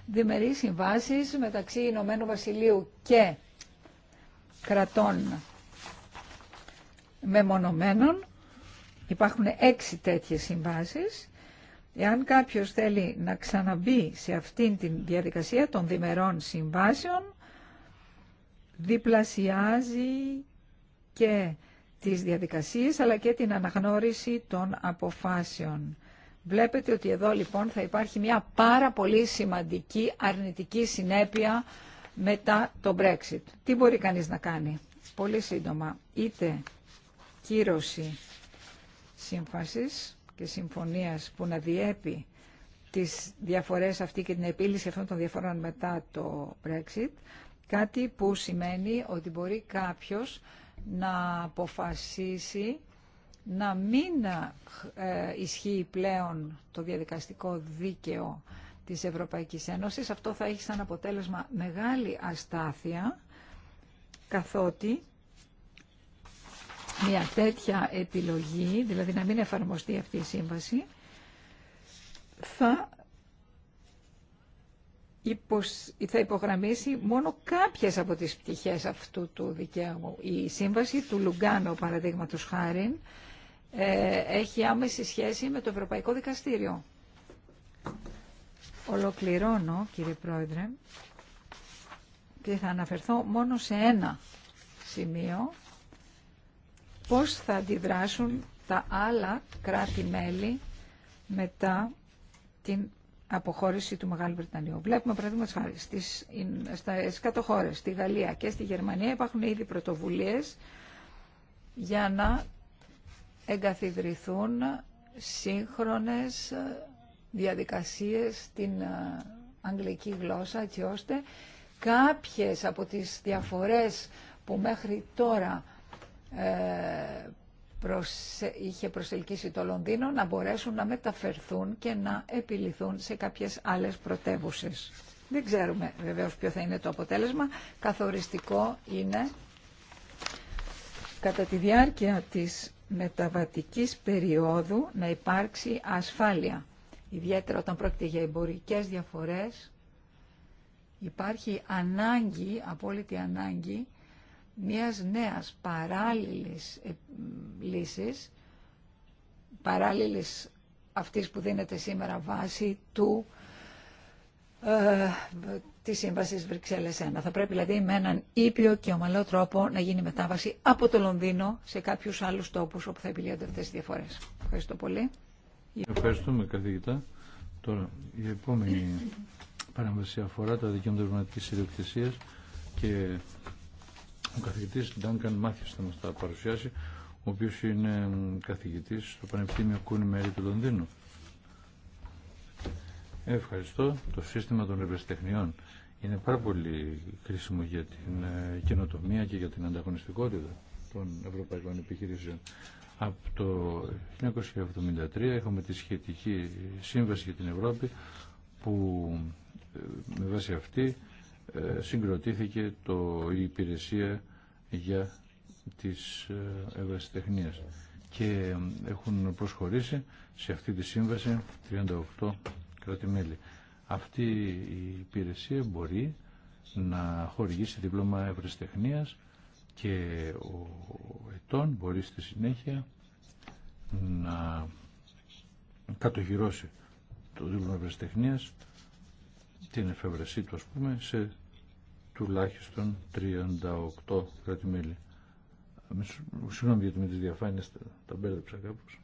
διμερείς συμβάσεις μεταξύ Ηνωμένου Βασιλείου και κρατών μεμονωμένων. Υπάρχουν έξι τέτοιες συμβάσεις. Εάν κάποιος θέλει να ξαναμπεί σε αυτήν την διαδικασία των διμερών συμβάσεων, διπλασιάζει και τις διαδικασίες αλλά και την αναγνώριση των αποφάσεων. Βλέπετε ότι εδώ λοιπόν θα υπάρχει μια πάρα πολύ σημαντική αρνητική συνέπεια μετά το Brexit. Τι μπορεί κανείς να κάνει. Πολύ σύντομα, είτε κύρωση σύμφασης και συμφωνίας που να διέπει τις διαφορές αυτή και την επίλυση αυτών των διαφορών μετά το Brexit, Κάτι που σημαίνει ότι μπορεί κάποιος να αποφασίσει να μην ε, ισχύει πλέον το διαδικαστικό δίκαιο της Ευρωπαϊκής Ένωσης. Αυτό θα έχει σαν αποτέλεσμα μεγάλη αστάθεια, καθότι μια τέτοια επιλογή, δηλαδή να μην εφαρμοστεί αυτή η σύμβαση, θα θα υπογραμμίσει μόνο κάποιες από τις πτυχές αυτού του δικαίου. Η σύμβαση του Λουγκάνο, παραδείγματος χάριν, ε, έχει άμεση σχέση με το Ευρωπαϊκό Δικαστήριο. Ολοκληρώνω, κύριε Πρόεδρε, και θα αναφερθώ μόνο σε ένα σημείο, πώς θα αντιδράσουν τα άλλα κράτη-μέλη μετά την αποχώρηση του Μεγάλου Βρετανίου. Βλέπουμε, παραδείγματο χάρη, στις, κάτω χώρε, στη Γαλλία και στη Γερμανία υπάρχουν ήδη πρωτοβουλίε για να εγκαθιδρυθούν σύγχρονες διαδικασίες στην ε, αγγλική γλώσσα, έτσι ώστε κάποιες από τις διαφορές που μέχρι τώρα ε, είχε προσελκύσει το Λονδίνο να μπορέσουν να μεταφερθούν και να επιληθούν σε κάποιες άλλες πρωτεύουσε. Δεν ξέρουμε βεβαίως ποιο θα είναι το αποτέλεσμα. Καθοριστικό είναι κατά τη διάρκεια της μεταβατικής περίοδου να υπάρξει ασφάλεια. Ιδιαίτερα όταν πρόκειται για εμπορικές διαφορές υπάρχει ανάγκη, απόλυτη ανάγκη μιας νέας παράλληλης ε, λύσης, παράλληλης αυτής που δίνεται σήμερα βάση του ε, της Σύμβασης Βρυξέλλες 1. Θα πρέπει δηλαδή με έναν ήπιο και ομαλό τρόπο να γίνει μετάβαση από το Λονδίνο σε κάποιους άλλους τόπους όπου θα επιλύονται αυτές οι διαφορές. Ευχαριστώ πολύ. Ευχαριστούμε καθηγητά. Τώρα η επόμενη και ο καθηγητής Ντάνκαν Μάχης θα μας τα παρουσιάσει, ο οποίος είναι καθηγητής στο Πανεπιστήμιο Κούνη Μέρη του Λονδίνου. Ευχαριστώ. Το σύστημα των ευρεσιτεχνιών είναι πάρα πολύ κρίσιμο για την ε, καινοτομία και για την ανταγωνιστικότητα των ευρωπαϊκών επιχειρήσεων. Από το 1973 έχουμε τη σχετική σύμβαση για την Ευρώπη που ε, με βάση αυτή ε, συγκροτήθηκε το, η υπηρεσία για τις ε, ευρεσιτεχνίες και ε, έχουν προσχωρήσει σε αυτή τη σύμβαση 38 κρατη Αυτή η υπηρεσία μπορεί να χορηγήσει δίπλωμα ευρεσιτεχνίας και ο ετών μπορεί στη συνέχεια να κατοχυρώσει το δίπλωμα ευρεσιτεχνίας την εφευρεσή του, ας πούμε, σε τουλάχιστον 38 κρατημέλη. Συγγνώμη γιατί με τι τα μπέρδεψα κάπως.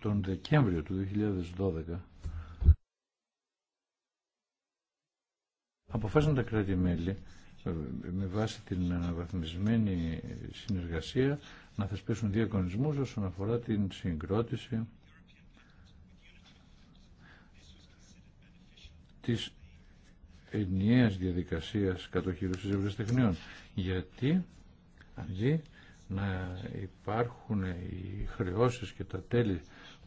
Τον Δεκέμβριο του 2012 αποφάσισαν τα κράτη-μέλη ε, με βάση την αναβαθμισμένη συνεργασία να θεσπίσουν διακονισμούς όσον αφορά την συγκρότηση της ενιαίας διαδικασίας κατοχήρωσης ευρεσιτεχνιών. Γιατί αντί να υπάρχουν οι χρεώσεις και τα τέλη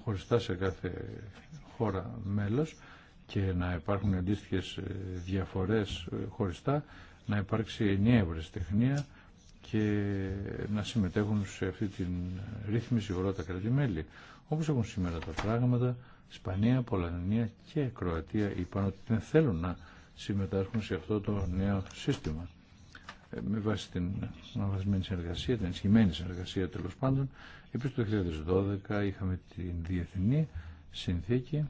χωριστά σε κάθε χώρα μέλος και να υπάρχουν αντίστοιχε διαφορές χωριστά, να υπάρξει ενιαία ευρεσιτεχνία και να συμμετέχουν σε αυτή την ρύθμιση όλα τα μέλη. Όπως έχουν σήμερα τα πράγματα, Ισπανία, Πολωνία και Κροατία είπαν ότι δεν θέλουν να συμμετάσχουν σε αυτό το νέο σύστημα. Ε, με βάση την αναβασμένη συνεργασία, την ενισχυμένη συνεργασία τέλο πάντων, επίση το 2012 είχαμε την διεθνή συνθήκη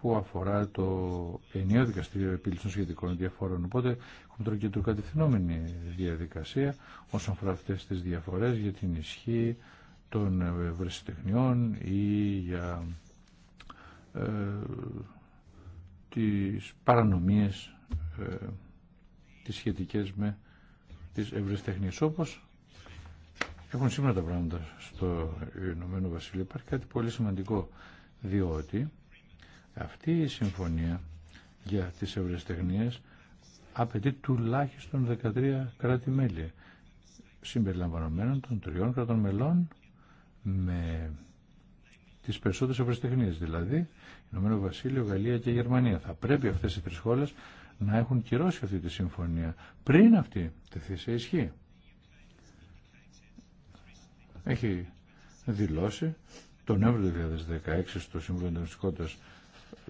που αφορά το ενιαίο δικαστήριο επίλυση των σχετικών διαφόρων. Οπότε έχουμε τώρα και το κατευθυνόμενη διαδικασία όσον αφορά αυτέ τι διαφορέ για την ισχύ των ε, ευρεσιτεχνιών ή για ε, τις παρανομίες ε, τις σχετικές με τις ευρεσιτεχνίες όπως έχουν σήμερα τα πράγματα στο Ηνωμένο Βασίλειο υπάρχει κάτι πολύ σημαντικό διότι αυτή η συμφωνία για τις ευρεσιτεχνίες απαιτεί τουλάχιστον 13 κράτη-μέλη συμπεριλαμβανομένων των τριών κρατών μελών με τις περισσότερες ευρωστεχνίες, δηλαδή Ηνωμένο Βασίλειο, Γαλλία και Γερμανία. Θα πρέπει αυτές οι τρεις χώρε να έχουν κυρώσει αυτή τη συμφωνία πριν αυτή τεθεί σε ισχύ. Έχει δηλώσει τον Νοέμβριο του 2016 στο Συμβούλιο Εντονιστικότητας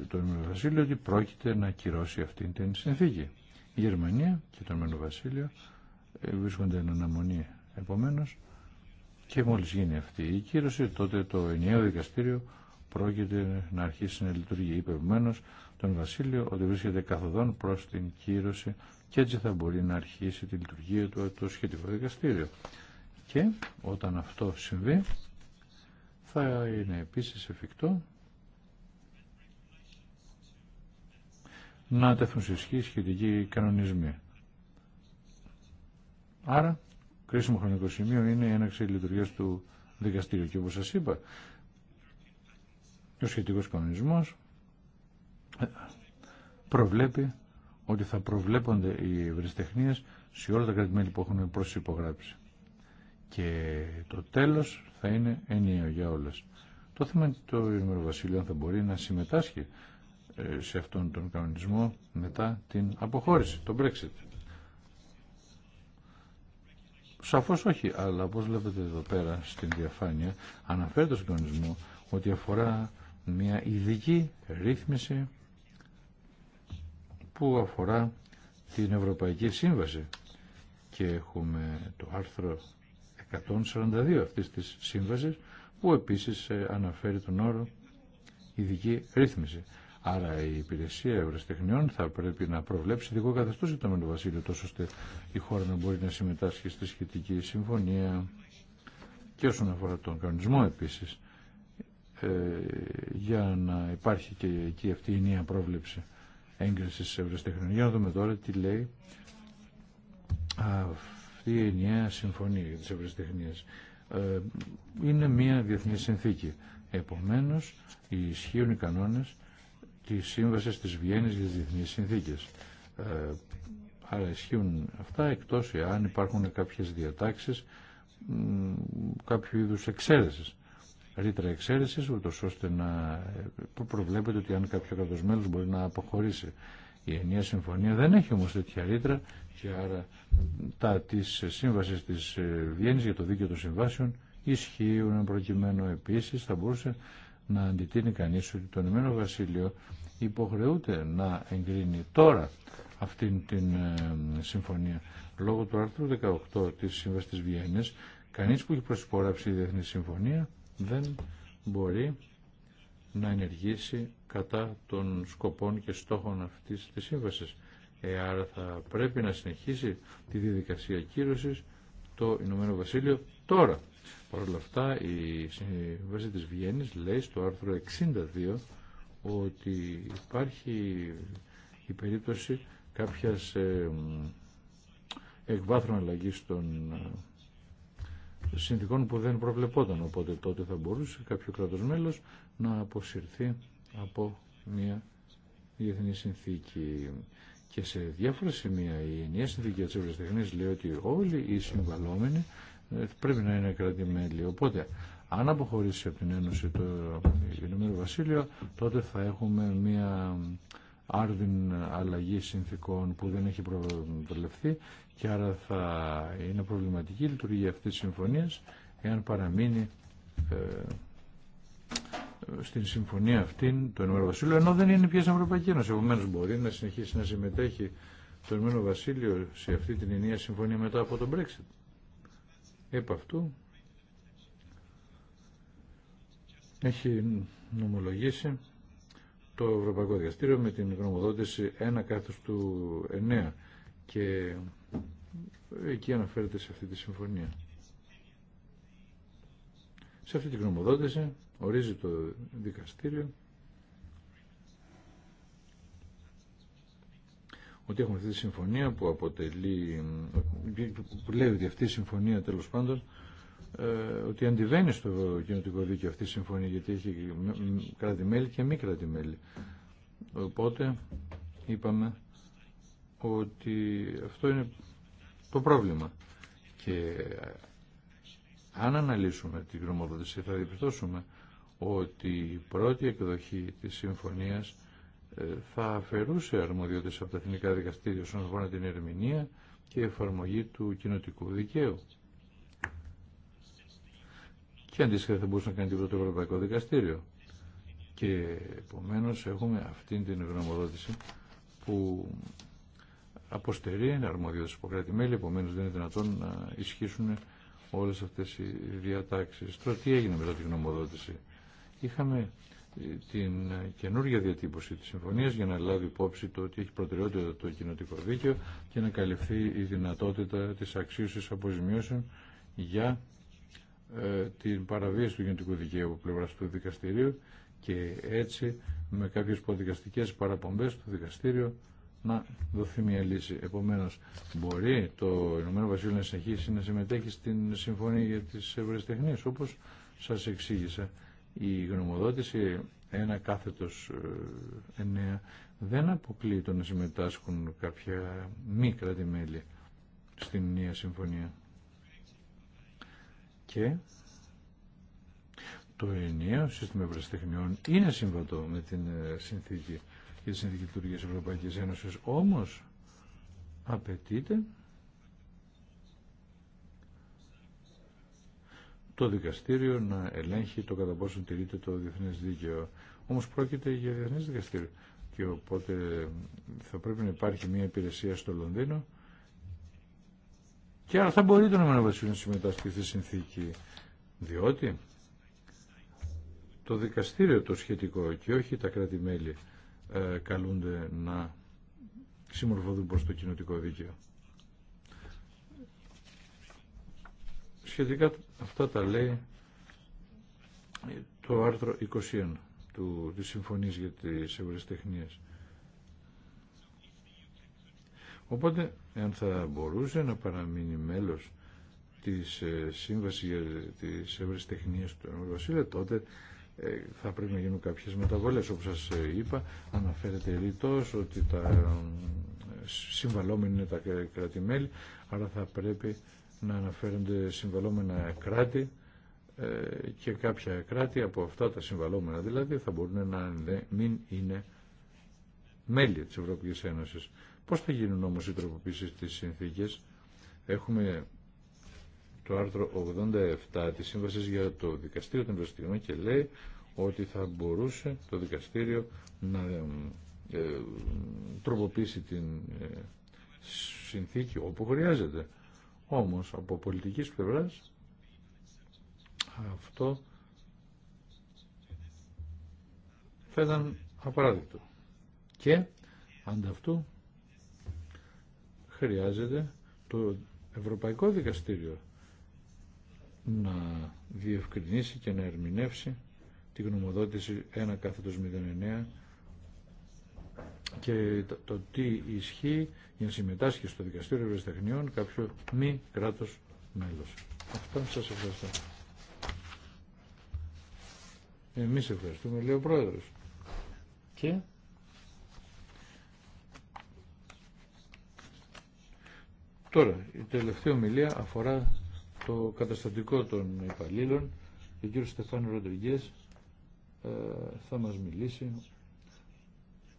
του Ηνωμένου Βασίλειο ότι πρόκειται να κυρώσει αυτή την συνθήκη. Η Γερμανία και το Ηνωμένο Βασίλειο βρίσκονται εν αναμονή. επομένω. Και μόλις γίνει αυτή η κύρωση, τότε το ενιαίο δικαστήριο πρόκειται να αρχίσει να λειτουργεί. Είπε τον Βασίλειο ότι βρίσκεται καθοδόν προς την κύρωση και έτσι θα μπορεί να αρχίσει τη λειτουργία του το σχετικό δικαστήριο. Και όταν αυτό συμβεί θα είναι επίσης εφικτό να τεθούν σε ισχύ σχετικοί κανονισμοί. Άρα κρίσιμο χρονικό σημείο είναι η έναξη λειτουργία του δικαστήριου. Και όπω σα είπα, ο σχετικό κανονισμό προβλέπει ότι θα προβλέπονται οι ευρεσιτεχνίε σε όλα τα κρατημέλη που έχουν υπογράψει Και το τέλο θα είναι ενιαίο για όλε. Το θέμα είναι το Ηνωμένο Βασίλειο αν θα μπορεί να συμμετάσχει ε, σε αυτόν τον κανονισμό μετά την αποχώρηση, τον Brexit. Σαφώς όχι, αλλά όπως βλέπετε εδώ πέρα στην διαφάνεια αναφέρεται στον κανονισμό ότι αφορά μια ειδική ρύθμιση που αφορά την Ευρωπαϊκή Σύμβαση και έχουμε το άρθρο 142 αυτή της σύμβασης που επίσης ε, αναφέρει τον όρο ειδική ρύθμιση. Άρα η υπηρεσία ευρεσιτεχνιών θα πρέπει να προβλέψει δικό καθεστώ για το Μέλλον Βασίλειο, τόσο ώστε η χώρα να μπορεί να συμμετάσχει στη σχετική συμφωνία. Και όσον αφορά τον κανονισμό επίση, ε, για να υπάρχει και εκεί αυτή η νέα πρόβλεψη έγκριση ευρεσιτεχνιών. Για να δούμε τώρα τι λέει αυτή η νέα συμφωνία για τι Ε, είναι μια διεθνή συνθήκη. Επομένω, ισχύουν οι κανόνε. Τη σύμβαση τη Βιέννη για τις συνθήκε. Συνθήκες. Ε, άρα ισχύουν αυτά εκτός εάν υπάρχουν κάποιες διατάξεις κάποιου είδους εξαίρεση. Ρήτρα εξαίρεση, ούτω ώστε να προβλέπεται ότι αν κάποιο μέλο μπορεί να αποχωρήσει. Η ενιαία συμφωνία δεν έχει όμως τέτοια ρήτρα και άρα τα τη σύμβασης της ε, Βιέννης για το δίκαιο των συμβάσεων ισχύουν προκειμένου επίση θα μπορούσε να αντιτείνει κανείς ότι το Ηνωμένο Βασίλειο υποχρεούται να εγκρίνει τώρα αυτήν την ε, συμφωνία. Λόγω του άρθρου 18 της Σύμβασης της Βιέννης, κανείς που έχει προσπόραψει η Διεθνή Συμφωνία δεν μπορεί να ενεργήσει κατά των σκοπών και στόχων αυτής της σύμβασης. Ε, άρα θα πρέπει να συνεχίσει τη διαδικασία κύρωσης το Ηνωμένο Βασίλειο τώρα. Παρ' όλα αυτά η Σύμβαση της Βιέννης λέει στο άρθρο 62 ότι υπάρχει η περίπτωση κάποιας ε, εκβάθρων αλλαγή των ε, συνθήκων που δεν προβλεπόταν. Οπότε τότε θα μπορούσε κάποιο κράτος μέλος να αποσυρθεί από μια διεθνή συνθήκη. Και σε διάφορα σημεία η ενιαία συνθήκη της λέει ότι όλοι οι συμβαλόμενοι ε, πρέπει να είναι κράτη-μέλη. Οπότε, αν αποχωρήσει από την Ένωση το Ηνωμένο Βασίλειο, τότε θα έχουμε μια άρδιν αλλαγή συνθήκων που δεν έχει προβλεφθεί και άρα θα είναι προβληματική η λειτουργία αυτής της συμφωνίας εάν παραμείνει ε, στην συμφωνία αυτή το Ηνωμένο Βασίλειο ενώ δεν είναι πια στην Ευρωπαϊκή Ένωση. Επομένως, μπορεί να συνεχίσει να συμμετέχει το Ηνωμένο Βασίλειο σε αυτή την ενιαία συμφωνία μετά από τον Brexit. Επ' αυτού έχει νομολογήσει το Ευρωπαϊκό Δικαστήριο με την γνωμοδότηση 1 κάθος του 9 και εκεί αναφέρεται σε αυτή τη συμφωνία. Σε αυτή την γνωμοδότηση ορίζει το δικαστήριο ότι έχουμε αυτή τη συμφωνία που αποτελεί, που λέει ότι αυτή η συμφωνία τέλος πάντων ε, ότι αντιβαίνει στο κοινωτικό δίκαιο αυτή η συμφωνία γιατί έχει κράτη-μέλη και μη κράτη-μέλη. Οπότε είπαμε ότι αυτό είναι το πρόβλημα. Και αν αναλύσουμε την γνωμοδότηση θα διαπιστώσουμε ότι η πρώτη εκδοχή της συμφωνίας ε, θα αφαιρούσε αρμοδιότητες από τα εθνικά δικαστήρια όσον αφορά την ερμηνεία και εφαρμογή του κοινοτικού δικαίου. Και αντίστοιχα θα μπορούσε να κάνει τίποτα το Ευρωπαϊκό Δικαστήριο. Και επομένω έχουμε αυτή την γνωμοδότηση που αποστερεί αρμοδιότητες από κράτη-μέλη, επομένως δεν είναι δυνατόν να ισχύσουν όλες αυτές οι διατάξεις. Τώρα τι έγινε μετά τη γνωμοδότηση. Είχαμε την καινούργια διατύπωση της συμφωνίας για να λάβει υπόψη το ότι έχει προτεραιότητα το κοινοτικό δίκαιο και να καλυφθεί η δυνατότητα της αξίωσης αποζημιώσεων για ε, την παραβίαση του κοινωτικού δικαίου από πλευράς του δικαστηρίου και έτσι με κάποιες προδικαστικές παραπομπές του δικαστήριο να δοθεί μια λύση. Επομένως, μπορεί το Ηνωμένο Βασίλειο να συνεχίσει να συμμετέχει στην Συμφωνία για τις ευρωτεχνίες όπως σας εξήγησα η γνωμοδότηση ένα κάθετος ε, εννέα δεν αποκλείει το να συμμετάσχουν κάποια μη κράτη-μέλη στην νέα συμφωνία. Και το ενιαίο σύστημα ευρεσιτεχνιών είναι συμβατό με την ε, συνθήκη και τη συνθήκη λειτουργία Ευρωπαϊκής Ένωσης, όμως απαιτείται το δικαστήριο να ελέγχει το κατά πόσο τηρείται το διεθνέ δίκαιο. Όμως πρόκειται για διεθνέ δικαστήριο και οπότε θα πρέπει να υπάρχει μια υπηρεσία στο Λονδίνο και άρα θα μπορεί το Ηνωμένο να συμμετάσχει στη συνθήκη διότι το δικαστήριο το σχετικό και όχι τα κράτη-μέλη ε, καλούνται να συμμορφωθούν προς το κοινοτικό δίκαιο. σχετικά αυτά τα λέει το άρθρο 21 του, της Συμφωνίας για τις τεχνίες. Οπότε, αν θα μπορούσε να παραμείνει μέλος της ε, Σύμβασης για τις τεχνίες του Βασίλεια, τότε ε, θα πρέπει να γίνουν κάποιες μεταβολές. Όπως σας ε, είπα, αναφέρεται ρητός ότι τα ε, συμβαλόμενοι είναι τα κράτη-μέλη, άρα θα πρέπει να αναφέρονται συμβαλόμενα κράτη ε, και κάποια κράτη από αυτά τα συμβαλόμενα δηλαδή θα μπορούν να μην είναι μέλη της Ευρωπαϊκής Ένωσης. Πώς θα γίνουν όμως οι τροποποίησεις της συνθήκες. Έχουμε το άρθρο 87 της Σύμβασης για το Δικαστήριο των και λέει ότι θα μπορούσε το Δικαστήριο να ε, ε, τροποποιήσει την συνθήκη όπου χρειάζεται. Όμως από πολιτικής πλευράς αυτό θα ήταν απαράδεκτο. Και ανταυτού χρειάζεται το Ευρωπαϊκό Δικαστήριο να διευκρινίσει και να ερμηνεύσει την γνωμοδότηση 1 κάθετος 09 και το, τι ισχύει για να συμμετάσχει στο Δικαστήριο Ευρεσιτεχνιών κάποιο μη κράτος μέλος. Αυτά σας ευχαριστώ. Εμείς ευχαριστούμε, λέει ο Πρόεδρος. Και... Τώρα, η τελευταία ομιλία αφορά το καταστατικό των υπαλλήλων. Ο κύριος Στεφάνου Ροντριγκές ε, θα μας μιλήσει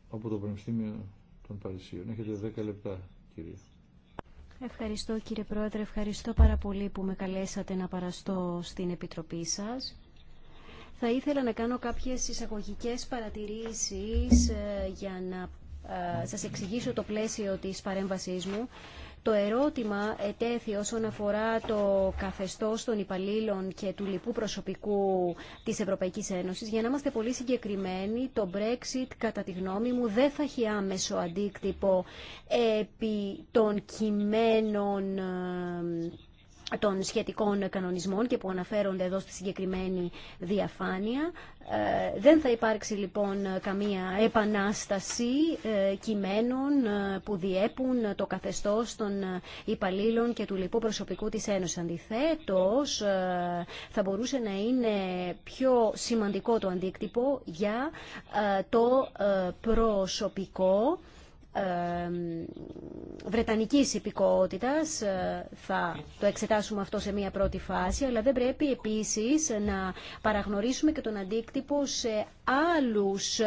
από το Πανεπιστήμιο των Παρισίων. Έχετε 10 λεπτά, κύριε. Ευχαριστώ κύριε Πρόεδρε, ευχαριστώ πάρα πολύ που με καλέσατε να παραστώ στην Επιτροπή σας. Θα ήθελα να κάνω κάποιες εισαγωγικέ παρατηρήσεις ε, για να ε, σας εξηγήσω το πλαίσιο της παρέμβασής μου. Το ερώτημα ετέθη όσον αφορά το καθεστώς των υπαλλήλων και του λοιπού προσωπικού της Ευρωπαϊκής Ένωσης. Για να είμαστε πολύ συγκεκριμένοι, το Brexit, κατά τη γνώμη μου, δεν θα έχει άμεσο αντίκτυπο επί των κειμένων ε, των σχετικών κανονισμών και που αναφέρονται εδώ στη συγκεκριμένη διαφάνεια. Ε, δεν θα υπάρξει λοιπόν καμία επανάσταση ε, κειμένων ε, που διέπουν το καθεστώς των υπαλλήλων και του λοιπού προσωπικού της Ένωσης. Αντιθέτως, θα μπορούσε να είναι πιο σημαντικό το αντίκτυπο για το προσωπικό βρετανικής υπηκότητας. Ε, θα το εξετάσουμε αυτό σε μία πρώτη φάση, αλλά δεν πρέπει επίσης να παραγνωρίσουμε και τον αντίκτυπο σε άλλους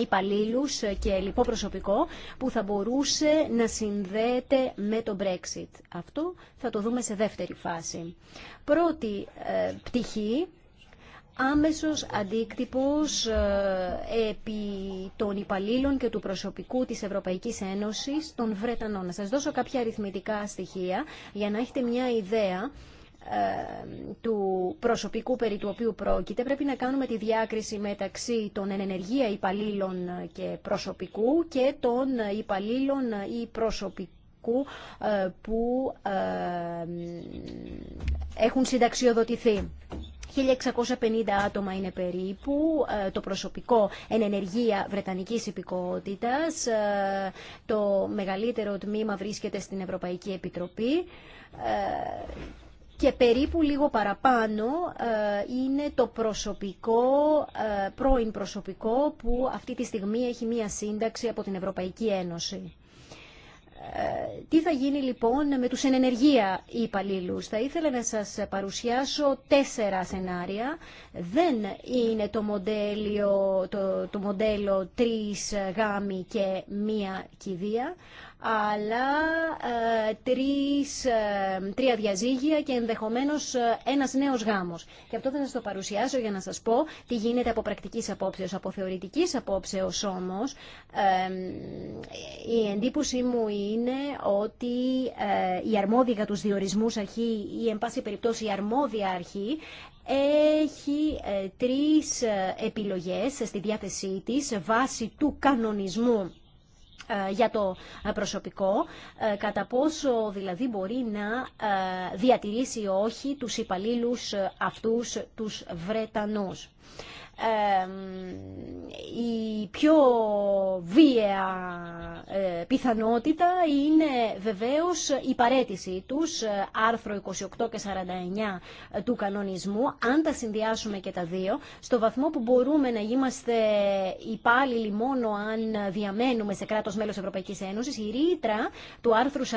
υπαλλήλου και λοιπό προσωπικό που θα μπορούσε να συνδέεται με το Brexit. Αυτό θα το δούμε σε δεύτερη φάση. Πρώτη ε, πτυχή άμεσος αντίκτυπος ε, επί των υπαλλήλων και του προσωπικού της Ευρωπαϊκής Ένωσης των Βρετανών. Να σας δώσω κάποια αριθμητικά στοιχεία για να έχετε μια ιδέα ε, του προσωπικού περί του οποίου πρόκειται πρέπει να κάνουμε τη διάκριση μεταξύ των ενεργεία υπαλλήλων και προσωπικού και των υπαλλήλων ή προσωπικού ε, που έχουν συνταξιοδοτηθεί. 1.650 άτομα είναι περίπου ε, το προσωπικό εν ενεργεία Βρετανικής υπηκότητας. Ε, το μεγαλύτερο τμήμα βρίσκεται στην Ευρωπαϊκή Επιτροπή ε, και περίπου λίγο παραπάνω είναι το προσωπικό, πρώην προσωπικό που αυτή τη στιγμή έχει μία σύνταξη από την Ευρωπαϊκή Ένωση. Ε, τι θα γίνει λοιπόν με τους ενεργεία υπαλλήλους. Θα ήθελα να σας παρουσιάσω τέσσερα σενάρια. Δεν είναι το μοντέλο, το, το μοντέλο τρεις γάμοι και μία κηδεία, αλλά ε, τρεις, ε, τρία διαζύγια και ενδεχομένως ε, ένας νέος γάμος. Και αυτό θα σας το παρουσιάσω για να σας πω τι γίνεται από πρακτικής απόψεως. Από θεωρητικής απόψεως όμως η εντύπωση μου είναι ότι η αρμόδια για τους διορισμούς αρχή ή εν πάση περιπτώσει η αρμόδια αρχή έχει τρεις επιλογές στη διάθεσή της βάσει του κανονισμού ε, για το ε, προσωπικό, ε, κατά πόσο δηλαδή μπορεί να διατηρήσει όχι τους υπαλλήλους αυτούς τους Βρετανούς η πιο βία ε, πιθανότητα είναι βεβαίως η παρέτηση τους, ε, άρθρο 28 και 49 ε, του κανονισμού, αν τα συνδυάσουμε και τα δύο, στο βαθμό που μπορούμε να είμαστε υπάλληλοι μόνο αν διαμένουμε σε κράτος μέλος Ευρωπαϊκής Ένωσης, η ρήτρα του άρθρου 49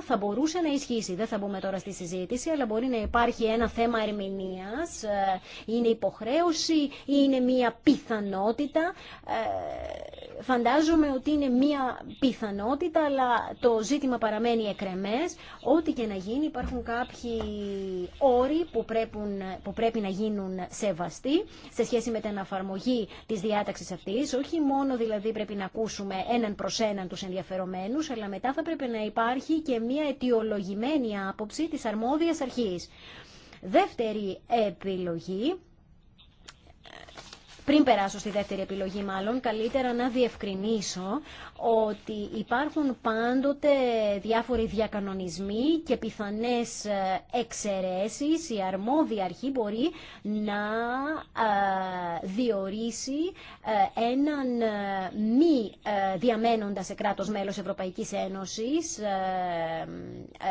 θα μπορούσε να ισχύσει. Δεν θα μπούμε τώρα στη συζήτηση, αλλά μπορεί να υπάρχει ένα θέμα ερμηνείας, είναι υποχρέωση είναι μία πιθανότητα. Ε, φαντάζομαι ότι είναι μία πιθανότητα, αλλά το ζήτημα παραμένει εκρεμές. Ό,τι και να γίνει υπάρχουν κάποιοι όροι που, πρέπουν, που πρέπει να γίνουν σεβαστοί σε σχέση με την αφαρμογή της διάταξης αυτής. Όχι μόνο δηλαδή πρέπει να ακούσουμε έναν προς έναν τους ενδιαφερομένους, αλλά μετά θα πρέπει να υπάρχει και μία αιτιολογημένη άποψη της αρμόδιας αρχής. Δεύτερη επιλογή πριν περάσω στη δεύτερη επιλογή μάλλον, καλύτερα να διευκρινίσω ότι υπάρχουν πάντοτε διάφοροι διακανονισμοί και πιθανές ε, εξαιρέσεις. Η αρμόδια αρχή μπορεί να ε, διορίσει ε, έναν μη διαμένοντα σε κράτος μέλος Ευρωπαϊκής Ένωσης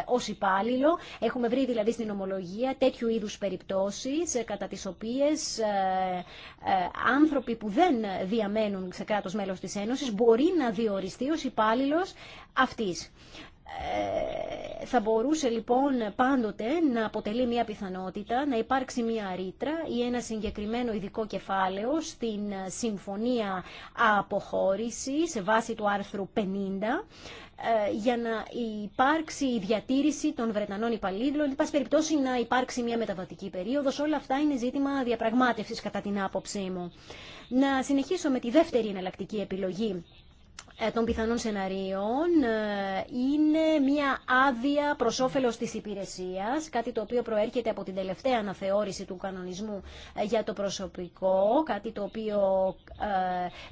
ως υπάλληλο. Έχουμε βρει δηλαδή στην ομολογία τέτοιου είδους περιπτώσεις κατά τις οποίες άνθρωποι που δεν διαμένουν σε κράτος μέλος της Ένωσης μπορεί να διοριστεί ως υπάλληλο αυτής. Ε, θα μπορούσε λοιπόν πάντοτε να αποτελεί μια πιθανότητα να υπάρξει μια ρήτρα ή ένα συγκεκριμένο ειδικό κεφάλαιο στην Συμφωνία Αποχώρηση σε βάση του άρθρου 50 ε, για να υπάρξει η διατήρηση των Βρετανών υπαλλήλων, εν πάση περιπτώσει να υπάρξει μια μεταβατική περίοδος, όλα αυτά είναι ζήτημα διαπραγμάτευσης κατά την άποψή μου. Να συνεχίσω με τη δεύτερη εναλλακτική επιλογή ε, των πιθανών σεναρίων ε, είναι μια άδεια προ όφελο τη υπηρεσία, κάτι το οποίο προέρχεται από την τελευταία αναθεώρηση του κανονισμού ε, για το προσωπικό, κάτι το οποίο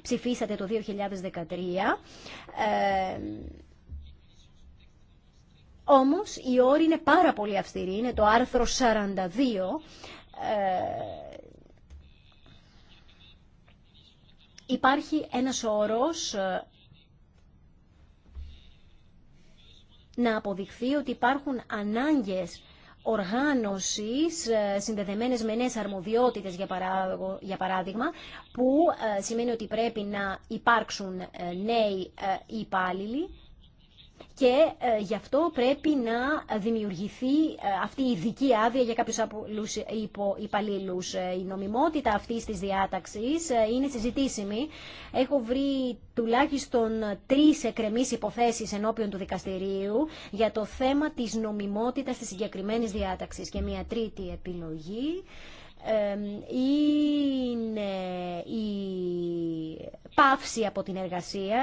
ψηφίσατε το 2013. Ε, όμως η όρη είναι πάρα πολύ αυστηρή, είναι το άρθρο 42 υπάρχει ένας όρος να αποδειχθεί ότι υπάρχουν ανάγκες οργάνωσης ε, συνδεδεμένες με νέες αρμοδιότητες για παράδειγμα που ε, σημαίνει ότι πρέπει να υπάρξουν ε, νέοι υπάλληλοι και ε, γι' αυτό πρέπει να δημιουργηθεί ε, αυτή η ειδική άδεια για κάποιους υπαλλήλου. Ε, η νομιμότητα αυτής της διάταξης είναι συζητήσιμη. Έχω βρει τουλάχιστον τρεις εκκρεμείς υποθέσεις ενώπιον του δικαστηρίου για το θέμα της νομιμότητας της συγκεκριμένης διάταξης. Και μια τρίτη επιλογή είναι η πάυση από την εργασία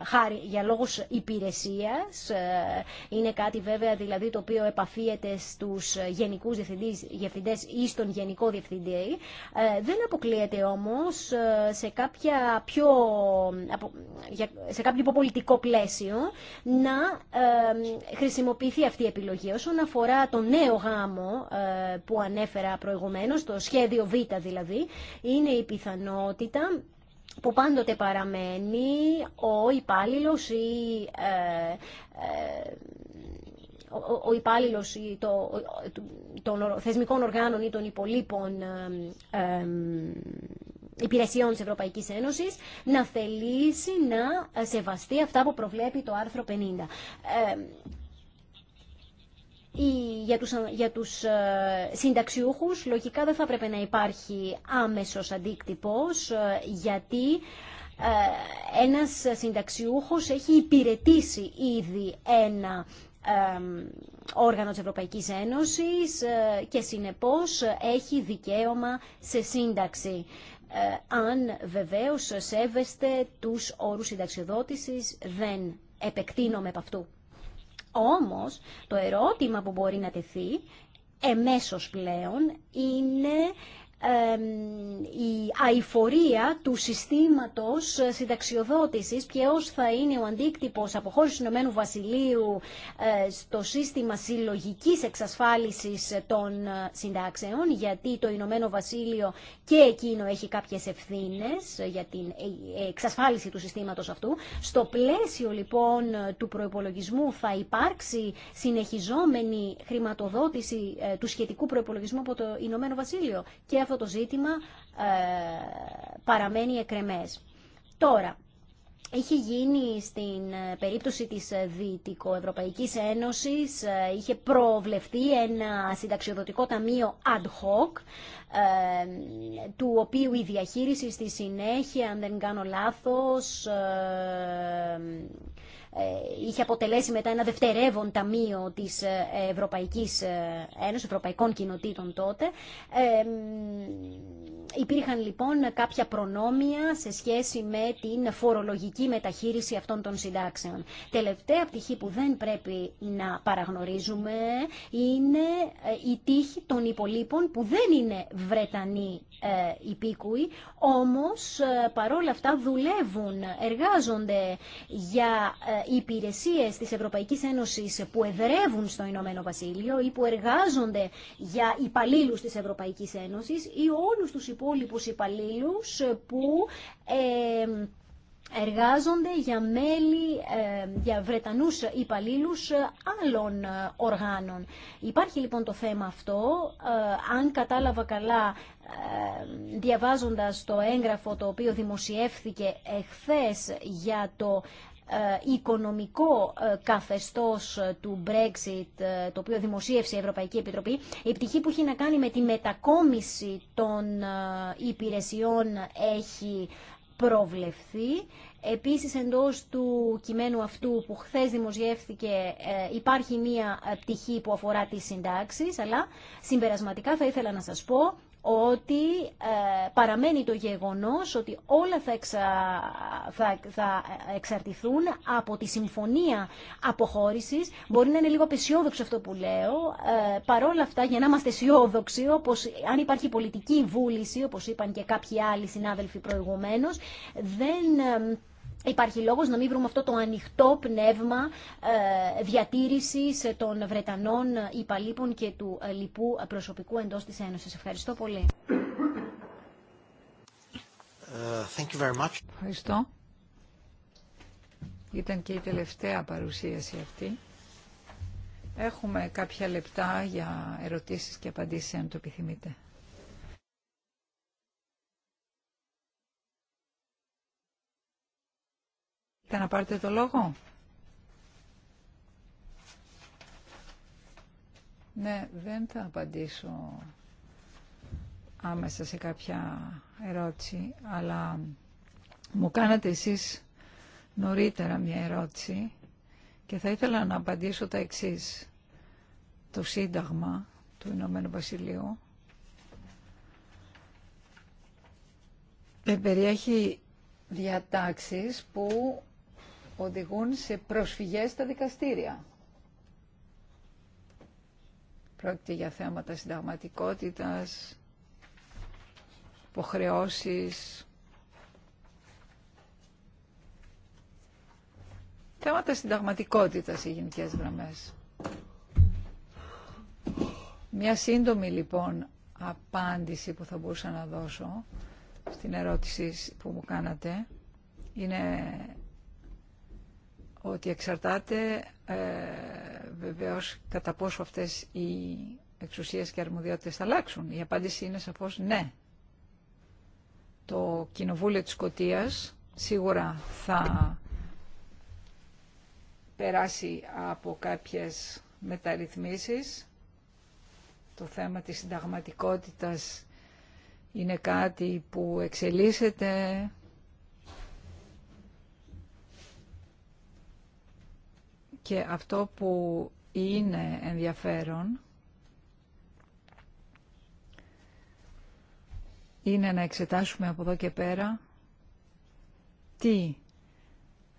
ε, χάρη για λόγους υπηρεσίας. Ε, είναι κάτι βέβαια δηλαδή το οποίο επαφίεται στους γενικούς διευθυντές ή στον γενικό διευθυντή. Ε, δεν αποκλείεται όμως σε, κάποια πιο, σε κάποιο πολιτικό πλαίσιο να χρησιμοποιηθεί αυτή η επιλογή. Όσον αφορά το νέο γάμο που ανέφερα προηγουμένως, το σχέδιο Β δηλαδή, είναι η πιθανότητα που πάντοτε παραμένει ο υπάλληλος ε, ε, ο υπάλληλο των θεσμικών οργάνων ή των υπολείπων ε, υπηρεσιών της Ευρωπαϊκής Ένωσης να θελήσει να σεβαστεί αυτά που προβλέπει το άρθρο 50 για τους, για τους ε, συνταξιούχους λογικά δεν θα πρέπει να υπάρχει άμεσος αντίκτυπος ε, γιατί ε, ένας συνταξιούχος έχει υπηρετήσει ήδη ένα όργανο της Ευρωπαϊκής Ένωσης και συνεπώς έχει δικαίωμα σε σύνταξη αν βεβαίως σέβεστε τους όρους συνταξιοδότησης δεν επεκτείνομαι από αυτού. Όμως το ερώτημα που μπορεί να τεθεί εμέσως πλέον είναι η αηφορία του συστήματος συνταξιοδότησης, ποιος θα είναι ο αντίκτυπος αποχώρησης του Ηνωμένου Βασιλείου ε, στο σύστημα συλλογικής εξασφάλισης των ε, συντάξεων, γιατί το Ηνωμένο Βασίλειο και εκείνο έχει κάποιες ευθύνες για την ε, εξασφάλιση του συστήματος αυτού. Στο πλαίσιο λοιπόν του προϋπολογισμού θα υπάρξει συνεχιζόμενη χρηματοδότηση του σχετικού προϋπολογισμού από το Ηνωμένο Βασίλειο το ζήτημα ε, παραμένει εκρεμές. Τώρα, είχε γίνει στην ε, περίπτωση της ε, Δυτικοευρωπαϊκής Ένωσης, είχε προβλεφθεί ένα συνταξιοδοτικό ταμείο ad hoc, του οποίου η διαχείριση στη συνέχεια, αν δεν κάνω λάθος, ε, είχε αποτελέσει μετά ένα δευτερεύον ταμείο της ε, Ευρωπαϊκής ε, Ένωσης, Ευρωπαϊκών Κοινοτήτων τότε. Υπήρχαν λοιπόν κάποια προνόμια σε σχέση με την φορολογική μεταχείριση αυτών των συντάξεων. Τελευταία πτυχή που δεν πρέπει να παραγνωρίζουμε είναι ε, η τύχη των υπολείπων που δεν είναι Βρετανοί ε, υπήκουοι, όμως ε, παρόλα αυτά δουλεύουν, εργάζονται για υπηρεσίες της Ευρωπαϊκής Ένωσης που εδρεύουν στο Ηνωμένο Βασίλειο ή που εργάζονται για υπαλλήλους της Ευρωπαϊκής Ένωσης ή όλους τους υπόλοιπους υπαλληλου που ε, εργάζονται για μέλη, ε, για Βρετανούς υπαλλήλους ε, άλλων ε, οργάνων. Υπάρχει λοιπόν το θέμα αυτό, αν κατάλαβα καλά διαβάζοντας το έγγραφο το οποίο δημοσιεύθηκε εχθές για το οικονομικό καθεστώς του Brexit, το οποίο δημοσίευσε η Ευρωπαϊκή Επιτροπή, η πτυχή που έχει να κάνει με τη μετακόμιση των υπηρεσιών έχει προβλεφθεί. Επίσης εντός του κειμένου αυτού που χθες δημοσιεύθηκε ε, υπάρχει μία πτυχή που αφορά τις συντάξεις, αλλά συμπερασματικά θα ήθελα να σας πω ότι ε, παραμένει το γεγονός ότι όλα θα, θα, θα εξαρτηθούν από τη συμφωνία αποχώρησης. Μπορεί να είναι λίγο απεσιόδοξο αυτό που λέω. Ε, παρόλα αυτά, για να είμαστε αισιόδοξοι, όπως, αν υπάρχει πολιτική βούληση, όπως είπαν και κάποιοι άλλοι συνάδελφοι προηγουμένως, δεν... Ε, Υπάρχει λόγος να μην βρούμε αυτό το ανοιχτό πνεύμα ε, διατήρησης των Βρετανών υπαλλήπων και του ε, λοιπού προσωπικού εντός της Ένωσης. Ευχαριστώ πολύ. Ε, thank you very much. Ευχαριστώ. Ήταν και η τελευταία παρουσίαση αυτή. Έχουμε κάποια λεπτά για ερωτήσεις και απαντήσεις αν το επιθυμείτε. Θέλετε να πάρετε το λόγο. Ναι, δεν θα απαντήσω άμεσα σε κάποια ερώτηση, αλλά μου κάνατε εσείς νωρίτερα μια ερώτηση και θα ήθελα να απαντήσω τα εξής. Το Σύνταγμα του Ηνωμένου Βασιλείου περιέχει διατάξεις που οδηγούν σε προσφυγές στα δικαστήρια. Πρόκειται για θέματα συνταγματικότητας, υποχρεώσεις, θέματα συνταγματικότητας οι γενικές γραμμές. Μια σύντομη λοιπόν απάντηση που θα μπορούσα να δώσω στην ερώτηση που μου κάνατε είναι ότι εξαρτάται ε, βεβαίως κατά πόσο αυτές οι εξουσίες και αρμοδιότητες θα αλλάξουν. Η απάντηση είναι σαφώς ναι. Το Κοινοβούλιο της Σκοτίας σίγουρα θα περάσει από κάποιες μεταρρυθμίσεις. Το θέμα της συνταγματικότητας είναι κάτι που εξελίσσεται Και αυτό που είναι ενδιαφέρον είναι να εξετάσουμε από εδώ και πέρα τι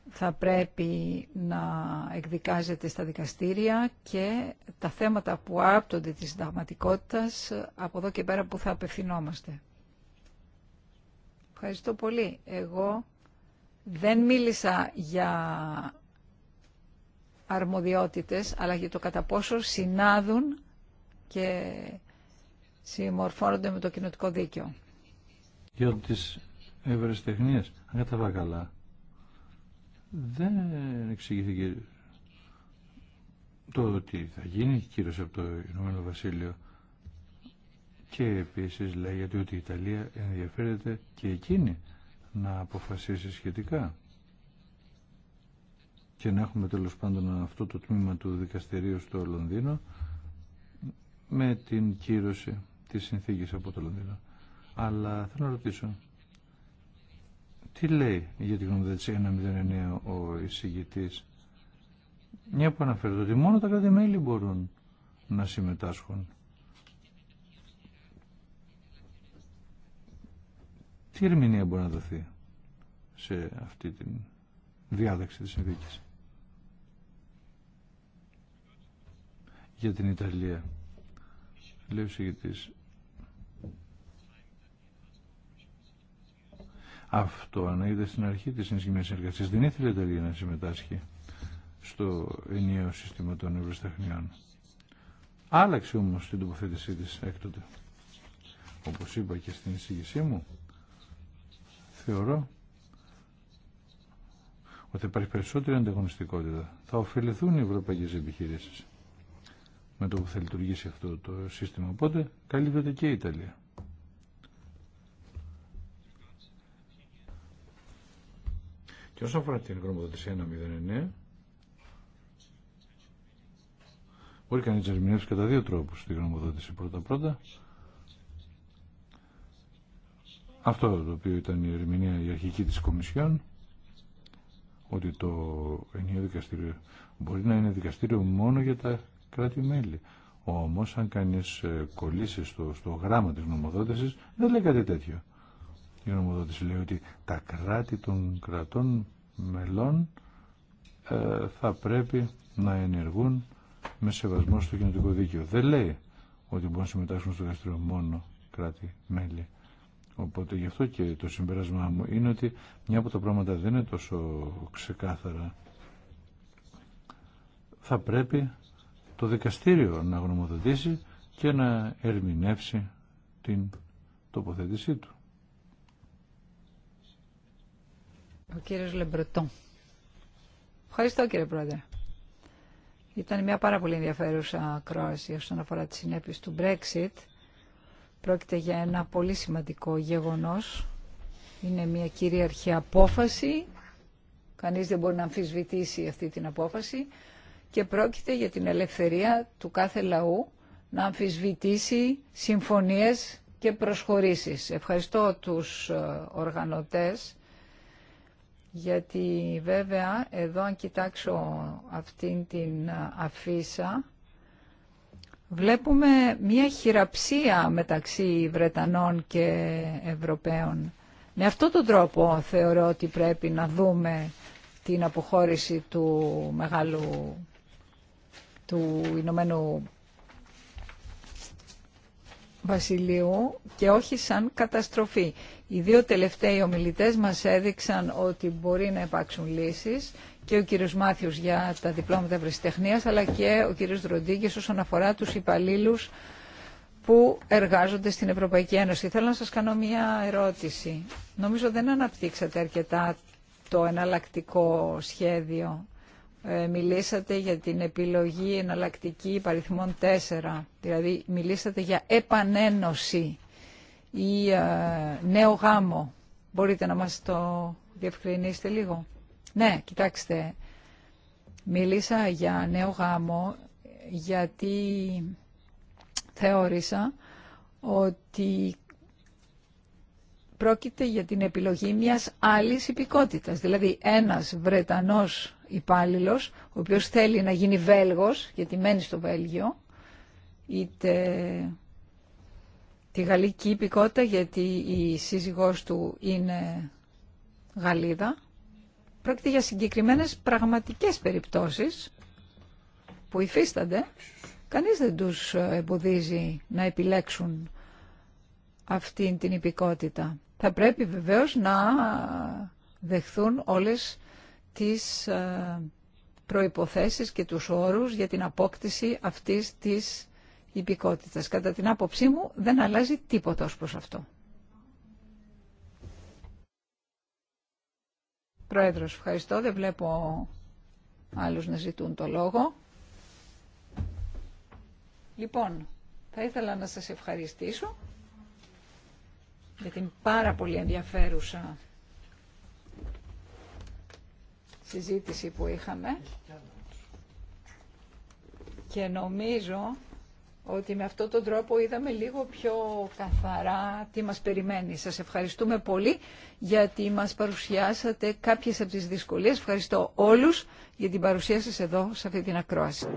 θα πρέπει να εκδικάζεται στα δικαστήρια και τα θέματα που άπτονται της συνταγματικότητας από εδώ και πέρα που θα απευθυνόμαστε. Ευχαριστώ πολύ. Εγώ δεν μίλησα για αρμοδιότητες, αλλά για το κατά πόσο συνάδουν και συμμορφώνονται με το κοινοτικό δίκαιο. Για τις τεχνίες, αν κατάλαβα καλά, δεν εξηγήθηκε το ότι θα γίνει κύριος από το Ηνωμένο Βασίλειο και επίσης λέγεται ότι η Ιταλία ενδιαφέρεται και εκείνη να αποφασίσει σχετικά και να έχουμε τέλος πάντων αυτό το τμήμα του δικαστηρίου στο Λονδίνο με την κύρωση της συνθήκης από το Λονδίνο. Αλλά θέλω να ρωτήσω, τι λέει για την γνωμοδότηση 109 ο εισηγητής. Μια που αναφέρεται ότι μόνο τα κράτη μέλη μπορούν να συμμετάσχουν. Τι ερμηνεία μπορεί να δοθεί σε αυτή τη διάδεξη της συνθήκης. για την Ιταλία. Λέει ο συγητής. Αυτό αναείδε στην αρχή της ενισχυμένης εργασίας. Δεν ήθελε η Ιταλία να συμμετάσχει στο ενιαίο σύστημα των ευρωσταχνιών. Άλλαξε όμως την τοποθέτησή της έκτοτε. Όπως είπα και στην εισήγησή μου, θεωρώ ότι υπάρχει περισσότερη ανταγωνιστικότητα. Θα ωφεληθούν οι ευρωπαϊκές επιχειρήσεις με το που θα λειτουργήσει αυτό το σύστημα. Οπότε καλύπτεται και η Ιταλία. Και όσον αφορά την γνωμοδότηση 109, μπορεί κανείς να ερμηνεύσει κατά δύο τρόπους τη γνωμοδότηση. Πρώτα-πρώτα, αυτό το οποίο ήταν η ερμηνεία η αρχική της Κομισιόν, ότι το ενιαίο δικαστήριο μπορεί να είναι δικαστήριο μόνο για τα κράτη-μέλη. Όμως αν κανείς ε, κολλήσει στο, στο γράμμα της νομοδότησης δεν λέει κάτι τέτοιο. Η νομοδότηση λέει ότι τα κράτη των κρατών μελών ε, θα πρέπει να ενεργούν με σεβασμό στο κοινωτικό δίκαιο. Δεν λέει ότι μπορούν να συμμετάσχουν στο δικαστήριο μόνο κράτη-μέλη. Οπότε γι' αυτό και το συμπέρασμά μου είναι ότι μια από τα πράγματα δεν είναι τόσο ξεκάθαρα. Θα πρέπει το δικαστήριο να γνωμοδοτήσει και να ερμηνεύσει την τοποθέτησή του. Ο κύριος Λεμπρετό. Ευχαριστώ κύριε Πρόεδρε. Ήταν μια πάρα πολύ ενδιαφέρουσα κρόαση όσον αφορά τις συνέπειες του Brexit. Πρόκειται για ένα πολύ σημαντικό γεγονός. Είναι μια κυρίαρχη απόφαση. Κανείς δεν μπορεί να αμφισβητήσει αυτή την απόφαση και πρόκειται για την ελευθερία του κάθε λαού να αμφισβητήσει συμφωνίες και προσχωρήσεις. Ευχαριστώ τους ε, οργανωτές γιατί βέβαια εδώ αν κοιτάξω αυτήν την ε, αφίσα βλέπουμε μια χειραψία μεταξύ Βρετανών και Ευρωπαίων. Με αυτόν τον τρόπο θεωρώ ότι πρέπει να δούμε την αποχώρηση του μεγάλου του Ηνωμένου Βασιλείου και όχι σαν καταστροφή. Οι δύο τελευταίοι ομιλητές μας έδειξαν ότι μπορεί να υπάρξουν λύσεις και ο κύριος Μάθιος για τα διπλώματα ευρεσιτεχνίας αλλά και ο κύριος Ροντίγκης όσον αφορά τους υπαλλήλους που εργάζονται στην Ευρωπαϊκή Ένωση. Θέλω να σας κάνω μία ερώτηση. Νομίζω δεν αναπτύξατε αρκετά το εναλλακτικό σχέδιο ε, μιλήσατε για την επιλογή εναλλακτική παριθμών 4, δηλαδή μιλήσατε για επανένωση ή ε, νέο γάμο. Μπορείτε να μας το διευκρινίσετε λίγο. Ναι, κοιτάξτε, μιλήσα για νέο γάμο γιατί θεώρησα ότι πρόκειται για την επιλογή μιας άλλης υπηκότητας. Δηλαδή ένας Βρετανός υπάλληλο, ο οποίο θέλει να γίνει Βέλγος, γιατί μένει στο Βέλγιο, είτε τη γαλλική υπηκότητα, γιατί η σύζυγός του είναι Γαλλίδα. Πρόκειται για συγκεκριμένες πραγματικές περιπτώσεις που υφίστανται. Κανείς δεν τους εμποδίζει να επιλέξουν αυτήν την υπηκότητα. Θα πρέπει βεβαίως να δεχθούν όλες τις ε, προϋποθέσεις και τους όρους για την απόκτηση αυτής της υπηκότητας. Κατά την άποψή μου δεν αλλάζει τίποτα ως προς αυτό. Πρόεδρος, ευχαριστώ. Δεν βλέπω άλλους να ζητούν το λόγο. Λοιπόν, θα ήθελα να σας ευχαριστήσω για την πάρα πολύ ενδιαφέρουσα συζήτηση που είχαμε και νομίζω ότι με αυτόν τον τρόπο είδαμε λίγο πιο καθαρά τι μας περιμένει. Σας ευχαριστούμε πολύ γιατί μας παρουσιάσατε κάποιες από τις δυσκολίες. Ευχαριστώ όλους για την παρουσία σας εδώ σε αυτή την ακρόαση.